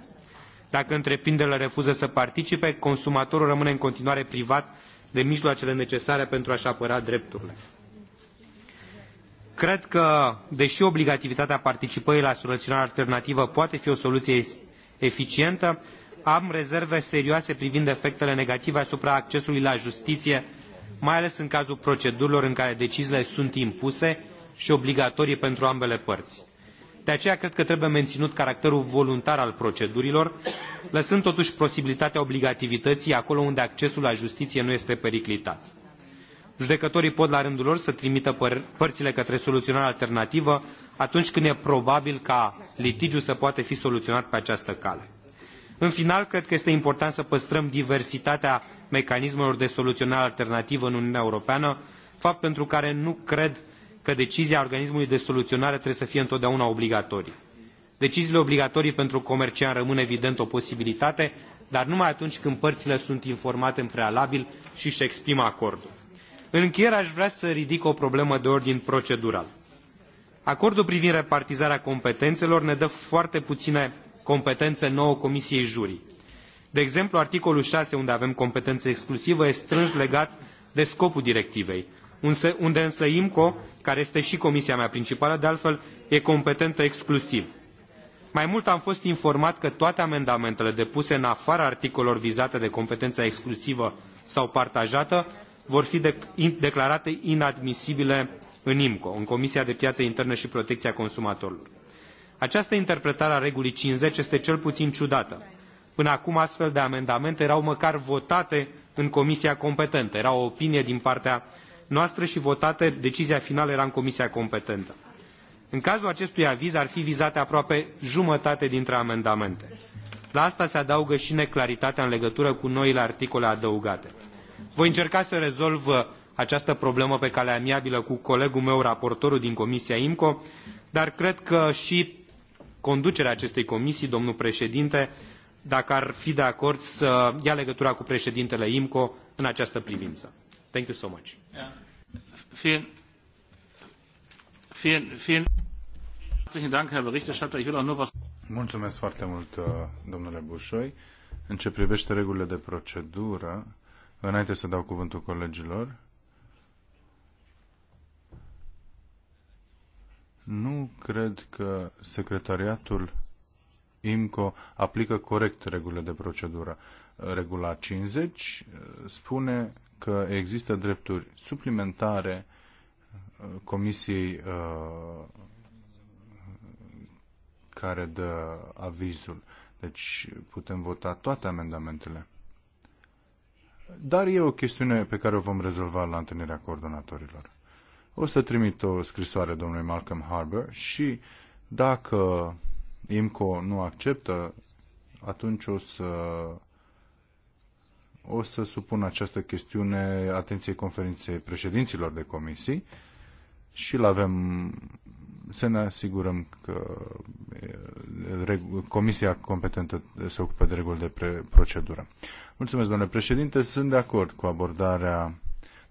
dacă întreprinderile refuză să participe, consumatorul rămâne în continuare privat de mijloacele necesare pentru a-și apăra drepturile. Cred că, deși obligativitatea participării la soluționarea alternativă poate fi o soluție eficientă, am rezerve serioase privind efectele negative asupra accesului la justiție, mai ales în cazul procedurilor în care deciziile sunt impuse și obligatorii pentru ambele părți de aceea cred că trebuie meninut caracterul voluntar al procedurilor lăsând totui posibilitatea obligativităii acolo unde accesul la justiie nu este periclitat. judecătorii pot la rândul lor să trimită pările către soluionarea alternativă atunci când e probabil ca litigiul să poată fi soluionat pe această cale. în final cred că este important să păstrăm diversitatea mecanismelor de soluionare alternativă în uniunea europeană fapt pentru care nu cred că decizia organismului de soluionare trebuie să fie întotdeauna obligatorie. Deciziile obligatorii pentru comerciant rămân evident o posibilitate, dar numai atunci când părțile sunt informate în prealabil și își exprimă acordul. În încheiere aș vrea să ridic o problemă de ordin procedural. Acordul privind repartizarea competențelor ne dă foarte puține competențe nouă Comisiei Jurii. De exemplu, articolul 6, unde avem competență exclusivă, este strâns legat de scopul directivei, unde însă IMCO, care este și comisia mea principală, de altfel, e competentă exclusiv. Mai mult am fost informat că toate amendamentele depuse în afara articolelor vizate de competența exclusivă sau partajată vor fi declarate inadmisibile în IMCO, în Comisia de Piață Internă și Protecția Consumatorilor. Această interpretare a regulii 50 este cel puțin ciudată. Până acum astfel de amendamente erau măcar votate în comisia competentă, era o opinie din partea noastră și votată, decizia finală era în comisia competentă. În cazul acestui aviz ar fi vizate aproape jumătate dintre amendamente. La asta se adaugă și neclaritatea în legătură cu noile articole adăugate. Voi încerca să rezolv uh, această problemă pe cale amiabilă cu colegul meu, raportorul din Comisia IMCO, dar cred că și conducerea acestei comisii, domnul președinte, dacă ar fi de acord să ia legătura cu președintele IMCO în această privință. Thank you so much. Vielen, vielen, vielen herzlichen Dank, Herr Berichterstatter. Ich will auch nur was... Mulțumesc foarte mult, uh, domnule Bușoi. În ce privește regulile de procedură, înainte să dau cuvântul colegilor, nu cred că secretariatul IMCO aplică corect regulile de procedură. Regula 50 uh, spune că există drepturi suplimentare uh, comisiei uh, care dă avizul. Deci putem vota toate amendamentele. Dar e o chestiune pe care o vom rezolva la întâlnirea coordonatorilor. O să trimit o scrisoare domnului Malcolm Harbour și dacă IMCO nu acceptă, atunci o să o să supun această chestiune atenției conferinței președinților de comisii și avem să ne asigurăm că comisia competentă se ocupă de reguli de procedură. Mulțumesc, domnule președinte. Sunt de acord cu abordarea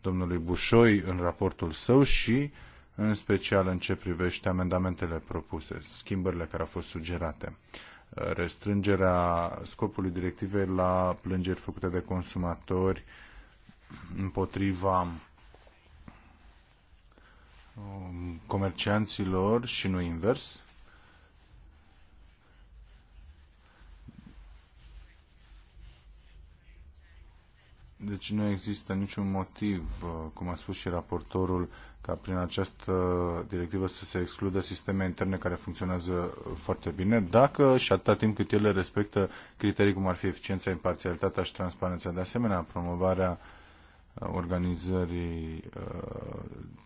domnului Bușoi în raportul său și în special în ce privește amendamentele propuse, schimbările care au fost sugerate restrângerea scopului directivei la plângeri făcute de consumatori împotriva um, comercianților și nu invers. Deci nu există niciun motiv, uh, cum a spus și raportorul, ca prin această directivă să se excludă sisteme interne care funcționează foarte bine, dacă și atâta timp cât ele respectă criterii cum ar fi eficiența, imparțialitatea și transparența. De asemenea, promovarea uh, organizării uh,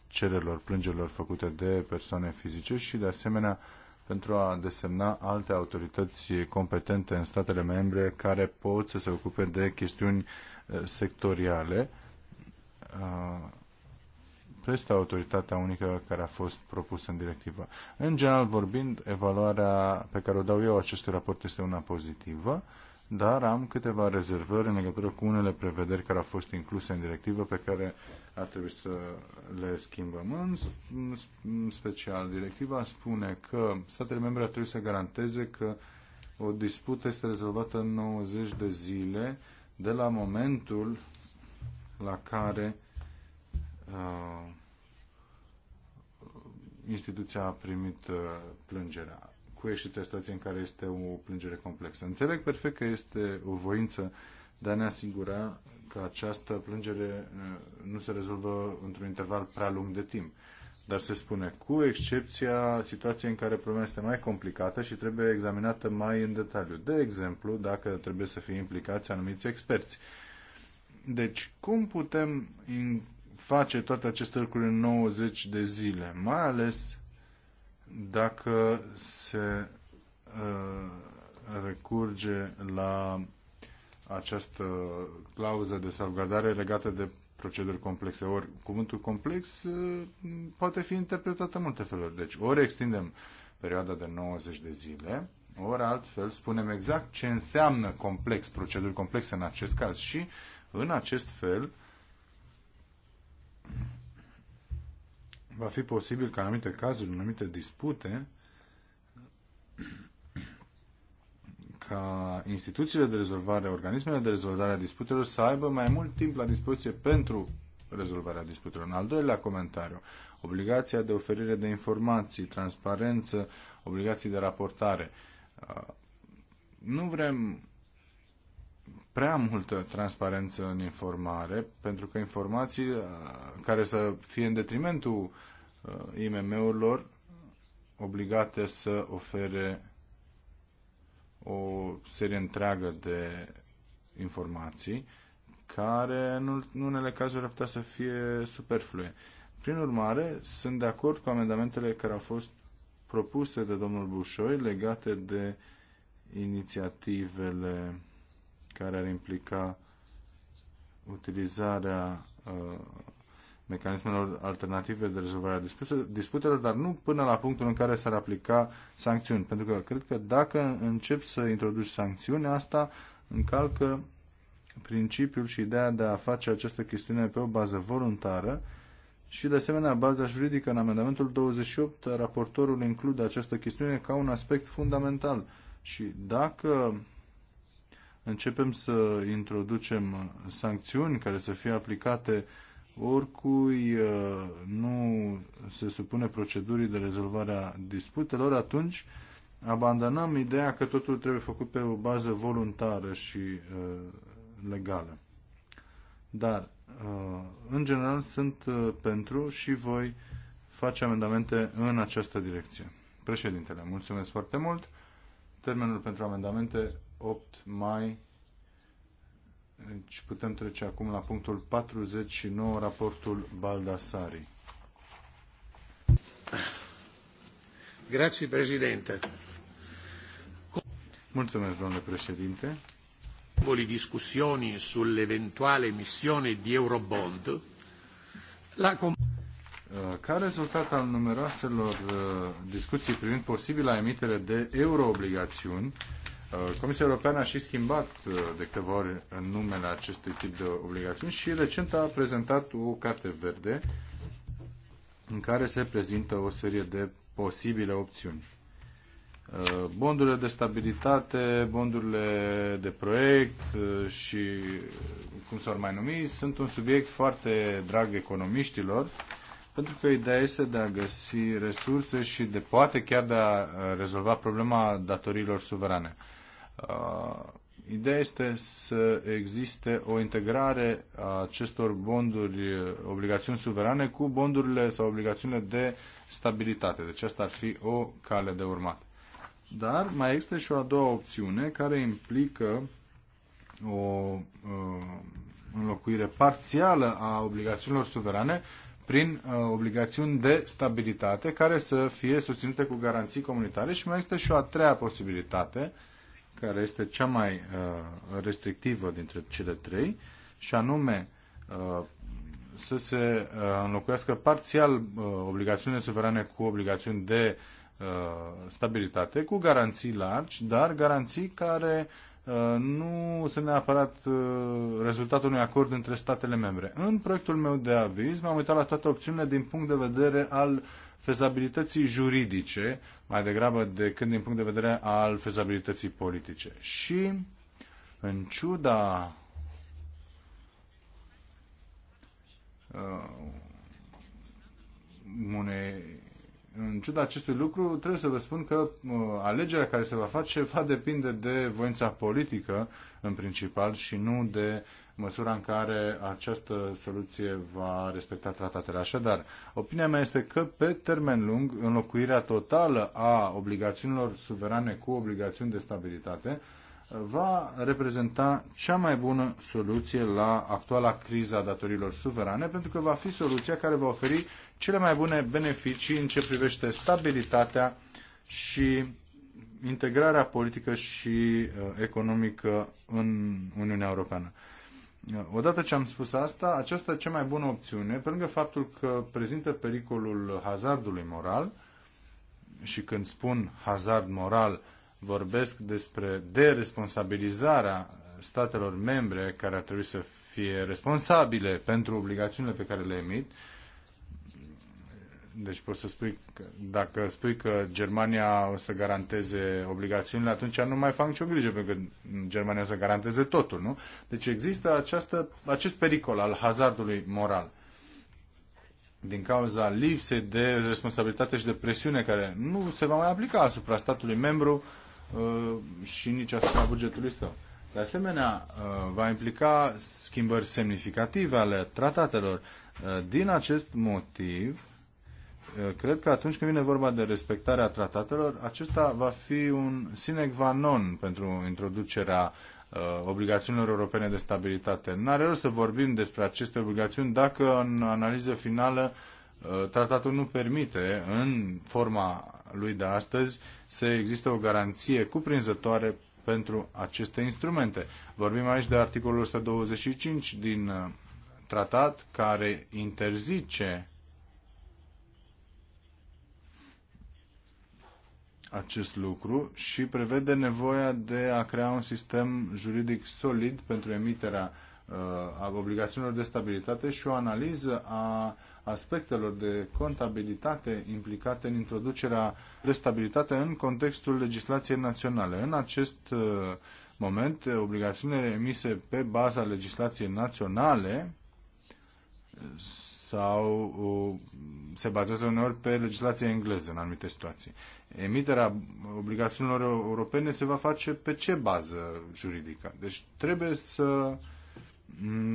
cererilor, plângerilor făcute de persoane fizice și, de asemenea, pentru a desemna alte autorități competente în statele membre care pot să se ocupe de chestiuni uh, sectoriale peste autoritatea unică care a fost propusă în directivă. În general vorbind, evaluarea pe care o dau eu acestui raport este una pozitivă, dar am câteva rezervări în legătură cu unele prevederi care au fost incluse în directivă pe care ar trebui să le schimbăm. În special, directiva spune că statele membre ar trebui să garanteze că o dispută este rezolvată în 90 de zile de la momentul la care uh, instituția a primit uh, plângerea, cu excepția situației în care este o plângere complexă. Înțeleg perfect că este o voință de a ne asigura că această plângere uh, nu se rezolvă într-un interval prea lung de timp. Dar se spune, cu excepția situației în care problema este mai complicată și trebuie examinată mai în detaliu. De exemplu, dacă trebuie să fie implicați anumiți experți. Deci, cum putem face toate aceste lucruri în 90 de zile, mai ales dacă se uh, recurge la această clauză de salvgardare legată de proceduri complexe. Ori cuvântul complex uh, poate fi interpretat în multe feluri. Deci ori extindem perioada de 90 de zile, ori altfel spunem exact ce înseamnă complex, proceduri complexe în acest caz și în acest fel uh, va fi posibil ca în anumite cazuri, în anumite dispute, ca instituțiile de rezolvare, organismele de rezolvare a disputelor să aibă mai mult timp la dispoziție pentru rezolvarea disputelor. În al doilea comentariu, obligația de oferire de informații, transparență, obligații de raportare. Uh, nu vrem prea multă transparență în informare, pentru că informații uh, care să fie în detrimentul uh, IMM-urilor obligate să ofere o serie întreagă de informații care în unele cazuri ar putea să fie superflue. Prin urmare, sunt de acord cu amendamentele care au fost propuse de domnul Bușoi legate de inițiativele care ar implica utilizarea uh, mecanismelor alternative de rezolvare a disputelor, dar nu până la punctul în care s-ar aplica sancțiuni. Pentru că cred că dacă încep să introduci sancțiuni, asta încalcă principiul și ideea de a face această chestiune pe o bază voluntară și, de asemenea, baza juridică în amendamentul 28, raportorul include această chestiune ca un aspect fundamental. Și dacă începem să introducem sancțiuni care să fie aplicate oricui uh, nu se supune procedurii de rezolvare a disputelor, atunci abandonăm ideea că totul trebuie făcut pe o bază voluntară și uh, legală. Dar, uh, în general, sunt pentru și voi face amendamente în această direcție. Președintele, mulțumesc foarte mult. Termenul pentru amendamente 8 mai. Deci putem trece acum la punctul 49, raportul Baldassari. Grazie, președinte. Mulțumesc, domnule președinte. Discussioni sull'eventuale missione di Eurobond, la uh, ca rezultat al numeroaselor uh, discuții privind posibila emitere de euroobligațiuni, Uh, Comisia Europeană a și schimbat uh, de câteva ori uh, numele acestui tip de obligațiuni și recent a prezentat o carte verde în care se prezintă o serie de posibile opțiuni. Bondurile de stabilitate, bondurile de proiect și cum s-ar mai numi, sunt un subiect foarte drag economiștilor, pentru că ideea este de a găsi resurse și de poate chiar de a rezolva problema datoriilor suverane. Uh, ideea este să existe o integrare a acestor bonduri, uh, obligațiuni suverane cu bondurile sau obligațiunile de stabilitate. Deci asta ar fi o cale de urmat. Dar mai există și o a doua opțiune care implică o uh, înlocuire parțială a obligațiunilor suverane prin uh, obligațiuni de stabilitate care să fie susținute cu garanții comunitare și mai există și o a treia posibilitate uh, care este cea mai uh, restrictivă dintre cele trei, și anume uh, să se uh, înlocuiască parțial obligațiunile suverane cu obligațiuni de stabilitate, cu garanții largi, dar garanții care nu sunt neapărat rezultatul unui acord între statele membre. În proiectul meu de aviz m-am uitat la toate opțiunile din punct de vedere al uh, fezabilității juridice, mai degrabă decât din punct de vedere al fezabilității politice. Și, în ciuda uh, unei în ciuda acestui lucru, trebuie să vă spun că uh, alegerea care se va face va depinde de voința politică, în principal, și nu de măsura în care această soluție va respecta tratatele. Așadar, opinia mea este că, pe termen lung, înlocuirea totală a obligațiunilor suverane cu obligațiuni de stabilitate va reprezenta cea mai bună soluție la actuala criza datorilor suverane, pentru că va fi soluția care va oferi cele mai bune beneficii în ce privește stabilitatea și integrarea politică și uh, economică în Uniunea Europeană. Odată ce am spus asta, aceasta e cea mai bună opțiune, pe lângă faptul că prezintă pericolul hazardului moral, și când spun hazard moral, vorbesc despre deresponsabilizarea statelor membre care ar trebui să fie responsabile pentru obligațiunile pe care le emit, deci poți să spui, că, dacă spui că Germania o să garanteze obligațiunile, atunci nu mai fac nicio grijă, pentru că Germania o să garanteze totul, nu? Deci există această, acest pericol al hazardului moral din cauza lipsei de responsabilitate și de presiune care nu se va mai aplica asupra statului membru uh, și nici asupra bugetului său. De asemenea, uh, va implica schimbări semnificative ale tratatelor. Uh, din acest motiv, Eh, cred că atunci când vine vorba de respectarea tratatelor, acesta va fi un sine qua non pentru introducerea eh, obligațiunilor europene de stabilitate. N-are rost să vorbim despre aceste obligațiuni dacă în analiză finală eh, tratatul nu permite, în forma lui de astăzi, să există o garanție cuprinzătoare pentru aceste instrumente. Vorbim aici de articolul 125 din tratat care interzice acest lucru și prevede nevoia de a crea un sistem juridic solid pentru emiterea uh, a obligațiunilor de stabilitate și o analiză a aspectelor de contabilitate implicate în introducerea de stabilitate în contextul legislației naționale. În acest uh, moment, obligațiunile emise pe baza legislației naționale sau uh, se bazează uneori pe legislația engleză în anumite situații. Emiterea obligațiunilor europene se va face pe ce bază juridică? Deci trebuie să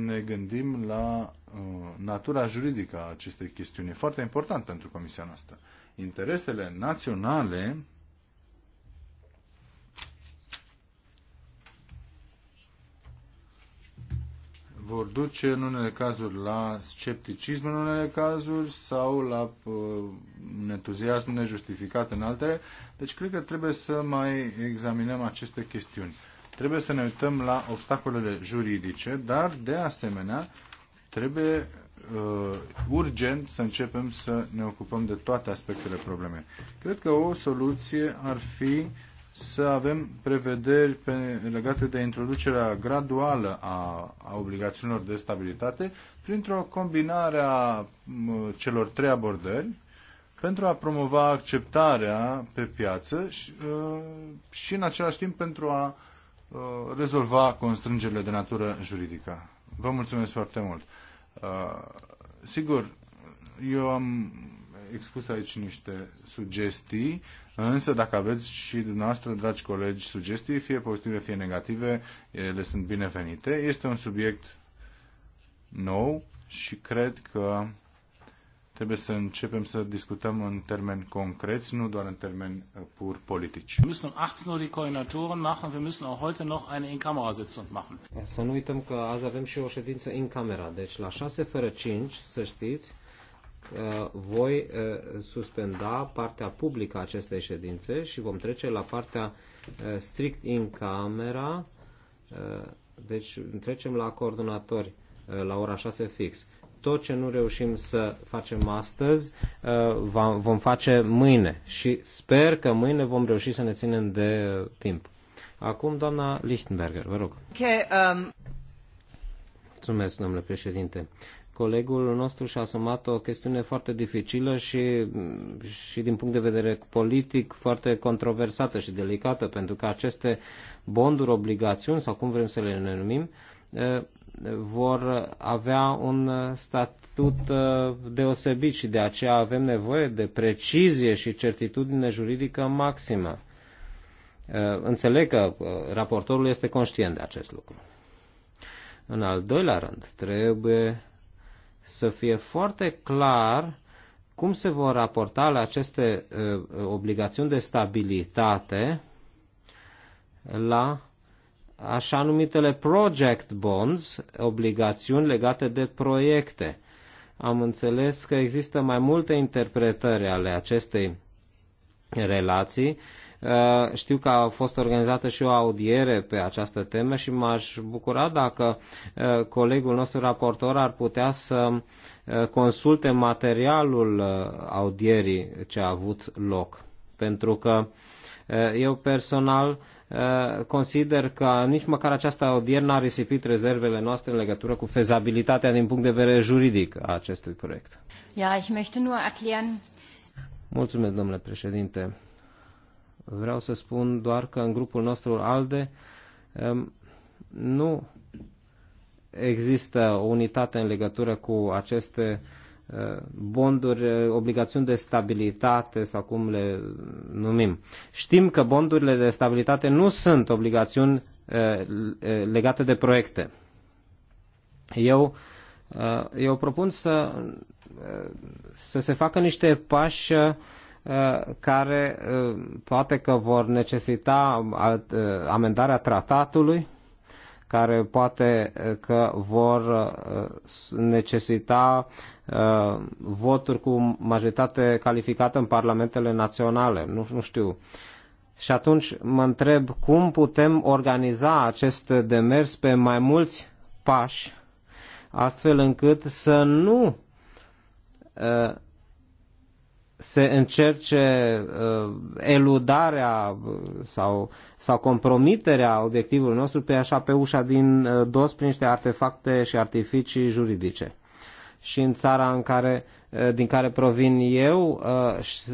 ne gândim la uh, natura juridică a acestei chestiuni. E foarte important pentru Comisia noastră. Interesele naționale vor duce în unele cazuri la scepticism în unele cazuri sau la un uh, entuziasm nejustificat în altele. Deci cred că trebuie să mai examinăm aceste chestiuni. Trebuie să ne uităm la obstacolele juridice, dar de asemenea trebuie uh, urgent să începem să ne ocupăm de toate aspectele problemei. Cred că o soluție ar fi uh, să avem prevederi pe, legate de introducerea graduală a, a obligațiunilor de stabilitate printr-o combinare a celor trei abordări pentru a promova acceptarea pe piață și, uh, și în același timp pentru a uh, rezolva constrângerile de natură juridică. Vă mulțumesc foarte mult. Uh, sigur, eu am expus aici niște sugestii Însă, dacă aveți și dumneavoastră, dragi colegi, sugestii, fie pozitive, fie negative, ele sunt binevenite. Este un subiect nou și cred că trebuie să începem să discutăm în termeni concreți, nu doar în termeni uh, pur politici. 18 um Să nu uităm că azi avem și o ședință în camera, deci la 6 fără 5, să știți, Uh, voi uh, suspenda partea publică a acestei ședințe și vom trece la partea uh, strict în camera. Deci trecem la coordonatori la ora 6 fix. Tot ce nu reușim să facem astăzi, vom face mâine și sper că mâine vom reuși să ne ținem de timp. Acum, doamna Lichtenberger, vă rog. Okay, um... Mulțumesc, domnule președinte colegul nostru și-a asumat o chestiune foarte dificilă și, și din punct de vedere politic foarte controversată și delicată, pentru că aceste bonduri, obligațiuni sau cum vrem să le numim, eh, vor avea un statut eh, deosebit și de aceea avem nevoie de precizie și certitudine juridică maximă. Eh, înțeleg că raportorul este conștient de acest lucru. În al doilea rând, trebuie să fie foarte clar cum se vor raporta la aceste uh, obligațiuni de stabilitate la așa numitele project bonds, obligațiuni legate de proiecte. Am înțeles că există mai multe interpretări ale acestei relații Uh, știu că a fost organizată și o audiere pe această temă și m-aș bucura dacă uh, colegul nostru raportor ar putea să uh, consulte materialul audierii ce a avut loc. Pentru că eu personal consider că nici măcar această audiere n-a risipit rezervele noastre în legătură cu fezabilitatea din punct de vedere juridic a acestui proiect. Ja, ich möchte nur erklären. Mulțumesc, domnule președinte. Vreau să spun doar că în grupul nostru ALDE nu există o unitate în legătură cu aceste eh, bonduri, eh, obligațiuni de stabilitate sau cum le numim. Știm că bondurile de stabilitate nu sunt obligațiuni eh, legate de proiecte. Eu, eu propun să, să se facă niște pași Uh, care uh, poate că vor necesita uh, amendarea tratatului, care poate că vor necesita voturi cu majoritate calificată în parlamentele naționale. Nu, nu știu. Și atunci mă întreb cum putem organiza acest demers pe mai mulți pași, astfel încât să nu se încerce uh, eludarea uh, sau, sau compromiterea obiectivului nostru pe așa pe ușa din uh, dos prin niște artefacte și artificii juridice. Și în țara în care uh, Eh, din care provin eu,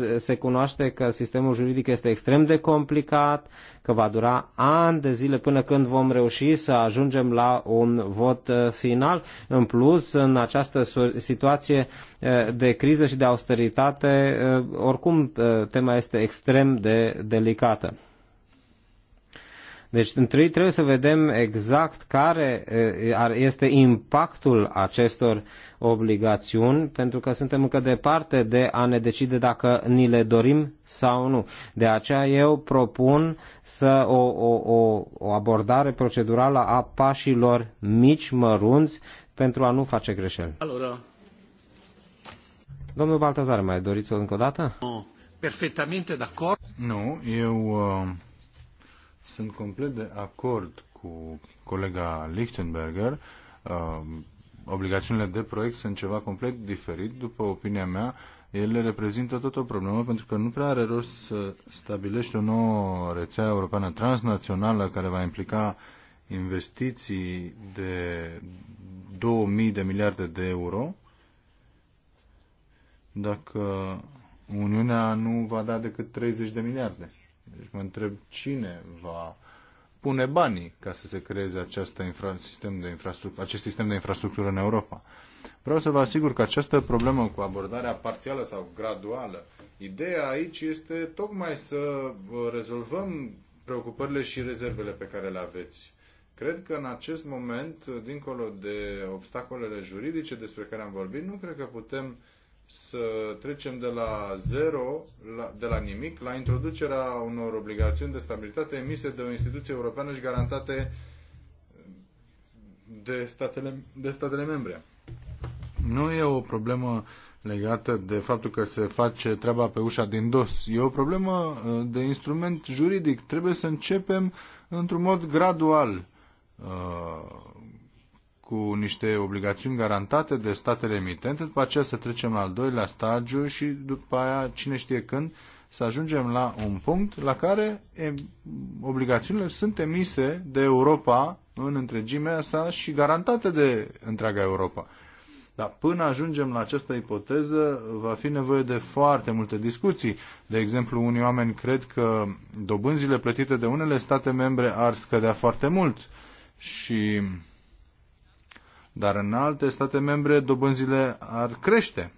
eh, se cunoaște că sistemul juridic este extrem de complicat, că va dura ani de zile până când vom reuși să ajungem la un vot eh, final. În plus, în această situație de criză și de austeritate, oricum tema este extrem de delicată. Deci, întâi trebuie să vedem exact care este impactul acestor obligațiuni, pentru că suntem încă departe de a ne decide dacă ni le dorim sau nu. De aceea eu propun să o, o, o, o abordare procedurală a pașilor mici, mărunți, pentru a nu face greșeli. Alora. Domnul Baltazar, mai doriți-o încă o dată? Oh, perfectamente d'accordo. Nu, eu uh sunt complet de acord cu colega Lichtenberger. Uh, obligațiunile de proiect sunt ceva complet diferit. După opinia mea, ele reprezintă tot o problemă pentru că nu prea are rost să stabilești o nouă rețea europeană transnațională care va implica investiții de 2000 de miliarde de euro dacă Uniunea nu va da decât 30 de miliarde. Deci mă întreb cine va pune banii ca să se creeze această infra, sistem de infrastructură, acest sistem de infrastructură în Europa. Vreau să vă asigur că această problemă cu abordarea parțială sau graduală, ideea aici este tocmai să uh, rezolvăm preocupările și rezervele pe care le aveți. Cred că în acest moment, uh, dincolo de obstacolele juridice despre care am vorbit, nu cred că putem uh, să trecem de la zero, la, de la nimic, la introducerea unor obligațiuni de stabilitate emise de o instituție europeană și garantate de statele, de statele membre. Nu e o problemă legată de faptul că se face treaba pe ușa din dos. E o problemă uh, de instrument juridic. Trebuie să începem într-un mod gradual. Uh cu niște obligațiuni garantate de statele emitente, după aceea să trecem la al doilea stadiu și după aia, cine știe când, să ajungem la un punct la care obligațiunile sunt emise de Europa în întregimea sa și garantate de întreaga Europa. Dar până ajungem la această ipoteză, va fi nevoie de foarte multe discuții. De exemplu, unii oameni cred că dobânzile plătite de unele state membre ar scădea foarte mult și dar în alte state membre dobânzile ar crește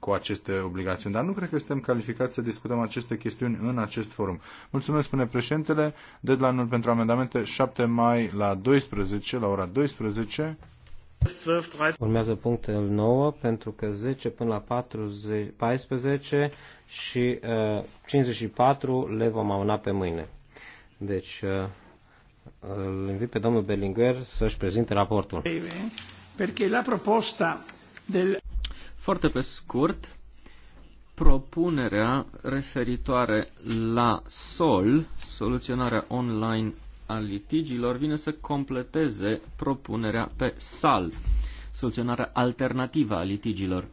cu aceste obligațiuni, dar nu cred că suntem calificați să discutăm aceste chestiuni în acest forum. Mulțumesc, spune președintele. Deadline-ul pentru amendamente 7 mai la 12, la ora 12. Urmează punctul 9, pentru că 10 până la 40, 14 și uh, 54 le vom amâna pe mâine. Deci, uh, îl invit pe domnul Bellinger să-și prezinte raportul. Perché la proposta del... Foarte pe scurt, propunerea referitoare la SOL, soluționarea online a litigiilor, vine să completeze propunerea pe SAL, soluționarea alternativă a litigiilor.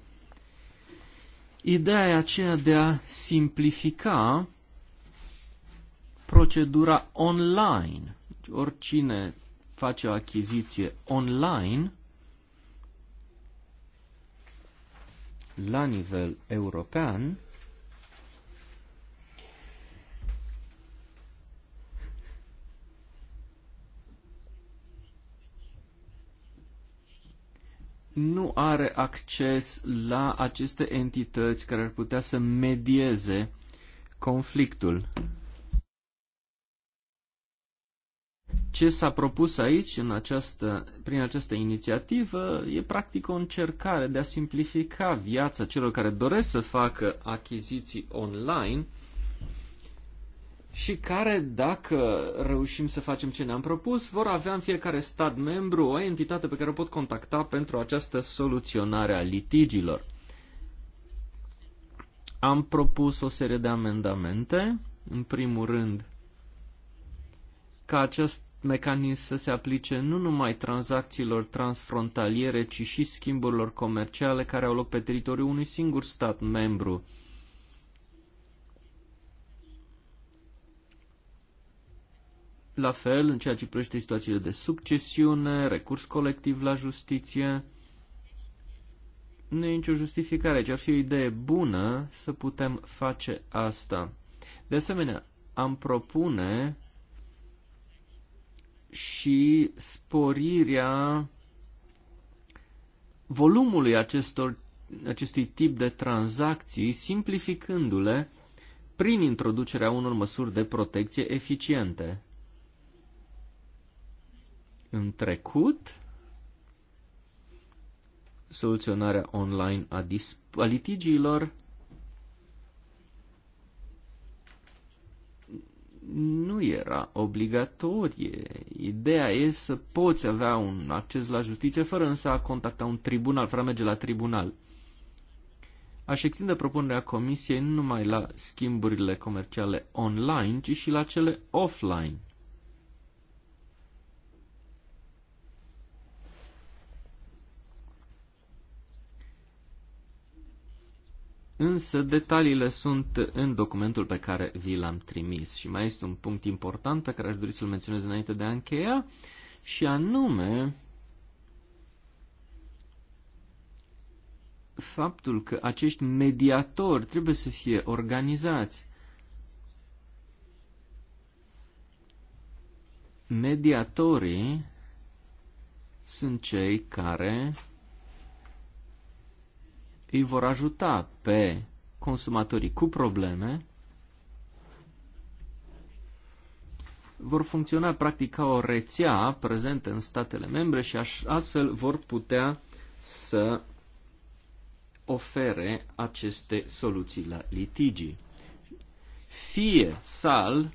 Ideea e aceea de a simplifica procedura online oricine face o achiziție online la nivel european nu are acces la aceste entități care ar putea să medieze conflictul. ce s-a propus aici, în această, prin această inițiativă, e practic o încercare de a simplifica viața celor care doresc să facă achiziții online și care, dacă reușim să facem ce ne-am propus, vor avea în fiecare stat membru o entitate pe care o pot contacta pentru această soluționare a litigilor. Am propus o serie de amendamente. În primul rând, ca acest mecanism să se aplice nu numai tranzacțiilor transfrontaliere, ci și schimburilor comerciale care au loc pe teritoriul unui singur stat membru. La fel, în ceea ce privește situațiile de succesiune, recurs colectiv la justiție, nu e nicio justificare, ci ar fi o idee bună să putem face asta. De asemenea, am propune și sporirea volumului acestor, acestui tip de tranzacții, simplificându-le prin introducerea unor măsuri de protecție eficiente. În trecut, soluționarea online a, a litigiilor nu era obligatorie. Ideea e să poți avea un acces la justiție fără însă a contacta un tribunal, fără a merge la tribunal. Aș extinde propunerea comisiei nu numai la schimburile comerciale online, ci și la cele offline. însă detaliile sunt în documentul pe care vi l-am trimis. Și mai este un punct important pe care aș dori să-l menționez înainte de a încheia, și anume faptul că acești mediatori trebuie să fie organizați. Mediatorii sunt cei care îi vor ajuta pe consumatorii cu probleme, vor funcționa practic ca o rețea prezentă în statele membre și astfel vor putea să ofere aceste soluții la litigii. Fie SAL,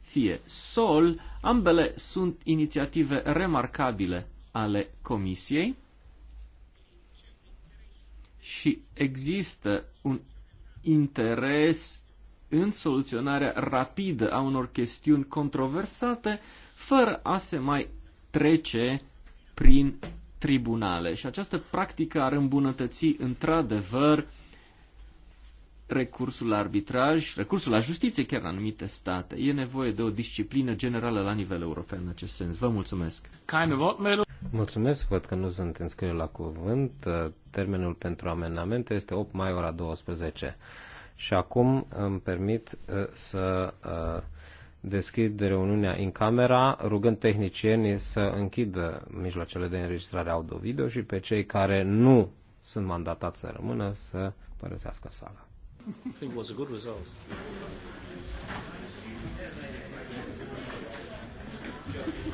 fie SOL, ambele sunt inițiative remarcabile ale Comisiei și există un interes în soluționarea rapidă a unor chestiuni controversate, fără a se mai trece prin tribunale. Și această practică ar îmbunătăți într-adevăr recursul la arbitraj, recursul la justiție chiar în anumite state. E nevoie de o disciplină generală la nivel european în acest sens. Vă mulțumesc. Mulțumesc, văd că nu sunt înscrieri la cuvânt. Termenul pentru amendamente este 8 mai ora 12. Și acum îmi permit uh, să uh, deschid reuniunea în camera, rugând tehnicienii să închidă mijloacele de înregistrare audio-video și pe cei care nu sunt mandatați să rămână să părăsească sala. Yeah.